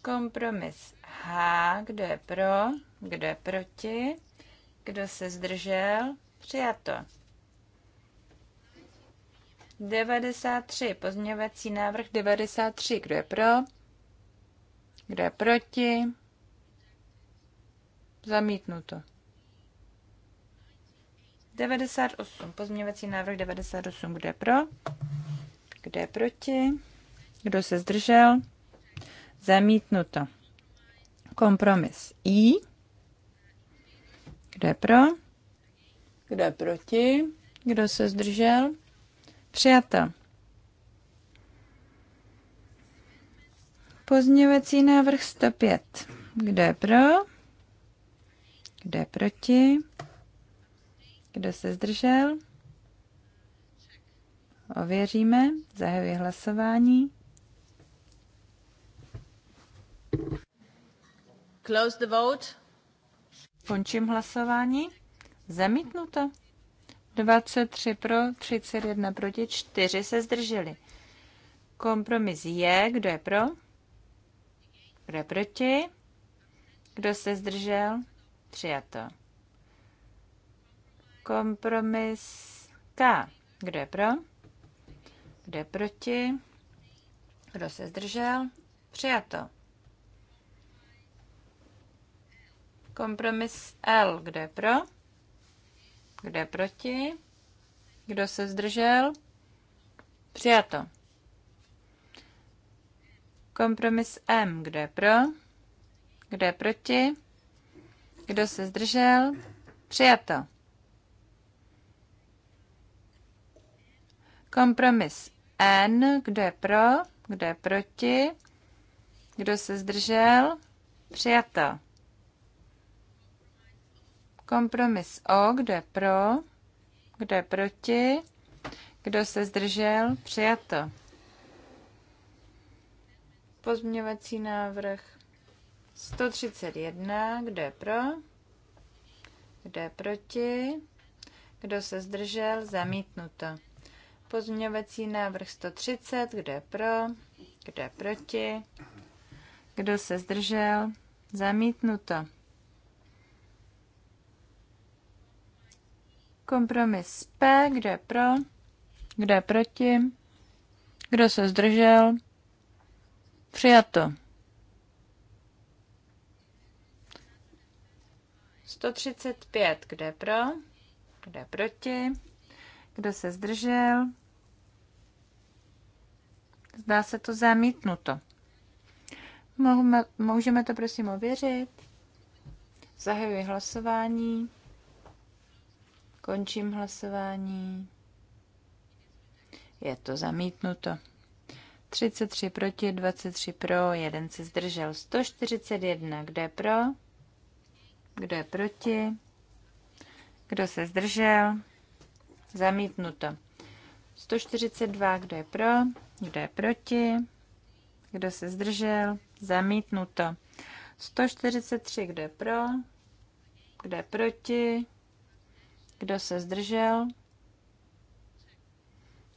Kompromis H. Kdo je pro? Kdo je proti? Kdo se zdržel? Přijato. 93. Pozměňovací návrh 93. Kdo je pro? Kdo je proti? Zamítnuto. 98. Pozměňovací návrh 98. Kdo je pro? Kdo je proti? Kdo se zdržel? Zamítnuto. Kompromis I. Kdo je pro? Kdo je proti? Kdo se zdržel? přijata. Pozměňovací návrh 105. Kdo je pro? Kdo je proti? Kdo se zdržel? Ověříme. Zahajuji hlasování. Close the vote. Končím hlasování. Zamítnuto. 23 pro, 31 proti, 4 se zdrželi. Kompromis je, kdo je pro, kdo je proti, kdo se zdržel, přijato. Kompromis K, kdo je pro, kdo je proti, kdo se zdržel, přijato. Kompromis L, kdo je pro, kdo je proti? Kdo se zdržel? Přijato. Kompromis M. Kdo je pro? Kdo je proti? Kdo se zdržel? Přijato. Kompromis N. Kdo je pro? Kdo je proti? Kdo se zdržel? Přijato. Kompromis O, kde pro, kde proti, kdo se zdržel, přijato. Pozměňovací návrh 131, kde pro, kde proti, kdo se zdržel, zamítnuto. Pozměňovací návrh 130, kde pro, kde proti, kdo se zdržel, zamítnuto. Kompromis P, kdo je pro, kdo je proti, kdo se zdržel, přijato. 135, kdo je pro, kdo je proti, kdo se zdržel, Zdá se to zamítnuto. Můžeme, můžeme to prosím ověřit. Zahajuji hlasování. Končím hlasování. Je to zamítnuto. 33 proti, 23 pro, jeden se zdržel. 141, kdo je pro? Kdo je proti? Kdo se zdržel? Zamítnuto. 142, kdo je pro? Kdo je proti? Kdo se zdržel? Zamítnuto. 143, kdo je pro? Kdo je proti? Kdo se zdržel?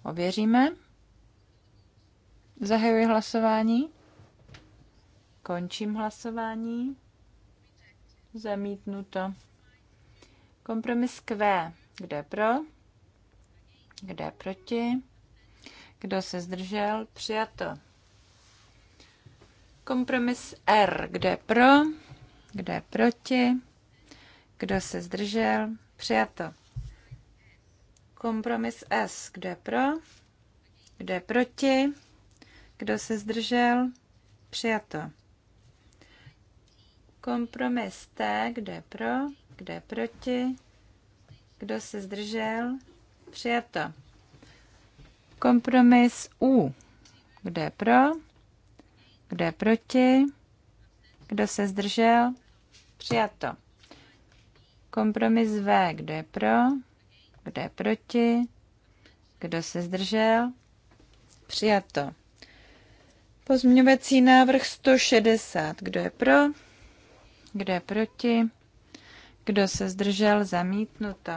Ověříme. Zahajuji hlasování. Končím hlasování. Zamítnuto. Kompromis Q. Kdo je pro? Kdo je proti? Kdo se zdržel? Přijato. Kompromis R. Kdo je pro? Kdo je proti? Kdo se zdržel? Přijato. Kompromis S. Kdo je pro? Kdo je proti? Kdo se zdržel? Přijato. Kompromis T. Kdo je pro? Kdo je proti? Kdo se zdržel? Přijato. Kompromis U. Kdo je pro? Kdo je proti? Kdo se zdržel? Přijato. Kompromis V, kdo je pro, kdo je proti, kdo se zdržel, přijato. Pozměňovací návrh 160, kdo je pro, kdo je proti, kdo se zdržel, zamítnuto.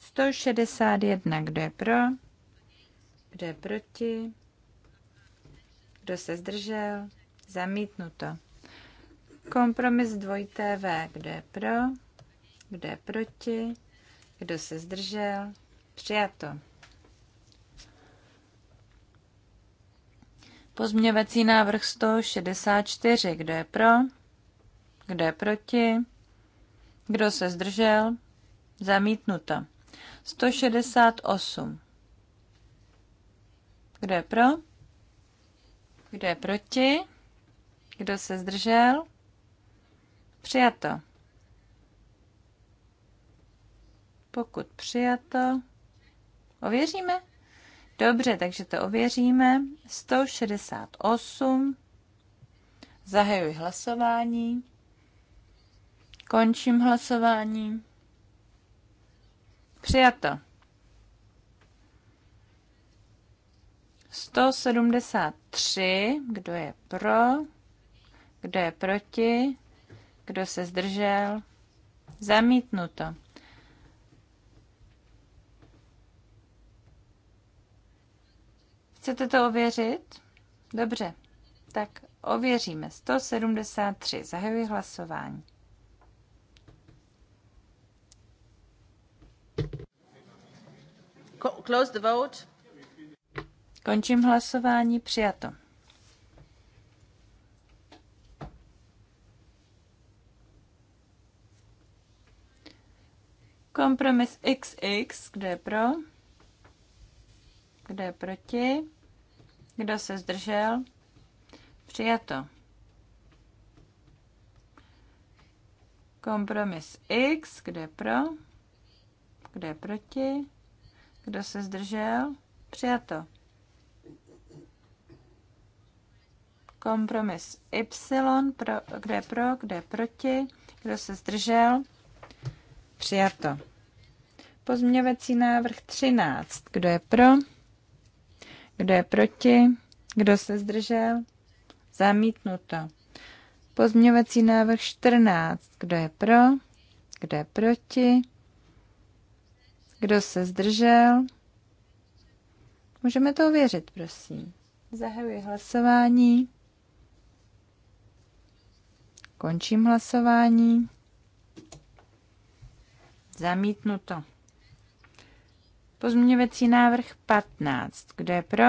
161, kdo je pro, kdo je proti, kdo se zdržel? Zamítnuto. Kompromis dvojité V. Kdo je pro? Kdo je proti? Kdo se zdržel? Přijato. Pozměňovací návrh 164. Kdo je pro? Kdo je proti? Kdo se zdržel? Zamítnuto. 168. Kdo je pro? Kdo je proti? Kdo se zdržel? Přijato. Pokud přijato, ověříme? Dobře, takže to ověříme. 168. Zahajuji hlasování. Končím hlasování. Přijato. 173. Kdo je pro? Kdo je proti? Kdo se zdržel? Zamítnuto. Chcete to ověřit? Dobře, tak ověříme. 173. Zahajuji hlasování. Close the vote. Končím hlasování. Přijato. Kompromis XX, kde je pro, kde je proti kdo se zdržel? Přijato. Kompromis X, kde je pro? Kde je proti? Kdo se zdržel? Přijato. Kompromis Y, pro, kde je pro, kde je proti? Kdo se zdržel? Přijato. Pozměňovací návrh 13. Kdo je pro? Kdo je proti? Kdo se zdržel? Zamítnuto. Pozměňovací návrh 14. Kdo je pro? Kdo je proti? Kdo se zdržel? Můžeme to ověřit, prosím. Zahajuji hlasování. Končím hlasování. Zamítnuto. Pozměňovací návrh 15. Kdo je pro?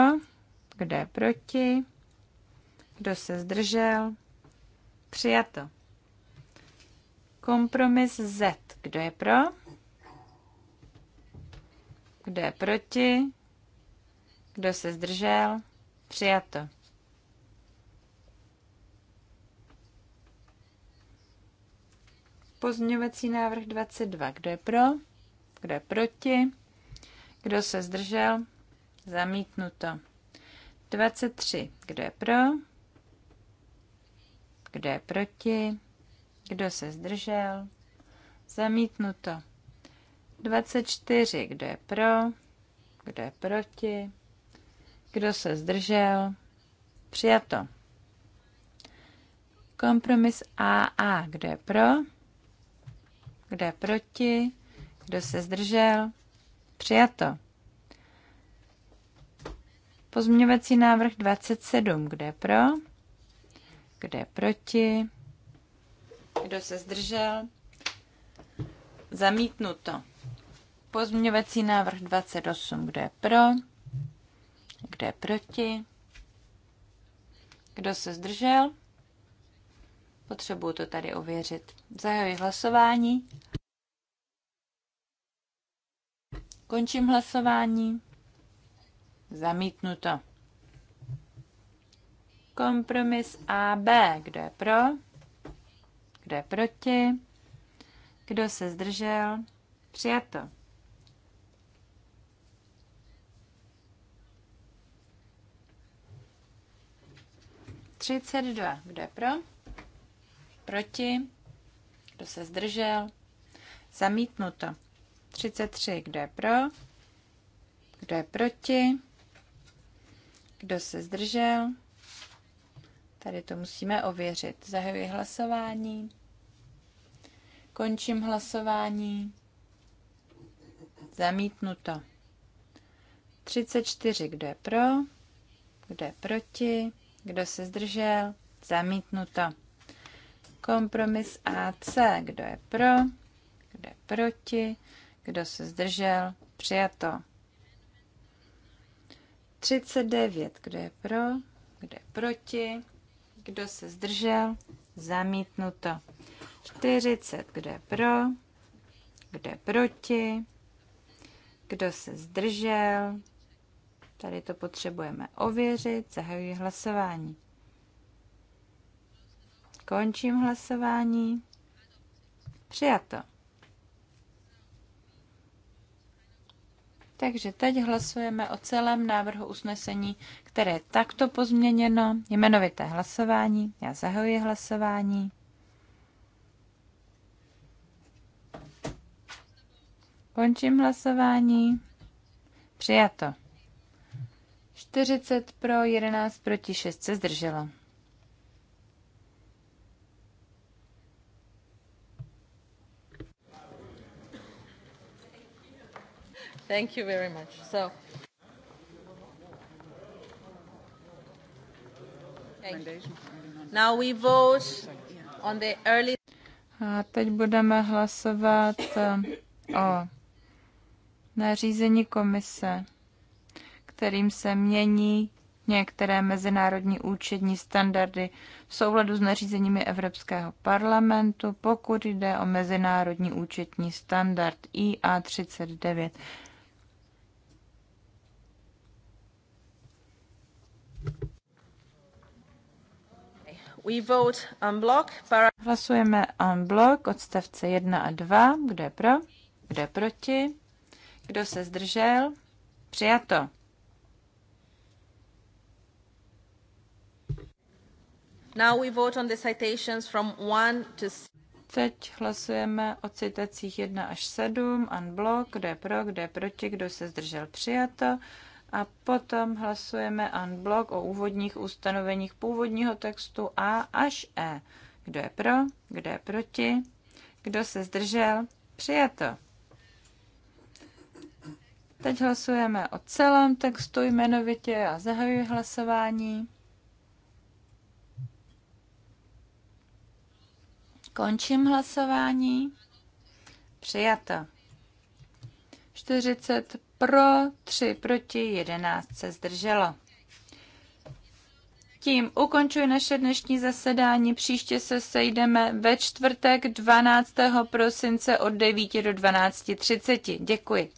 Kdo je proti? Kdo se zdržel? Přijato. Kompromis Z. Kdo je pro? Kdo je proti? Kdo se zdržel? Přijato. Pozměňovací návrh 22. Kdo je pro? Kdo je proti? Kdo se zdržel? Zamítnuto. 23. Kdo je pro? Kdo je proti? Kdo se zdržel? Zamítnuto. 24. Kdo je pro? Kdo je proti? Kdo se zdržel? Přijato. Kompromis AA. Kdo je pro? Kdo je proti? Kdo se zdržel? Přijato. Pozměňovací návrh 27. Kde pro? Kde proti? Kdo se zdržel? Zamítnuto. Pozměňovací návrh 28. Kde pro? Kde proti? Kdo se zdržel? Potřebuju to tady ověřit. Zahajuji hlasování. Končím hlasování. Zamítnuto. Kompromis AB. Kdo je pro? Kdo je proti? Kdo se zdržel? Přijato. Třicet dva. Kdo je pro? Proti? Kdo se zdržel? Zamítnuto. 33. Kdo je pro? Kdo je proti? Kdo se zdržel? Tady to musíme ověřit. Zahajuji hlasování. Končím hlasování. Zamítnuto. 34. Kdo je pro? Kdo je proti? Kdo se zdržel? Zamítnuto. Kompromis AC. Kdo je pro? Kdo je proti? Kdo se zdržel? Přijato. 39. Kdo je pro? Kdo je proti? Kdo se zdržel? Zamítnuto. 40. Kdo je pro? Kdo je proti? Kdo se zdržel? Tady to potřebujeme ověřit. Zahajuji hlasování. Končím hlasování. Přijato. Takže teď hlasujeme o celém návrhu usnesení, které je takto pozměněno. Jmenovité hlasování. Já zahajuji hlasování. Končím hlasování. Přijato. 40 pro, 11 proti, 6 se zdrželo. Thank you very much. So, now we vote on the early... A teď budeme hlasovat eh, o nařízení komise, kterým se mění některé mezinárodní účetní standardy v souhledu s nařízeními Evropského parlamentu, pokud jde o mezinárodní účetní standard IA 39. Hlasujeme en bloc odstavce 1 a 2. Kdo je pro? Kdo je proti? Kdo se zdržel? Přijato. Now we vote on the citations from one to Teď hlasujeme o citacích 1 až 7, unblock, kdo je pro, kdo je proti, kdo se zdržel přijato a potom hlasujeme unblock o úvodních ustanoveních původního textu A až E. Kdo je pro, kdo je proti, kdo se zdržel, přijato. Teď hlasujeme o celém textu jmenovitě a zahajuji hlasování. Končím hlasování. Přijato. 40 pro, 3 proti, 11 se zdrželo. Tím ukončuji naše dnešní zasedání. Příště se sejdeme ve čtvrtek 12. prosince od 9 do 12.30. Děkuji.